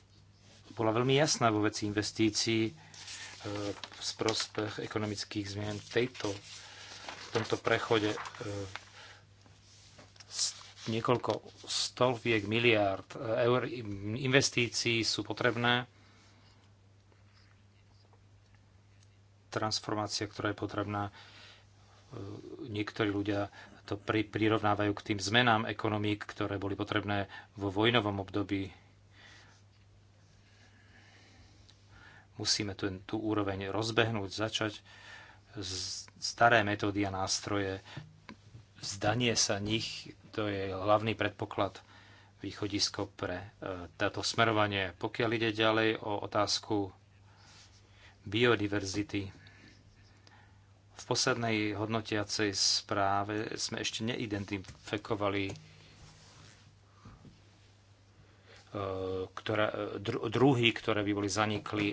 bola veľmi jasná vo veci investícií z e, prospech ekonomických zmien tejto v tomto prechode e, niekoľko stoviek miliárd e, eur investícií sú potrebné. Transformácia, ktorá je potrebná, e, niektorí ľudia to pri, prirovnávajú k tým zmenám ekonomík, ktoré boli potrebné vo vojnovom období. Musíme tu tú úroveň rozbehnúť, začať staré metódy a nástroje. Zdanie sa nich, to je hlavný predpoklad východisko pre e, táto smerovanie. Pokiaľ ide ďalej o otázku biodiverzity, v poslednej hodnotiacej správe sme ešte neidentifikovali e, ktoré, e, druhy, ktoré by boli zanikli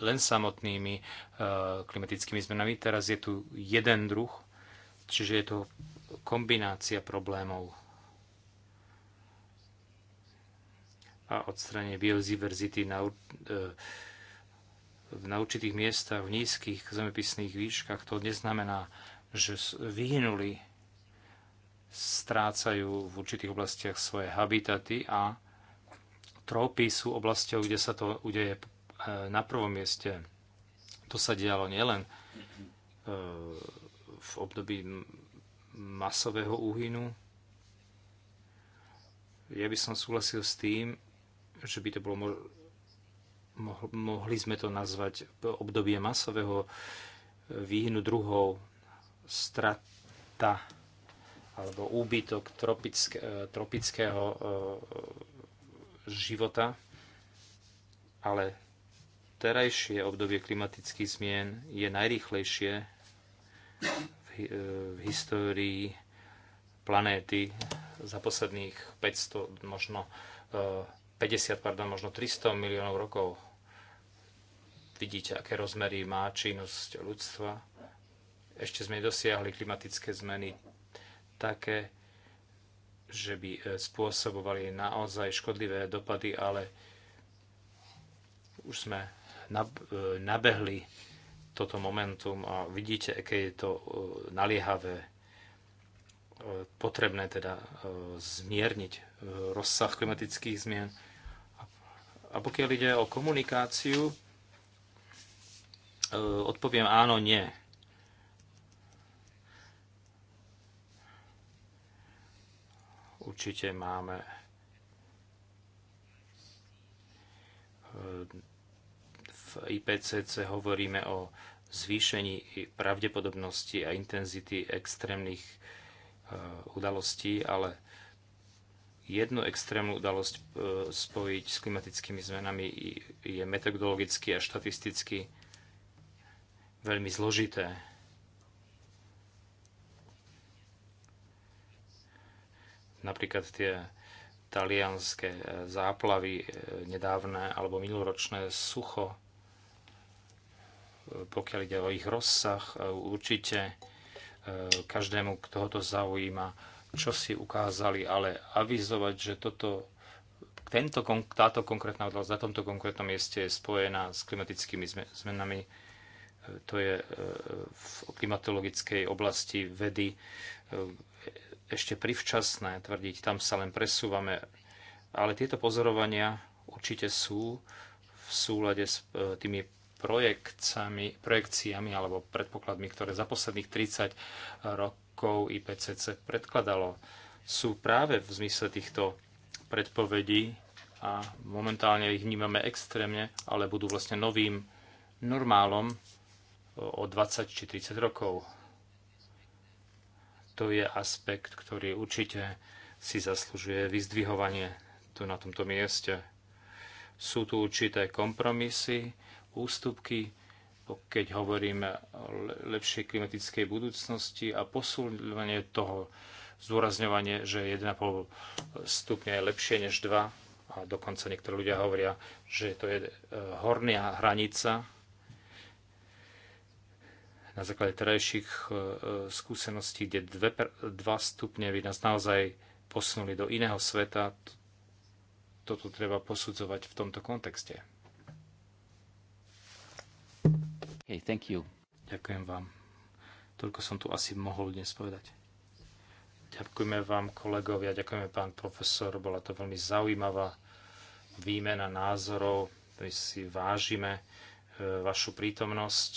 len samotnými e, klimatickými zmenami. Teraz je tu jeden druh, čiže je to kombinácia problémov a odstranie biodiverzity na, e, na určitých miestach, v nízkych zemepisných výškach. To neznamená, že vyhnuli strácajú v určitých oblastiach svoje habitaty a trópy sú oblasťou, kde sa to udeje na prvom mieste. To sa dialo nielen e, v období masového úhynu. Ja by som súhlasil s tým, že by to bolo mo- mo- mohli sme to nazvať obdobie masového e, výhynu druhov strata alebo úbytok tropické, e, tropického života, ale terajšie obdobie klimatických zmien je najrýchlejšie v, e, v histórii planéty za posledných 500, možno 50, e, pardon, možno 300 miliónov rokov. Vidíte, aké rozmery má činnosť ľudstva. Ešte sme dosiahli klimatické zmeny také, že by e, spôsobovali naozaj škodlivé dopady, ale už sme E, nabehli toto momentum a vidíte, aké je to e, naliehavé, e, potrebné teda zmierniť rozsah klimatických zmien. A pokiaľ ide o komunikáciu, odpoviem áno, nie. Určite máme v IPCC hovoríme o zvýšení pravdepodobnosti a intenzity extrémnych e, udalostí, ale jednu extrémnu udalosť e, spojiť s klimatickými zmenami je metodologicky a štatisticky veľmi zložité. Napríklad tie talianské e, záplavy nedávne alebo minuloročné sucho pokiaľ ide o ich rozsah, e, určite e, každému, kto ho to zaujíma, čo si ukázali, ale avizovať, že toto, tento, táto konkrétna odlasť na tomto konkrétnom mieste je spojená s klimatickými zmenami, e, to je v klimatologickej oblasti vedy ešte privčasné tvrdiť, tam sa len presúvame. Ale tieto pozorovania určite sú v súlade s tými projekciami alebo predpokladmi, ktoré za posledných 30 rokov IPCC predkladalo, sú práve v zmysle týchto predpovedí a momentálne ich vnímame extrémne, ale budú vlastne novým normálom o 20 či 30 rokov. To je aspekt, ktorý určite si zaslúžuje vyzdvihovanie tu na tomto mieste. Sú tu určité kompromisy, ústupky, keď hovoríme o lepšej klimatickej budúcnosti a posúľovanie toho zdôrazňovanie, že 1,5 stupňa je lepšie než 2 a dokonca niektorí ľudia hovoria, že to je e, horná hranica na základe terajších e, e, skúseností, kde 2, 2 stupne by nás naozaj posunuli do iného sveta, toto treba posudzovať v tomto kontexte. Okay, thank you. Ďakujem vám. Toľko som tu asi mohol dnes povedať. Ďakujeme vám, kolegovia, ďakujeme pán profesor, bola to veľmi zaujímavá výmena názorov, my si vážime e, vašu prítomnosť.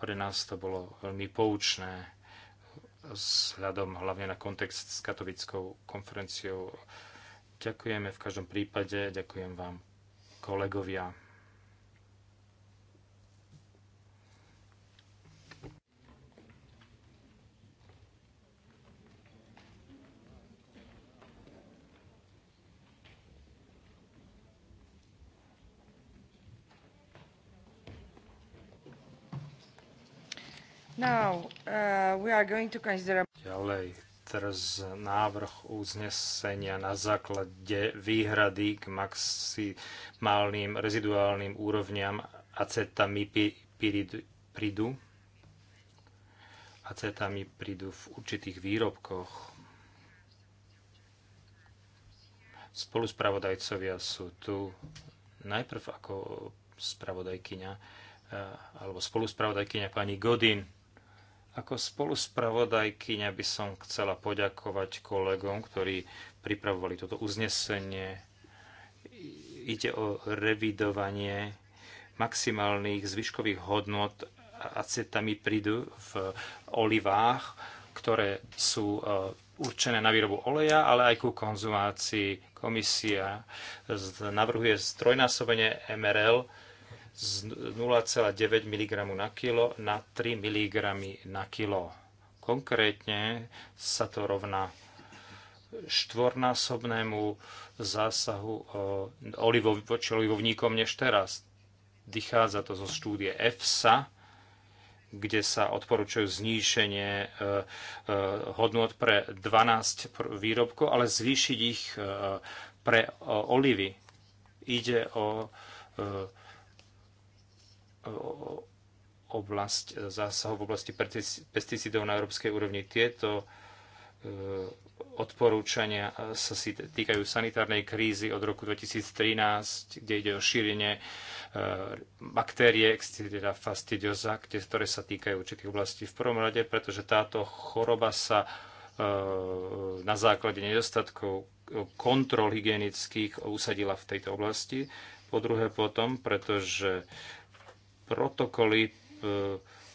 Pre nás to bolo veľmi poučné vzhľadom hlavne na kontext s katovickou konferenciou. Ďakujeme v každom prípade, ďakujem vám kolegovia. Now, uh, we are going to consider... Ďalej, teraz návrh uznesenia na základe výhrady k maximálnym reziduálnym úrovniam acetamipiridu acetamipiridu v určitých výrobkoch. Spoluspravodajcovia sú tu najprv ako spravodajkyňa eh, alebo spravodajkyňa pani Godin ako spoluspravodajkyňa by som chcela poďakovať kolegom, ktorí pripravovali toto uznesenie. Ide o revidovanie maximálnych zvyškových hodnot acetamipridu v olivách, ktoré sú e, určené na výrobu oleja, ale aj ku konzumácii. Komisia navrhuje strojnásobenie MRL z 0,9 mg na kilo na 3 mg na kilo. Konkrétne sa to rovná štvornásobnému zásahu olivov, voči olivovníkom než teraz. Vychádza to zo štúdie EFSA, kde sa odporúčajú zníšenie e, e, hodnot pre 12 výrobkov, ale zvýšiť ich e, pre olivy. Ide o oblasť zásahov v oblasti pesticídov na európskej úrovni. Tieto e, odporúčania e, sa si týkajú sanitárnej krízy od roku 2013, kde ide o šírenie e, baktérie teda fastidiosa, ktoré sa týkajú určitých oblastí v prvom rade, pretože táto choroba sa na základe nedostatkov kontrol hygienických usadila v tejto oblasti. Po druhé potom, pretože protokoly, e,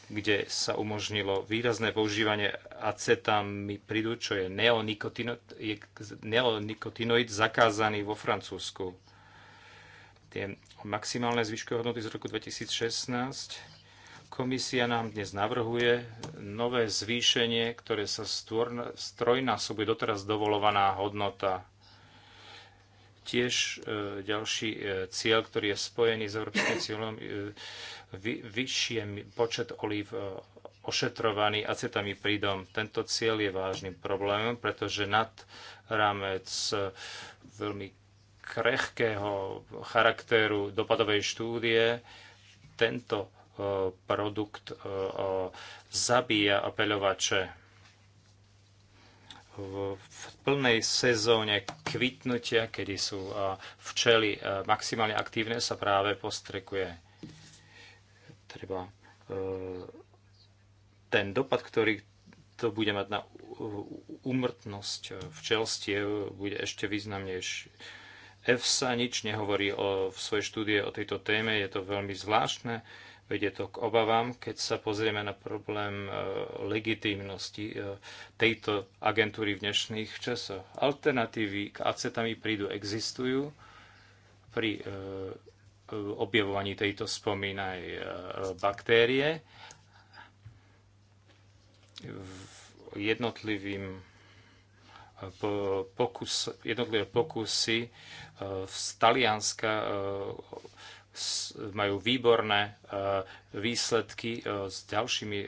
kde sa umožnilo výrazné používanie acetamipridu, čo je neonikotinoid, zakázaný vo Francúzsku. Tie maximálne zvyškové hodnoty z roku 2016 Komisia nám dnes navrhuje nové zvýšenie, ktoré sa strojnásobuje doteraz dovolovaná hodnota. Tiež e, ďalší e, cieľ, ktorý je spojený s európskym cieľom e, vy, vyššie počet olív e, ošetrovaný prídom. Tento cieľ je vážnym problémom, pretože nad rámec e, veľmi krehkého charakteru dopadovej štúdie tento e, produkt zabíja apeľovače. V plnej sezóne kvitnutia, kedy sú včely maximálne aktívne, sa práve postrekuje treba e, ten dopad, ktorý to bude mať na úmrtnosť e, včelstiev, bude ešte významnejší. EFSA nič nehovorí o, v svojej štúdie o tejto téme, je to veľmi zvláštne, vedie to k obavám, keď sa pozrieme na problém e, legitímnosti e, tejto agentúry v dnešných časoch. Alternatívy k prídu, existujú pri e, objavovaní tejto spomínaj e, baktérie jednotlivým e, pokus, jednotlivé pokusy e, z Talianska majú výborné výsledky s ďalšími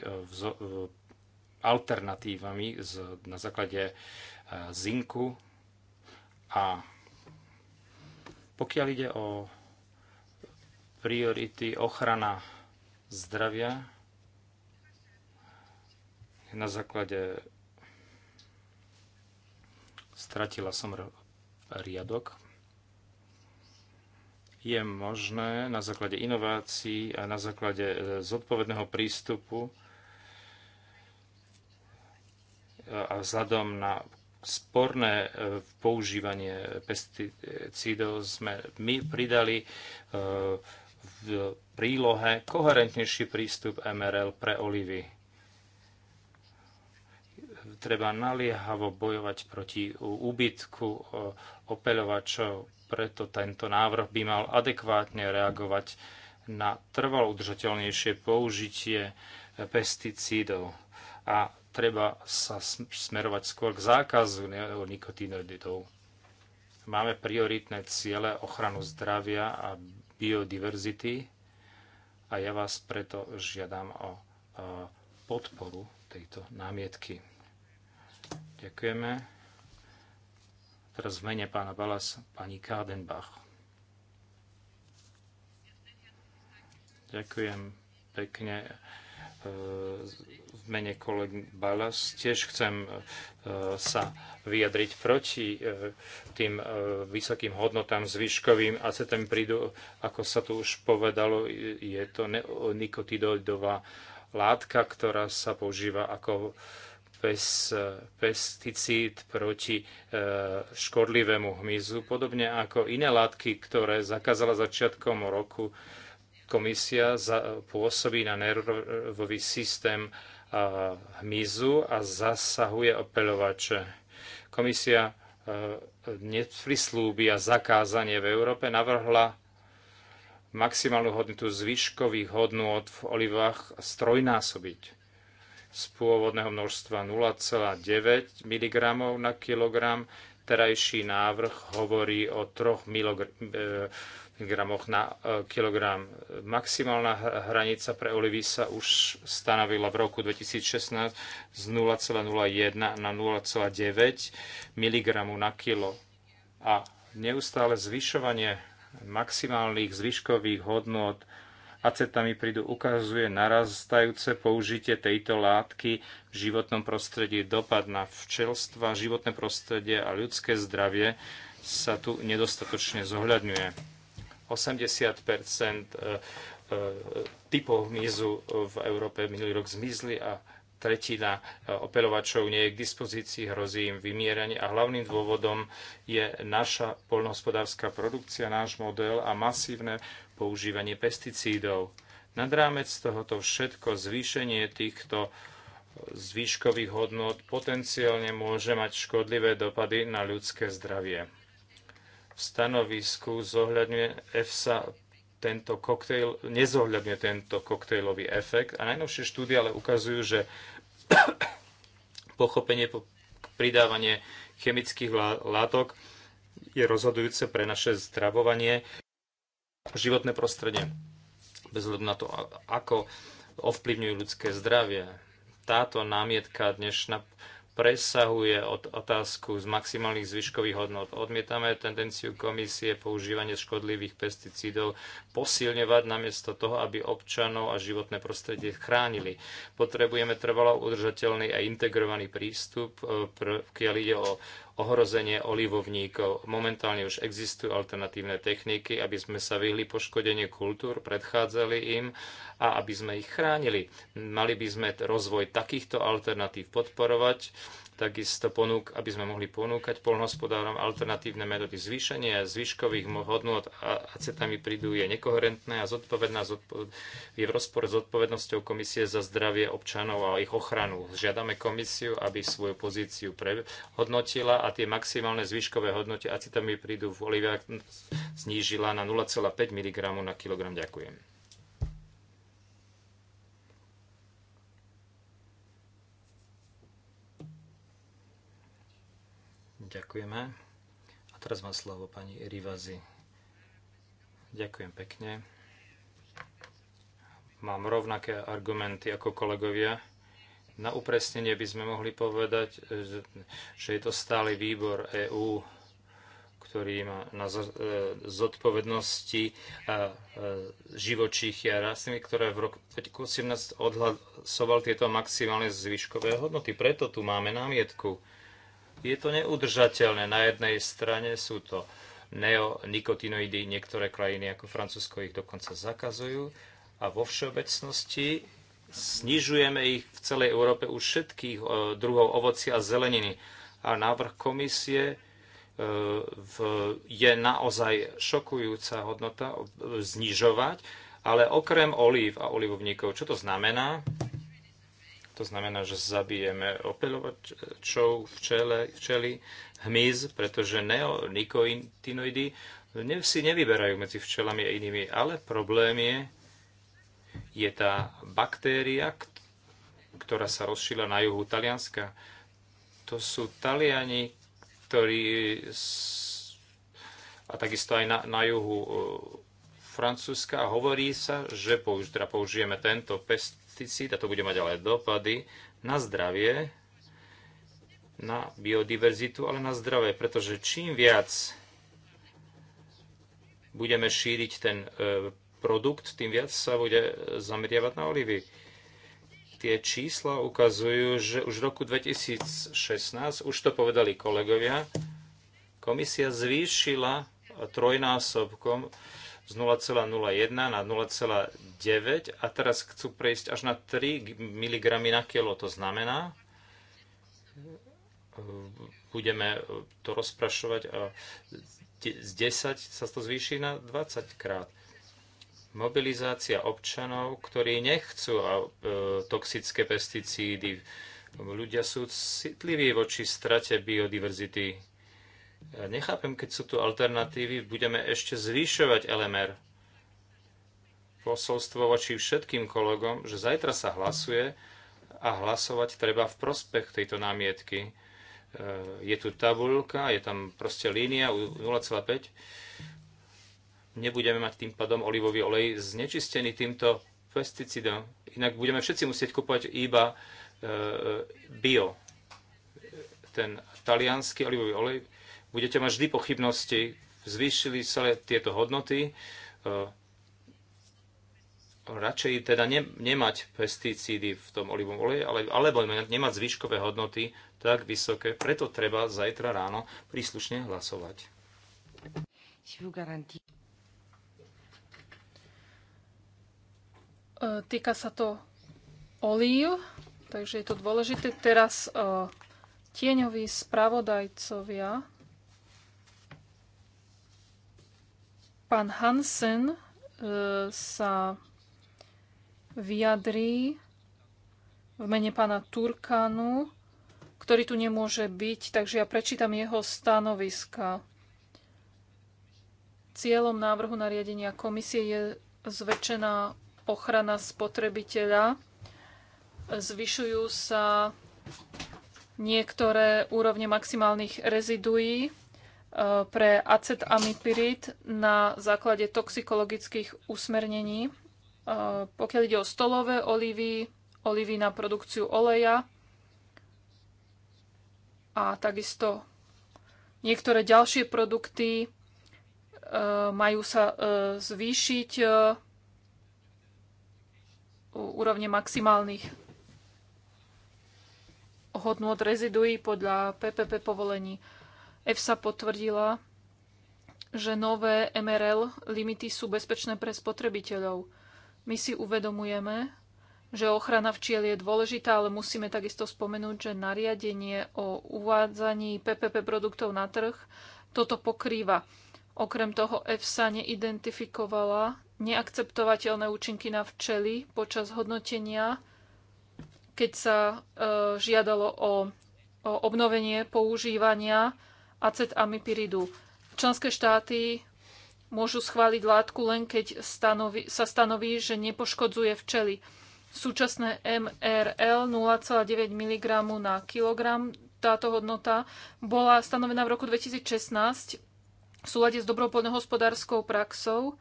alternatívami na základe zinku a pokiaľ ide o priority ochrana zdravia na základe stratila som riadok. Je možné na základe inovácií a na základe e, zodpovedného prístupu e, a vzhľadom na sporné e, používanie pesticídov sme my pridali v prílohe koherentnejší prístup MRL pre olivy. Treba naliehavo bojovať proti úbytku e, opeľovačov, preto tento návrh by mal adekvátne reagovať na trvalo udržateľnejšie použitie e, pesticídov a treba sa smerovať skôr k zákazu neonikotinoidov. Máme prioritné ciele ochranu zdravia a biodiverzity a ja vás preto žiadam o podporu tejto námietky. Ďakujeme. Teraz v mene pána Balas pani Kádenbach. Ďakujem pekne v mene kolegy Balas tiež chcem e, sa vyjadriť proti e, tým e, vysokým hodnotám zvyškovým prídu, Ako sa tu už povedalo, je to nikotidoidová látka, ktorá sa používa ako pesticíd proti škodlivému hmyzu, podobne ako iné látky, ktoré zakázala začiatkom roku Komisia pôsobí na nervový systém hmyzu a zasahuje opeľovače. Komisia e, neprislúbi a zakázanie v Európe navrhla maximálnu hodnotu zvyškových hodnôt v olivách strojnásobiť z pôvodného množstva 0,9 mg na kilogram. Terajší návrh hovorí o 3 mg e, gramoch na e, kilogram. Maximálna hranica pre olivy sa už stanovila v roku 2016 z 0,01 na 0,9 mg na kilo. A neustále zvyšovanie maximálnych zvyškových hodnot acetamipridu ukazuje narastajúce použitie tejto látky v životnom prostredí. Dopad na včelstva, životné prostredie a ľudské zdravie sa tu nedostatočne zohľadňuje 80 e, e, typov hmyzu v Európe minulý rok zmizli a tretina e, opelovačov nie je k dispozícii, hrozí im vymieranie a hlavným dôvodom je naša poľnohospodárska produkcia, náš model a masívne používanie pesticídov. Nad rámec tohoto všetko zvýšenie týchto zvýškových hodnot potenciálne môže mať škodlivé dopady na ľudské zdravie v stanovisku zohľadňuje EFSA tento koktejl, nezohľadňuje tento koktejlový efekt. A najnovšie štúdie ale ukazujú, že (coughs) pochopenie pridávanie chemických látok je rozhodujúce pre naše zdravovanie životné prostredie. Bez hľadu na to, ako ovplyvňujú ľudské zdravie. Táto námietka dnešná presahuje od otázku z maximálnych zvyškových hodnot. Odmietame tendenciu komisie používanie škodlivých pesticídov posilňovať namiesto toho, aby občanov a životné prostredie chránili. Potrebujeme trvalo udržateľný a integrovaný prístup, e, pokiaľ ide o ohrozenie olivovníkov. Momentálne už existujú alternatívne techniky, aby sme sa vyhli poškodenie kultúr, predchádzali im a aby sme ich chránili. Mali by sme rozvoj takýchto alternatív podporovať takisto ponúk, aby sme mohli ponúkať polnohospodárom alternatívne metódy zvýšenia zvyškových hodnot, a acetami prídu je nekoherentné a zodpovedná je v rozpore s odpovednosťou Komisie za zdravie občanov a ich ochranu. Žiadame komisiu, aby svoju pozíciu prehodnotila a tie maximálne zvyškové hodnoty acetami prídu v oliviach znížila na 0,5 mg na kilogram. Ďakujem. Ďakujeme. A teraz má slovo pani Rivazi. Ďakujem pekne. Mám rovnaké argumenty ako kolegovia. Na upresnenie by sme mohli povedať, že je to stály výbor EÚ, ktorý má na e, zodpovednosti e, e, živočích a ktoré v roku 2018 odhlasoval tieto maximálne zvyškové hodnoty. Preto tu máme námietku. Je to neudržateľné. Na jednej strane sú to neonikotinoidy, niektoré krajiny ako Francúzsko ich dokonca zakazujú a vo všeobecnosti snižujeme ich v celej Európe u všetkých e, druhov ovoci a zeleniny. A návrh komisie e, je naozaj šokujúca hodnota e, znižovať, ale okrem olív a olivovníkov, čo to znamená? To znamená, že zabijeme opeľovačov, včele, včely, hmyz, pretože neonikotinoidy si nevyberajú medzi včelami a inými, ale problém je, je tá baktéria, ktorá sa rozšila na juhu Talianska. To sú Taliani, ktorí a takisto aj na, na juhu eh, Francúzska hovorí sa, že použ, teda použijeme tento pest, pesticíd, a to bude mať ale dopady na zdravie, na biodiverzitu, ale na zdravie, pretože čím viac budeme šíriť ten e, produkt, tým viac sa bude e, zameriavať na olivy. Tie čísla ukazujú, že už v roku 2016, už to povedali kolegovia, komisia zvýšila trojnásobkom z 0,01 na 0,9 a teraz chcú prejsť až na 3 mg na kilo. To znamená, e, budeme to rozprašovať a z 10 sa to zvýši na 20 krát. Mobilizácia občanov, ktorí nechcú e, toxické pesticídy. Ľudia sú citliví voči strate biodiverzity Nechápem, keď sú tu alternatívy, budeme ešte zvýšovať LMR. Posolstvo voči všetkým kolegom, že zajtra sa hlasuje a hlasovať treba v prospech tejto námietky. E, je tu tabulka, je tam proste línia 0,5. Nebudeme mať tým pádom olivový olej znečistený týmto pesticidom. Inak budeme všetci musieť kúpať iba e, e, bio. Ten talianský olivový olej budete mať vždy pochybnosti. Zvýšili sa tieto hodnoty. E, radšej teda ne, nemať pesticídy v tom olivom oleji, ale, alebo nemať zvyškové hodnoty tak vysoké. Preto treba zajtra ráno príslušne hlasovať. E, týka sa to olív, takže je to dôležité. Teraz e, tieňoví spravodajcovia Pán Hansen e, sa vyjadrí v mene pána Turkánu, ktorý tu nemôže byť, takže ja prečítam jeho stanoviska. Cieľom návrhu nariadenia komisie je zväčšená ochrana spotrebiteľa. Zvyšujú sa niektoré úrovne maximálnych reziduí E, pre acetamipirid na základe toxikologických usmernení. E, pokiaľ ide o stolové olivy, olivy na produkciu oleja a takisto niektoré ďalšie produkty e, majú sa zvýšiť úrovne maximálnych hodnot reziduí podľa PPP povolení. EFSA potvrdila, že nové MRL limity sú bezpečné pre spotrebiteľov. My si uvedomujeme, že ochrana včiel je dôležitá, ale musíme takisto spomenúť, že nariadenie o uvádzaní PPP produktov na trh toto pokrýva. Okrem toho EFSA neidentifikovala neakceptovateľné účinky na včely počas hodnotenia, keď sa e, žiadalo o, o obnovenie používania acetamipiridu. Členské štáty môžu schváliť látku len keď stanovi, sa stanoví, že nepoškodzuje včely. Súčasné MRL 0,9 mg na kilogram, táto hodnota bola stanovená v roku 2016 v súlade s dobrou poľnohospodárskou praxou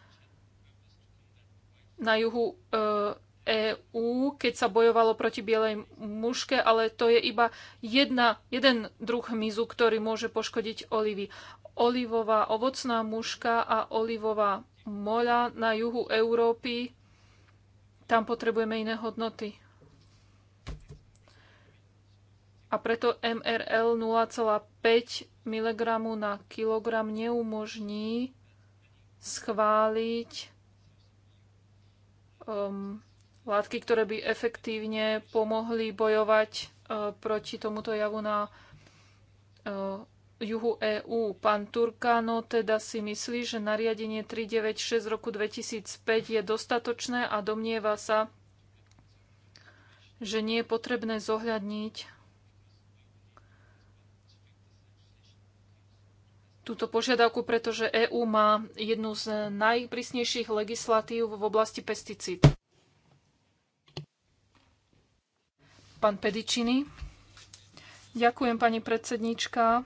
na juhu e, EÚ, keď sa bojovalo proti bielej muške, ale to je iba jedna, jeden druh hmyzu, ktorý môže poškodiť olivy. Olivová ovocná muška a olivová moľa na juhu Európy, tam potrebujeme iné hodnoty. A preto MRL 0,5 mg na kilogram neumožní schváliť um, látky, ktoré by efektívne pomohli bojovať e, proti tomuto javu na e, juhu EÚ. Pán Turkano teda si myslí, že nariadenie 396 z roku 2005 je dostatočné a domnieva sa, že nie je potrebné zohľadniť túto požiadavku, pretože EÚ má jednu z najprísnejších legislatív v oblasti pesticíd. Pán Pedičiny. Ďakujem, pani predsedníčka.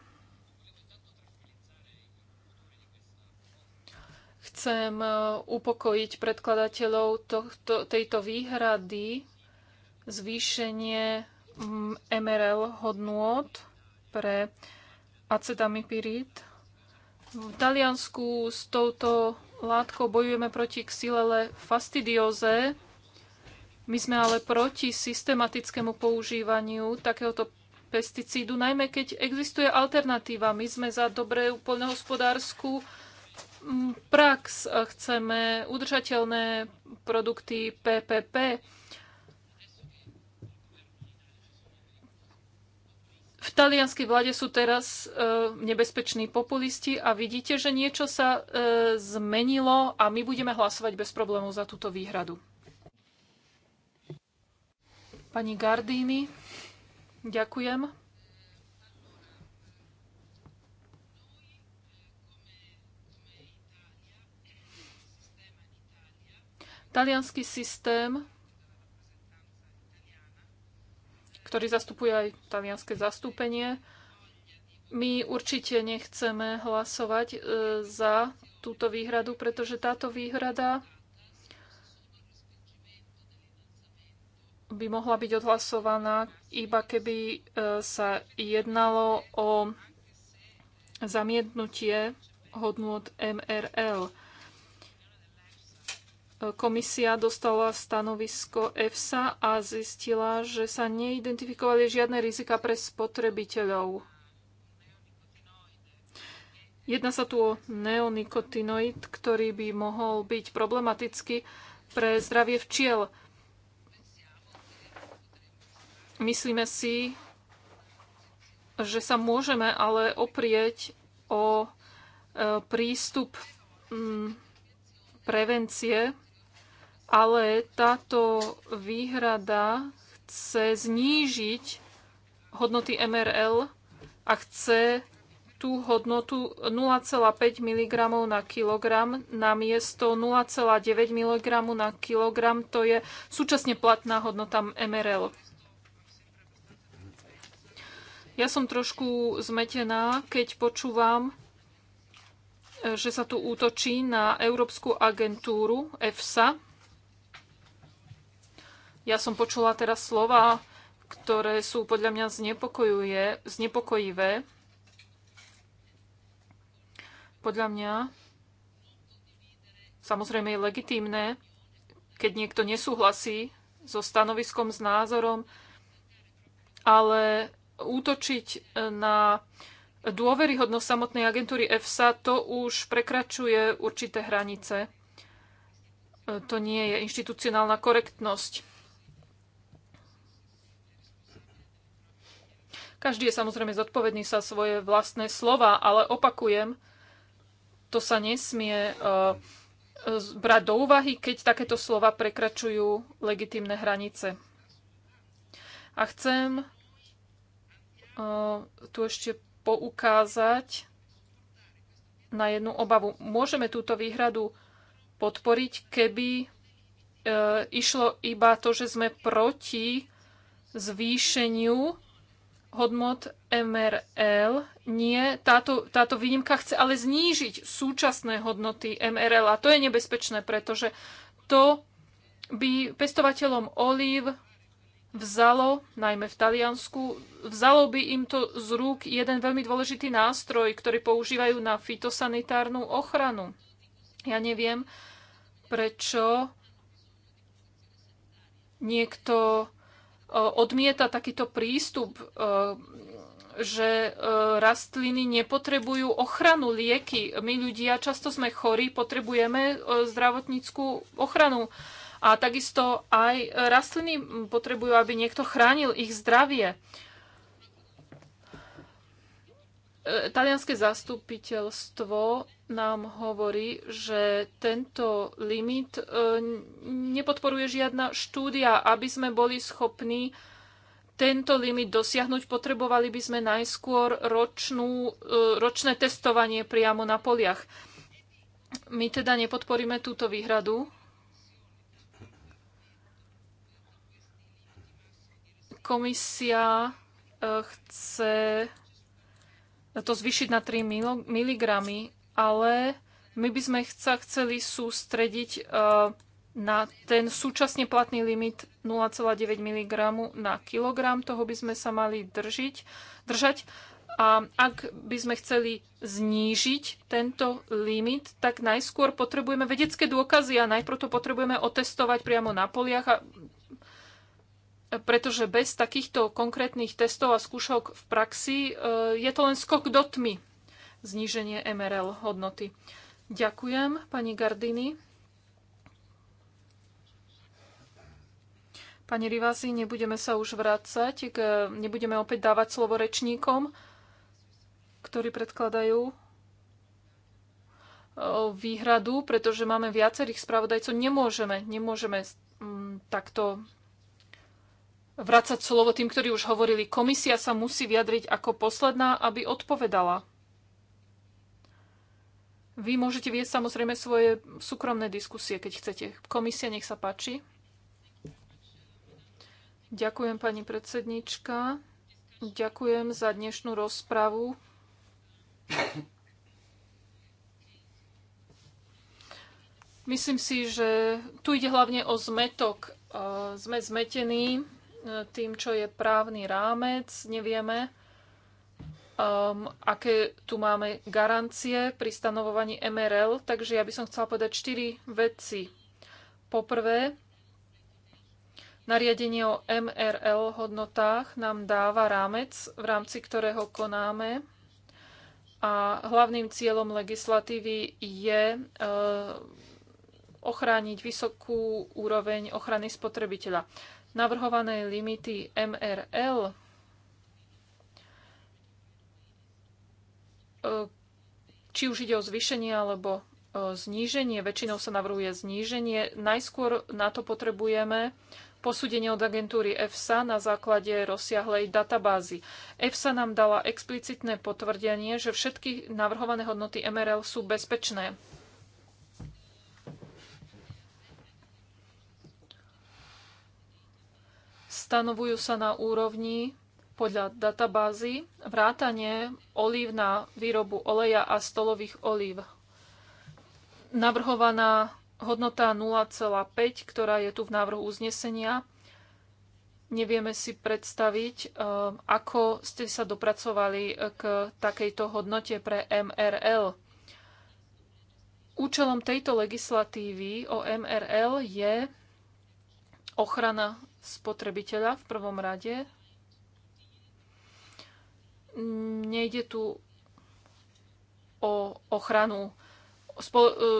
Chcem e, upokojiť predkladateľov tohto, tejto výhrady zvýšenie MRL hodnôt pre acetamipirid. V Taliansku s touto látkou bojujeme proti xylele fastidioze, my sme ale proti systematickému používaniu takéhoto pesticídu, najmä keď existuje alternatíva. My sme za dobré poľnohospodárskú mm, prax, chceme udržateľné produkty PPP. V talianskej vláde sú teraz e, nebezpeční populisti a vidíte, že niečo sa e, zmenilo a my budeme hlasovať bez problémov za túto výhradu. Pani Gardini, ďakujem. Talianský systém, ktorý zastupuje aj talianské zastúpenie, my určite nechceme hlasovať e, za túto výhradu, pretože táto výhrada by mohla byť odhlasovaná, iba keby e, sa jednalo o zamietnutie hodnôt MRL. E, komisia dostala stanovisko EFSA a zistila, že sa neidentifikovali žiadne rizika pre spotrebiteľov. Jedná sa tu o neonikotinoid, ktorý by mohol byť problematický pre zdravie včiel. Myslíme si, že sa môžeme ale oprieť o e, prístup mm, prevencie, ale táto výhrada chce znížiť hodnoty MRL a chce tú hodnotu 0,5 mg na kilogram na miesto 0,9 mg na kilogram. To je súčasne platná hodnota MRL. Ja som trošku zmetená, keď počúvam, e, že sa tu útočí na Európsku agentúru EFSA. Ja som počula teraz slova, ktoré sú podľa mňa znepokojivé. Podľa mňa samozrejme je legitímne, keď niekto nesúhlasí so stanoviskom, s názorom, ale útočiť e, na dôveryhodnosť samotnej agentúry EFSA, to už prekračuje určité hranice. E, to nie je inštitucionálna korektnosť. Každý je samozrejme zodpovedný sa svoje vlastné slova, ale opakujem, to sa nesmie e, brať do úvahy, keď takéto slova prekračujú legitimné hranice. A chcem tu ešte poukázať na jednu obavu. Môžeme túto výhradu podporiť, keby e, išlo iba to, že sme proti zvýšeniu hodnot MRL. Nie, táto, táto výnimka chce ale znížiť súčasné hodnoty MRL a to je nebezpečné, pretože to by pestovateľom olív vzalo, najmä v Taliansku, vzalo by im to z rúk jeden veľmi dôležitý nástroj, ktorý používajú na fitosanitárnu ochranu. Ja neviem, prečo niekto e, odmieta takýto prístup e, že e, rastliny nepotrebujú ochranu lieky. My ľudia často sme chorí, potrebujeme zdravotníckú ochranu. A takisto aj rastliny potrebujú, aby niekto chránil ich zdravie. E, Talianské zastupiteľstvo nám hovorí, že tento limit e, nepodporuje žiadna štúdia. Aby sme boli schopní tento limit dosiahnuť, potrebovali by sme najskôr ročnú, e, ročné testovanie priamo na poliach. My teda nepodporíme túto výhradu, Komisia eh, chce to zvýšiť na 3 mg, ale my by sme sa chceli sústrediť eh, na ten súčasne platný limit 0,9 mg na kilogram. Toho by sme sa mali držiť, držať. A ak by sme chceli znížiť tento limit, tak najskôr potrebujeme vedecké dôkazy a najprv to potrebujeme otestovať priamo na poliach a pretože bez takýchto konkrétnych testov a skúšok v praxi e, je to len skok do tmy, zníženie MRL hodnoty. Ďakujem, pani Gardini. Pani Rivasi, nebudeme sa už vrácať, k, nebudeme opäť dávať slovo rečníkom, ktorí predkladajú e, výhradu, pretože máme viacerých spravodajcov. Nemôžeme, nemôžeme mm, takto vrácať slovo tým, ktorí už hovorili. Komisia sa musí vyjadriť ako posledná, aby odpovedala. Vy môžete viesť samozrejme svoje súkromné diskusie, keď chcete. Komisia, nech sa páči. Ďakujem, pani predsednička. Ďakujem za dnešnú rozpravu. Myslím si, že tu ide hlavne o zmetok. E, sme zmetení tým, čo je právny rámec, nevieme, um, aké tu máme garancie pri stanovovaní MRL, takže ja by som chcela povedať 4 veci. Poprvé, nariadenie o MRL hodnotách nám dáva rámec, v rámci ktorého konáme a hlavným cieľom legislatívy je e, ochrániť vysokú úroveň ochrany spotrebiteľa navrhované limity MRL, e, či už ide o zvýšenie alebo e, zníženie, väčšinou sa navrhuje zníženie, najskôr na to potrebujeme posúdenie od agentúry EFSA na základe rozsiahlej databázy. EFSA nám dala explicitné potvrdenie, že všetky navrhované hodnoty MRL sú bezpečné. stanovujú sa na úrovni podľa databázy vrátanie olív na výrobu oleja a stolových olív. Navrhovaná hodnota 0,5, ktorá je tu v návrhu uznesenia, nevieme si predstaviť, eh, ako ste sa dopracovali k takejto hodnote pre MRL. Účelom tejto legislatívy o MRL je ochrana spotrebiteľa v prvom rade. Nejde tu o ochranu e,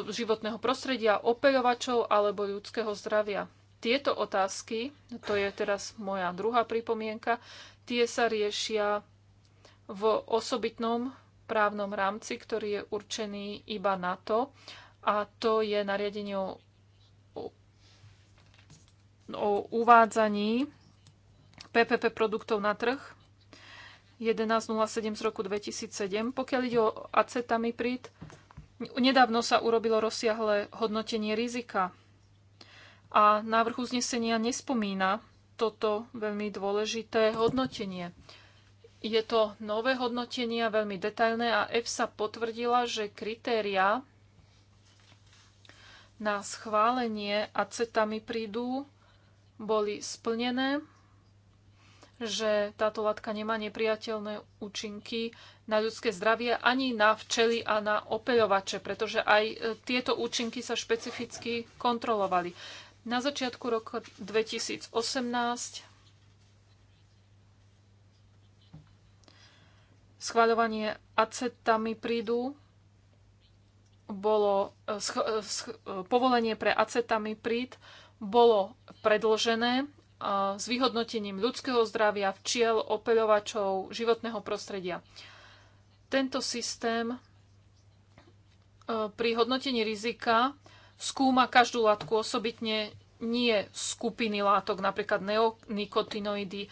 životného prostredia, opeľovačov alebo ľudského zdravia. Tieto otázky, to je teraz moja druhá pripomienka, tie sa riešia v osobitnom právnom rámci, ktorý je určený iba na to, a to je nariadenie o o uvádzaní PPP produktov na trh 1107 z roku 2007. Pokiaľ ide o acetamiprid, nedávno sa urobilo rozsiahle hodnotenie rizika a návrh uznesenia nespomína toto veľmi dôležité hodnotenie. Je to nové hodnotenie, veľmi detailné a EFSA potvrdila, že kritéria na schválenie acetami prídu boli splnené, že táto látka nemá nepriateľné účinky na ľudské zdravie ani na včely a na opeľovače, pretože aj e, tieto účinky sa špecificky kontrolovali. Na začiatku roku 2018 schváľovanie acetami prídu bolo e, e, povolenie pre acetamiprid bolo predložené s vyhodnotením ľudského zdravia, včiel, opeľovačov, životného prostredia. Tento systém pri hodnotení rizika skúma každú látku osobitne, nie skupiny látok, napríklad neonikotinoidy.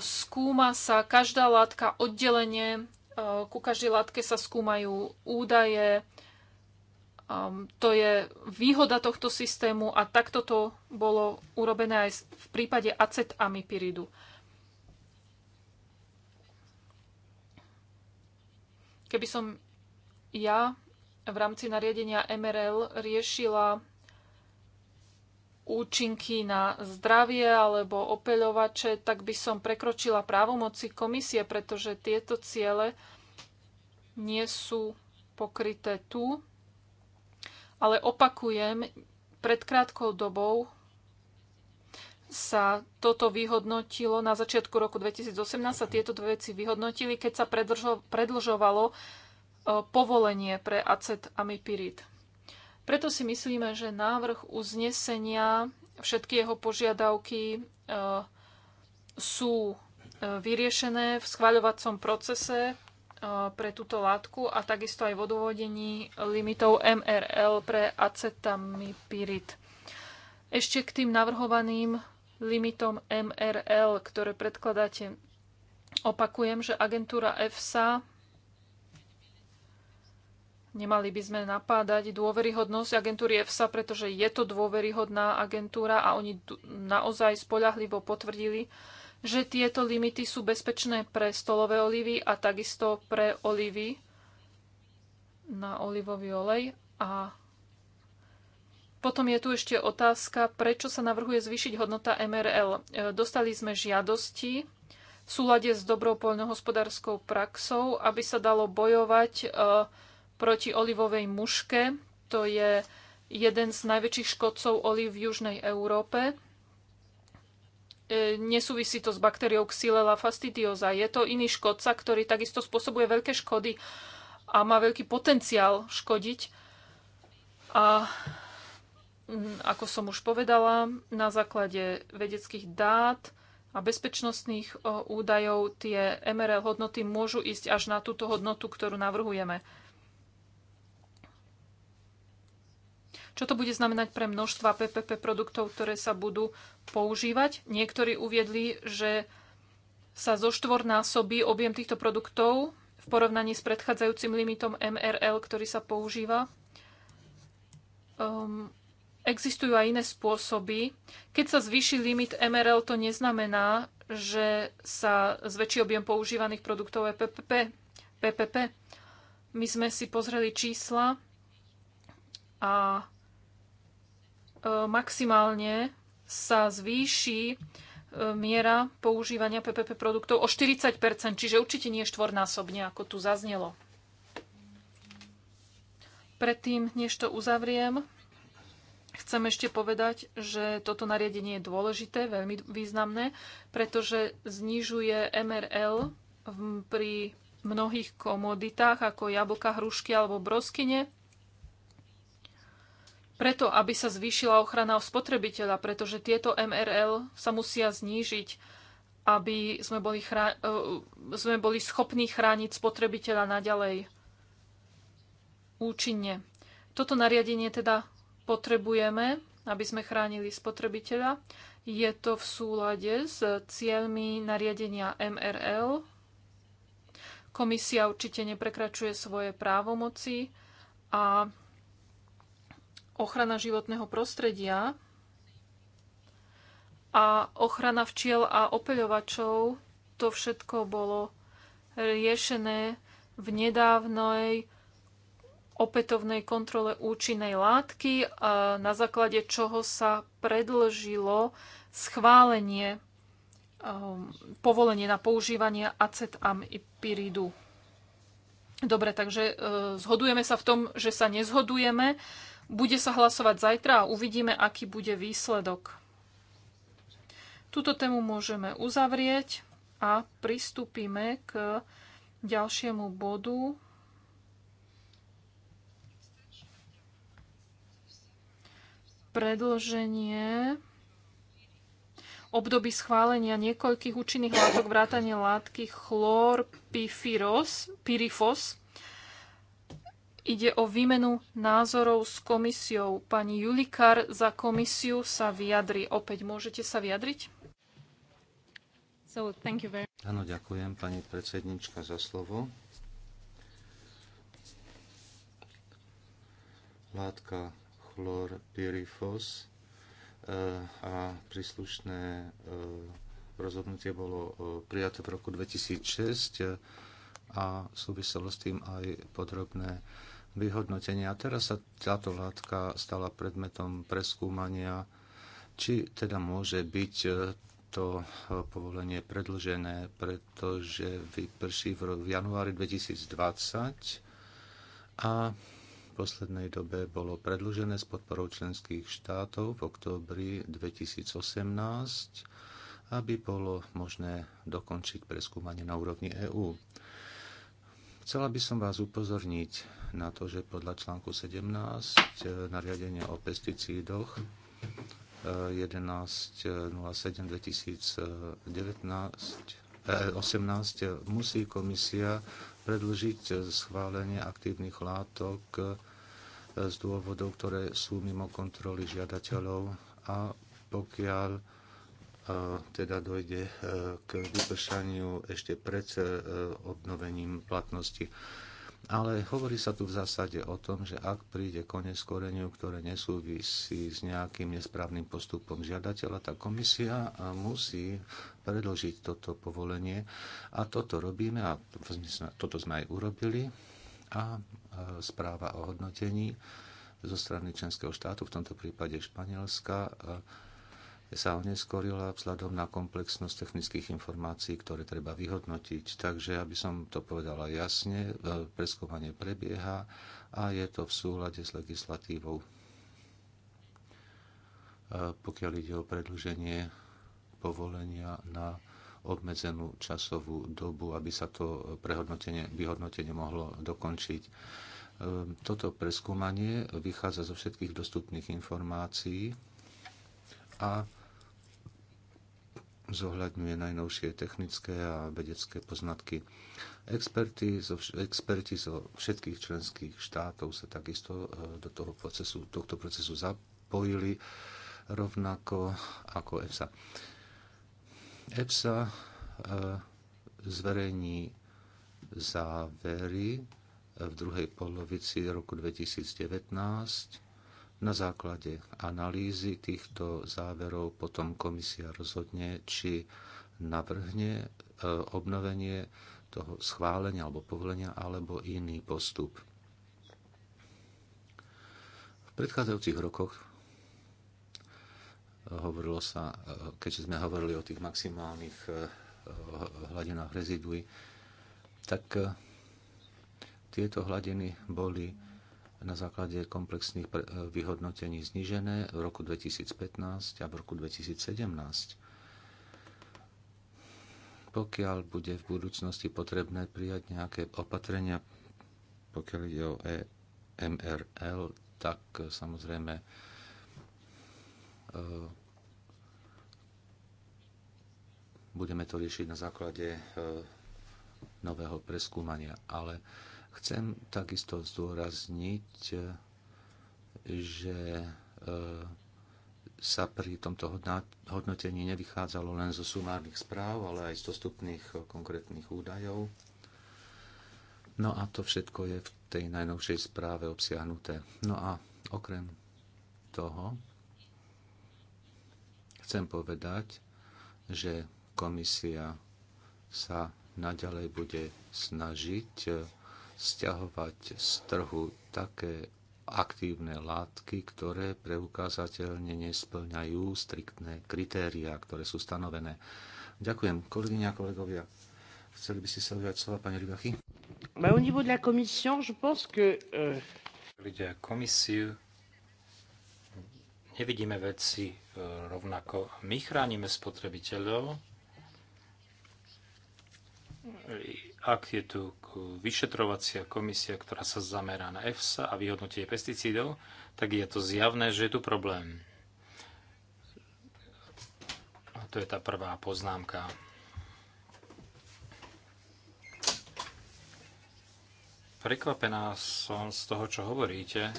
Skúma sa každá látka oddelenie, ku každej látke sa skúmajú údaje, Um, to je výhoda tohto systému a takto to bolo urobené aj v prípade acetamipiridu. Keby som ja v rámci nariadenia MRL riešila účinky na zdravie alebo opeľovače, tak by som prekročila právomoci komisie, pretože tieto ciele nie sú pokryté tu ale opakujem, pred krátkou dobou sa toto vyhodnotilo na začiatku roku 2018 sa tieto dve veci vyhodnotili, keď sa predlžovalo e, povolenie pre acet amipirid. Preto si myslíme, že návrh uznesenia, všetky jeho požiadavky e, sú e, vyriešené v schváľovacom procese pre túto látku a takisto aj v odôvodení limitov MRL pre acetamipirit. Ešte k tým navrhovaným limitom MRL, ktoré predkladáte. Opakujem, že agentúra EFSA Nemali by sme napádať dôveryhodnosť agentúry EFSA, pretože je to dôveryhodná agentúra a oni naozaj spolahlivo potvrdili, že tieto limity sú bezpečné pre stolové olivy a takisto pre olivy na olivový olej. A potom je tu ešte otázka, prečo sa navrhuje zvýšiť hodnota MRL. E, dostali sme žiadosti v súlade s dobrou poľnohospodárskou praxou, aby sa dalo bojovať e, proti olivovej muške. To je jeden z najväčších škodcov oliv v južnej Európe. E, nesúvisí to s baktériou Xylella fastidiosa. Je to iný škodca, ktorý takisto spôsobuje veľké škody a má veľký potenciál škodiť. A mm, ako som už povedala, na základe vedeckých dát a bezpečnostných údajov tie MRL hodnoty môžu ísť až na túto hodnotu, ktorú navrhujeme. Čo to bude znamenať pre množstva PPP produktov, ktoré sa budú používať? Niektorí uviedli, že sa zo štvornásobí objem týchto produktov v porovnaní s predchádzajúcim limitom MRL, ktorý sa používa. Um, existujú aj iné spôsoby. Keď sa zvýši limit MRL, to neznamená, že sa zväčší objem používaných produktov je PPP. PPP. My sme si pozreli čísla a E, maximálne sa zvýši e, miera používania PPP produktov o 40 čiže určite nie štvornásobne, ako tu zaznelo. Predtým, než to uzavriem, chcem ešte povedať, že toto nariadenie je dôležité, veľmi významné, pretože znižuje MRL pri mnohých komoditách ako jablka, hrušky alebo broskine preto, aby sa zvýšila ochrana spotrebiteľa, pretože tieto MRL sa musia znížiť, aby sme boli, chra- e, sme boli schopní chrániť spotrebiteľa naďalej účinne. Toto nariadenie teda potrebujeme, aby sme chránili spotrebiteľa. Je to v súlade s cieľmi nariadenia MRL. Komisia určite neprekračuje svoje právomoci a ochrana životného prostredia a ochrana včiel a opeľovačov, to všetko bolo riešené v nedávnej opätovnej kontrole účinnej látky, na základe čoho sa predlžilo schválenie um, povolenie na používanie acetamipiridu. Dobre, takže e, zhodujeme sa v tom, že sa nezhodujeme bude sa hlasovať zajtra a uvidíme, aký bude výsledok. Tuto tému môžeme uzavrieť a pristúpime k ďalšiemu bodu. Predloženie období schválenia niekoľkých účinných látok vrátane látky chlorpifirifos Ide o výmenu názorov s komisiou. Pani Julikar za komisiu sa vyjadri. Opäť môžete sa vyjadriť? So, thank you very... Áno, ďakujem pani predsednička za slovo. Látka chlorpyrifos eh, a príslušné eh, rozhodnutie bolo eh, prijaté v roku 2006 a súviselo s tým aj podrobné vyhodnotenia. Teraz sa táto látka stala predmetom preskúmania, či teda môže byť e, to e, povolenie predlžené, pretože vyprší v januári 2020 a v poslednej dobe bolo predlžené s podporou členských štátov v októbri 2018 aby bolo možné dokončiť preskúmanie na úrovni EÚ. Chcela by som vás upozorniť na to, že podľa článku 17 eh, nariadenia o pesticídoch 11.07.2018 eh, eh, musí komisia predlžiť schválenie aktívnych látok z dôvodov, ktoré sú mimo kontroly žiadateľov a pokiaľ teda dojde e, k vypršaniu ešte pred e, obnovením platnosti. Ale hovorí sa tu v zásade o tom, že ak príde konec koreniu, ktoré nesúvisí s nejakým nesprávnym postupom žiadateľa, tá komisia e, musí predložiť toto povolenie. A toto robíme a toto sme aj urobili. A správa o hodnotení zo strany členského štátu, v tomto prípade Španielska, sa oneskorila vzhľadom na komplexnosť technických informácií, ktoré treba vyhodnotiť. Takže, aby som to povedala jasne, e, preskúmanie prebieha a je to v súlade s legislatívou. E, pokiaľ ide o predlženie povolenia na obmedzenú časovú dobu, aby sa to prehodnotenie, vyhodnotenie mohlo dokončiť. E, toto preskúmanie vychádza zo všetkých dostupných informácií, a zohľadňuje najnovšie technické a vedecké poznatky. Experti zo, experti zo všetkých členských štátov sa takisto e, do toho procesu, tohto procesu zapojili, rovnako ako EFSA. EFSA e, zverejní závery v druhej polovici roku 2019 na základe analýzy týchto záverov potom komisia rozhodne, či navrhne e, obnovenie toho schválenia alebo povolenia alebo iný postup. V predchádzajúcich rokoch hovorilo sa, e, keďže sme hovorili o tých maximálnych e, hladinách rezidui. tak tieto hladiny boli na základe komplexných eh, vyhodnotení znižené v roku 2015 a v roku 2017. Pokiaľ bude v budúcnosti potrebné prijať nejaké opatrenia, pokiaľ ide o e- MRL, tak eh, samozrejme eh, budeme to riešiť na základe nového preskúmania. Ale Chcem takisto zdôrazniť, že e, sa pri tomto hodnotení nevychádzalo len zo sumárnych správ, ale aj z dostupných e, konkrétnych údajov. No a to všetko je v tej najnovšej správe obsiahnuté. No a okrem toho chcem povedať, že komisia sa naďalej bude snažiť e, stiahovať z trhu také aktívne látky, ktoré preukázateľne nesplňajú striktné kritériá, ktoré sú stanovené. Ďakujem, kolegyňa a kolegovia. Chceli by ste sa ujať slova, pani Rybachy? au niveau de la commission, je pense que... Euh, Ľudia komisiu nevidíme veci euh, rovnako. My chránime spotrebiteľov, ak je tu vyšetrovacia komisia, ktorá sa zamerá na EFSA a vyhodnotie pesticídov, tak je to zjavné, že je tu problém. A to je tá prvá poznámka. Prekvapená som z toho, čo hovoríte,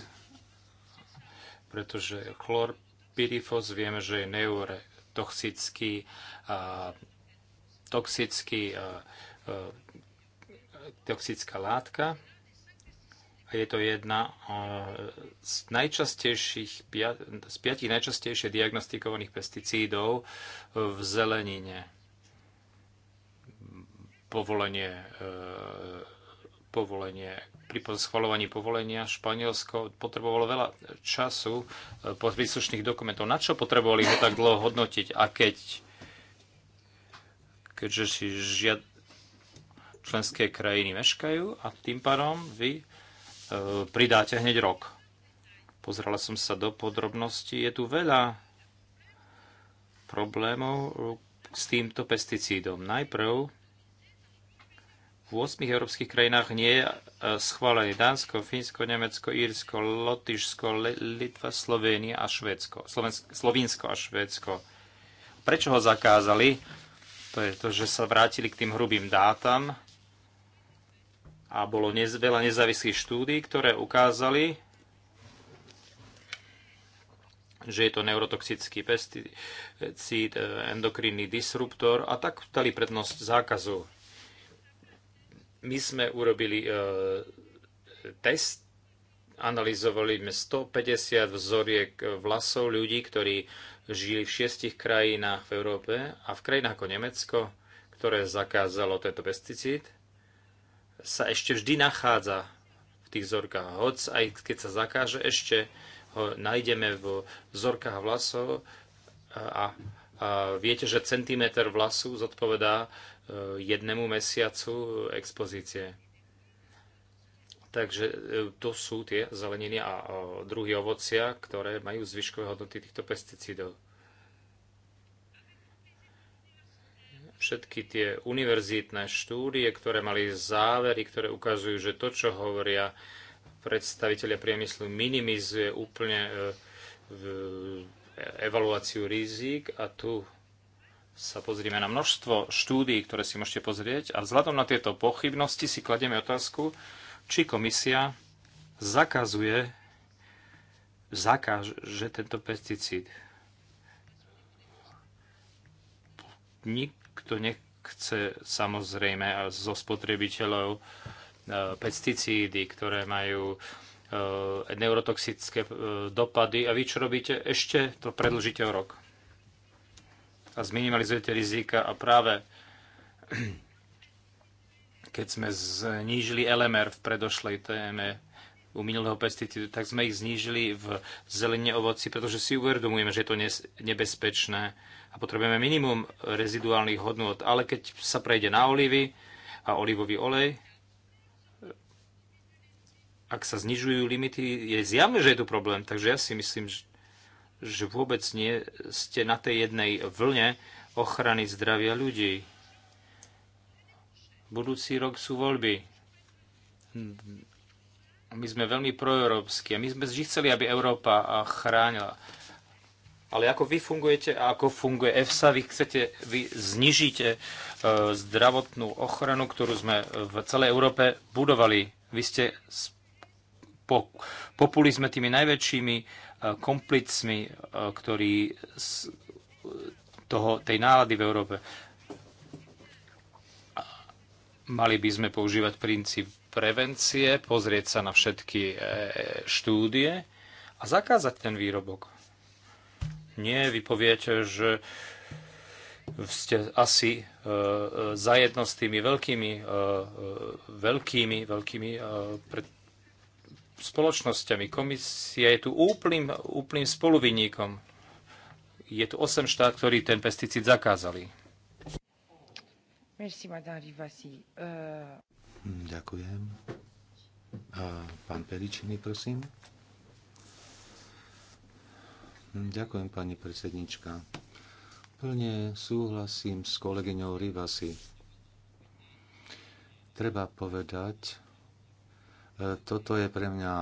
pretože chlorpyrifos vieme, že je neurotoxický, a, toxický a, a toxická látka a je to jedna eh, z najčastejších, z piatich najčastejšie diagnostikovaných pesticídov eh, v zelenine. Povolenie, eh, povolenie pri schvalovaní povolenia Španielsko potrebovalo veľa času po príslušných dokumentov. Na čo potrebovali ho tak dlho hodnotiť? A keď keďže si žiad, členské krajiny meškajú a tým pádom vy e, pridáte hneď rok. Pozrela som sa do podrobností, je tu veľa problémov e, s týmto pesticídom. Najprv v 8 európskych krajinách nie je e, schválený Dánsko, Fínsko, Nemecko, Írsko, Lotyšsko, Litva, Slovénia a Švédsko. Slovinsko a Švédsko. Prečo ho zakázali? To je to, že sa vrátili k tým hrubým dátam, a bolo nez, veľa nezávislých štúdí, ktoré ukázali, že je to neurotoxický pesticíd, e, endokrinný disruptor a tak dali prednosť zákazu. My sme urobili e, test, analyzovali sme 150 vzoriek vlasov ľudí, ktorí žili v šiestich krajinách v Európe a v krajinách ako Nemecko, ktoré zakázalo tento pesticíd sa ešte vždy nachádza v tých zorkách. Hoc aj keď sa zakáže, ešte ho nájdeme v zorkách vlasov a, a viete, že centimeter vlasu zodpovedá e, jednému mesiacu expozície. Takže e, to sú tie zeleniny a druhy ovocia, ktoré majú zvyškové hodnoty týchto pesticídov. všetky tie univerzitné štúdie, ktoré mali závery, ktoré ukazujú, že to, čo hovoria predstaviteľe priemyslu, minimizuje úplne e, e, evaluáciu rizik a tu sa pozrieme na množstvo štúdií, ktoré si môžete pozrieť a vzhľadom na tieto pochybnosti si kladieme otázku, či komisia zakazuje že tento pesticíd. Nik, kto nechce samozrejme zo spotrebiteľov e, pesticídy, ktoré majú e, neurotoxické e, dopady a vy čo robíte? Ešte to predlžíte o rok. A zminimalizujete rizika a práve (clears throat) keď sme znížili LMR v predošlej téme, u minulého pesticídu, tak sme ich znížili v zelenie ovoci, pretože si uvedomujeme, že je to nebezpečné a potrebujeme minimum reziduálnych hodnot. Ale keď sa prejde na olivy a olivový olej, ak sa znižujú limity, je zjavné, že je tu problém. Takže ja si myslím, že vôbec nie ste na tej jednej vlne ochrany zdravia ľudí. Budúci rok sú voľby my sme veľmi proeurópsky a my sme vždy chceli, aby Európa chránila. Ale ako vy fungujete a ako funguje EFSA, vy chcete, vy znižíte e, zdravotnú ochranu, ktorú sme v celej Európe budovali. Vy ste po, populi sme tými najväčšími e, komplicmi, e, ktorí z toho, tej nálady v Európe. Mali by sme používať princíp prevencie, pozrieť sa na všetky e, štúdie a zakázať ten výrobok. Nie, vy poviete, že ste asi e, e zajedno s tými veľkými, e, e veľkými, veľkými e, pred spoločnosťami. Komisia je tu úplným, úplným spoluvinníkom. Je tu 8 štát, ktorí ten pesticíd zakázali. Merci, madame Rivasi. Uh... Mm, ďakujem. A pán Peličiny, prosím. Mm, ďakujem, pani predsednička. Plne súhlasím s kolegyňou Rivasi. Treba povedať, e, toto je pre mňa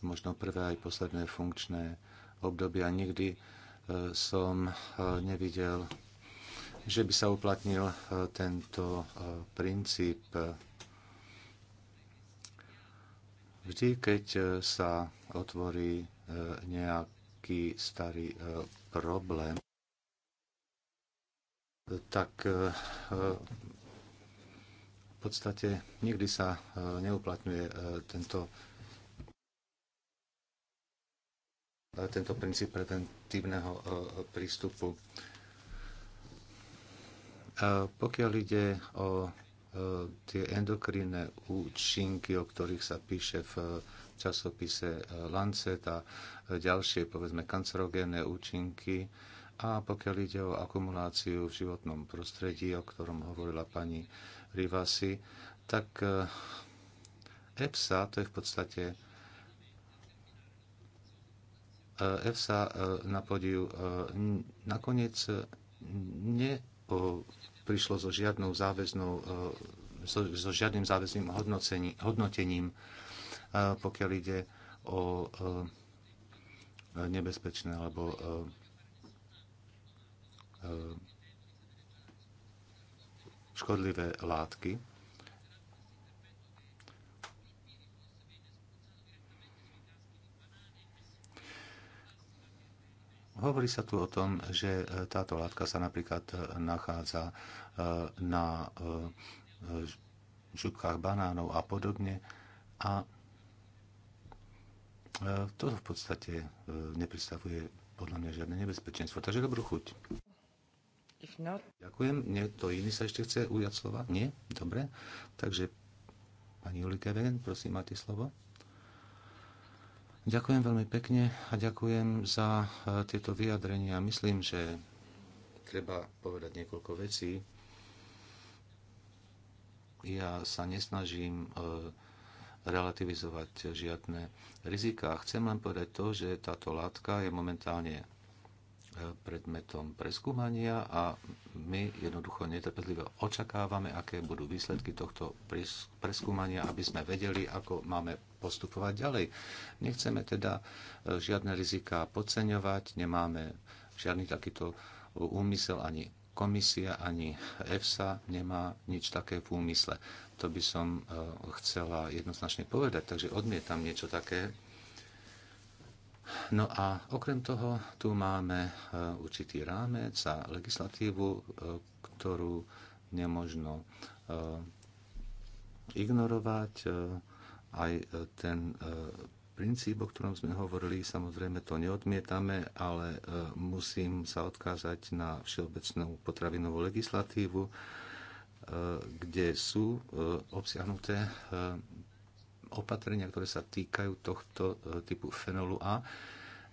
možno prvé aj posledné funkčné obdobie a nikdy e, som e, nevidel, že by sa uplatnil tento princíp Vždy, keď e, sa otvorí e, nejaký starý e, problém, tak v podstate nikdy sa neuplatňuje tento tento princíp preventívneho prístupu. Pokiaľ ide o tie endokrinné účinky, o ktorých sa píše v časopise Lancet a ďalšie, povedzme, kancerogénne účinky. A pokiaľ ide o akumuláciu v životnom prostredí, o ktorom hovorila pani Rivasi, tak EPSA eh, to je v podstate eh, EFSA eh, na podiu nakoniec ne prišlo so, žiadnou záväznou, e, so, so žiadnym záväzným hodnotením, e, pokiaľ ide o e, nebezpečné alebo škodlivé látky. Hovorí sa tu o tom, že e, táto látka sa napríklad e, nachádza e, na župkách banánov a podobne. A to v podstate nepredstavuje podľa mňa žiadne nebezpečenstvo. Takže dobrú chuť. Not... Ďakujem. Niekto iný sa ešte chce ujať slova? Nie? Dobre. Takže pani Julike Vegen, prosím, máte slovo. Ďakujem veľmi pekne a ďakujem za e, tieto vyjadrenia. Myslím, že treba povedať niekoľko vecí. Ja sa nesnažím e, relativizovať žiadne riziká. Chcem len povedať to, že táto látka je momentálne predmetom preskúmania a my jednoducho netrpezlivo očakávame, aké budú výsledky tohto preskúmania, aby sme vedeli, ako máme postupovať ďalej. Nechceme teda e, žiadne rizika podceňovať, nemáme žiadny takýto úmysel ani komisia, ani EFSA nemá nič také v úmysle. To by som e, chcela jednoznačne povedať, takže odmietam niečo také No a okrem toho tu máme e, určitý rámec a legislatívu, e, ktorú nemožno e, ignorovať. Aj ten princíp, o ktorom sme hovorili, samozrejme to neodmietame, ale musím sa odkázať na všeobecnú potravinovú legislatívu, kde sú obsiahnuté opatrenia, ktoré sa týkajú tohto e, typu fenolu A.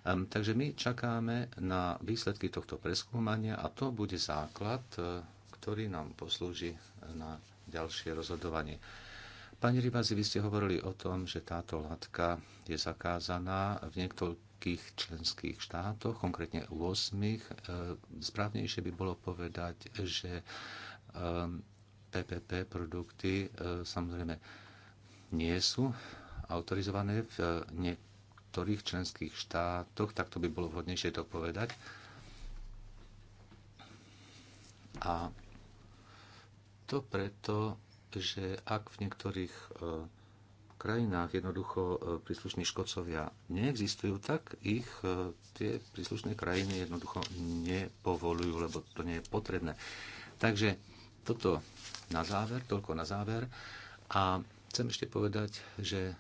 Takže my čakáme na výsledky tohto preskúmania a to bude základ, e, ktorý nám poslúži na ďalšie rozhodovanie. Pani Rybazi, vy ste hovorili o tom, že táto látka je zakázaná v niektoľkých členských štátoch, konkrétne 8. E, správnejšie by bolo povedať, že PPP produkty samozrejme nie sú autorizované v e, niektorých členských štátoch, tak to by bolo vhodnejšie to povedať. A to preto, že ak v niektorých e, krajinách jednoducho e, príslušní škodcovia neexistujú, tak ich tie príslušné krajiny jednoducho nepovolujú, lebo to nie je potrebné. Takže toto na záver, toľko na záver. A Chcem ešte povedať, že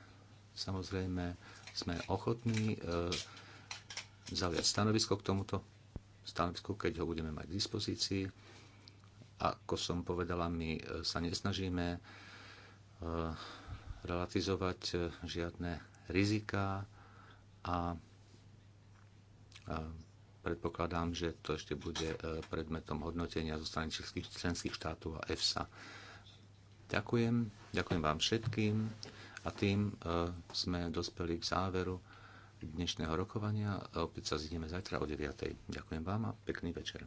samozrejme sme ochotní e, zaviať stanovisko k tomuto stanovisku, keď ho budeme mať k dispozícii. Ako som povedala, my e, sa nesnažíme e, relatizovať žiadne rizika a predpokladám, že to ešte bude predmetom hodnotenia zo strany členských štátov a EFSA. Ďakujem, ďakujem vám všetkým a tým e, sme dospeli k záveru dnešného rokovania. Opäť sa zideme zajtra o 9. Ďakujem vám a pekný večer.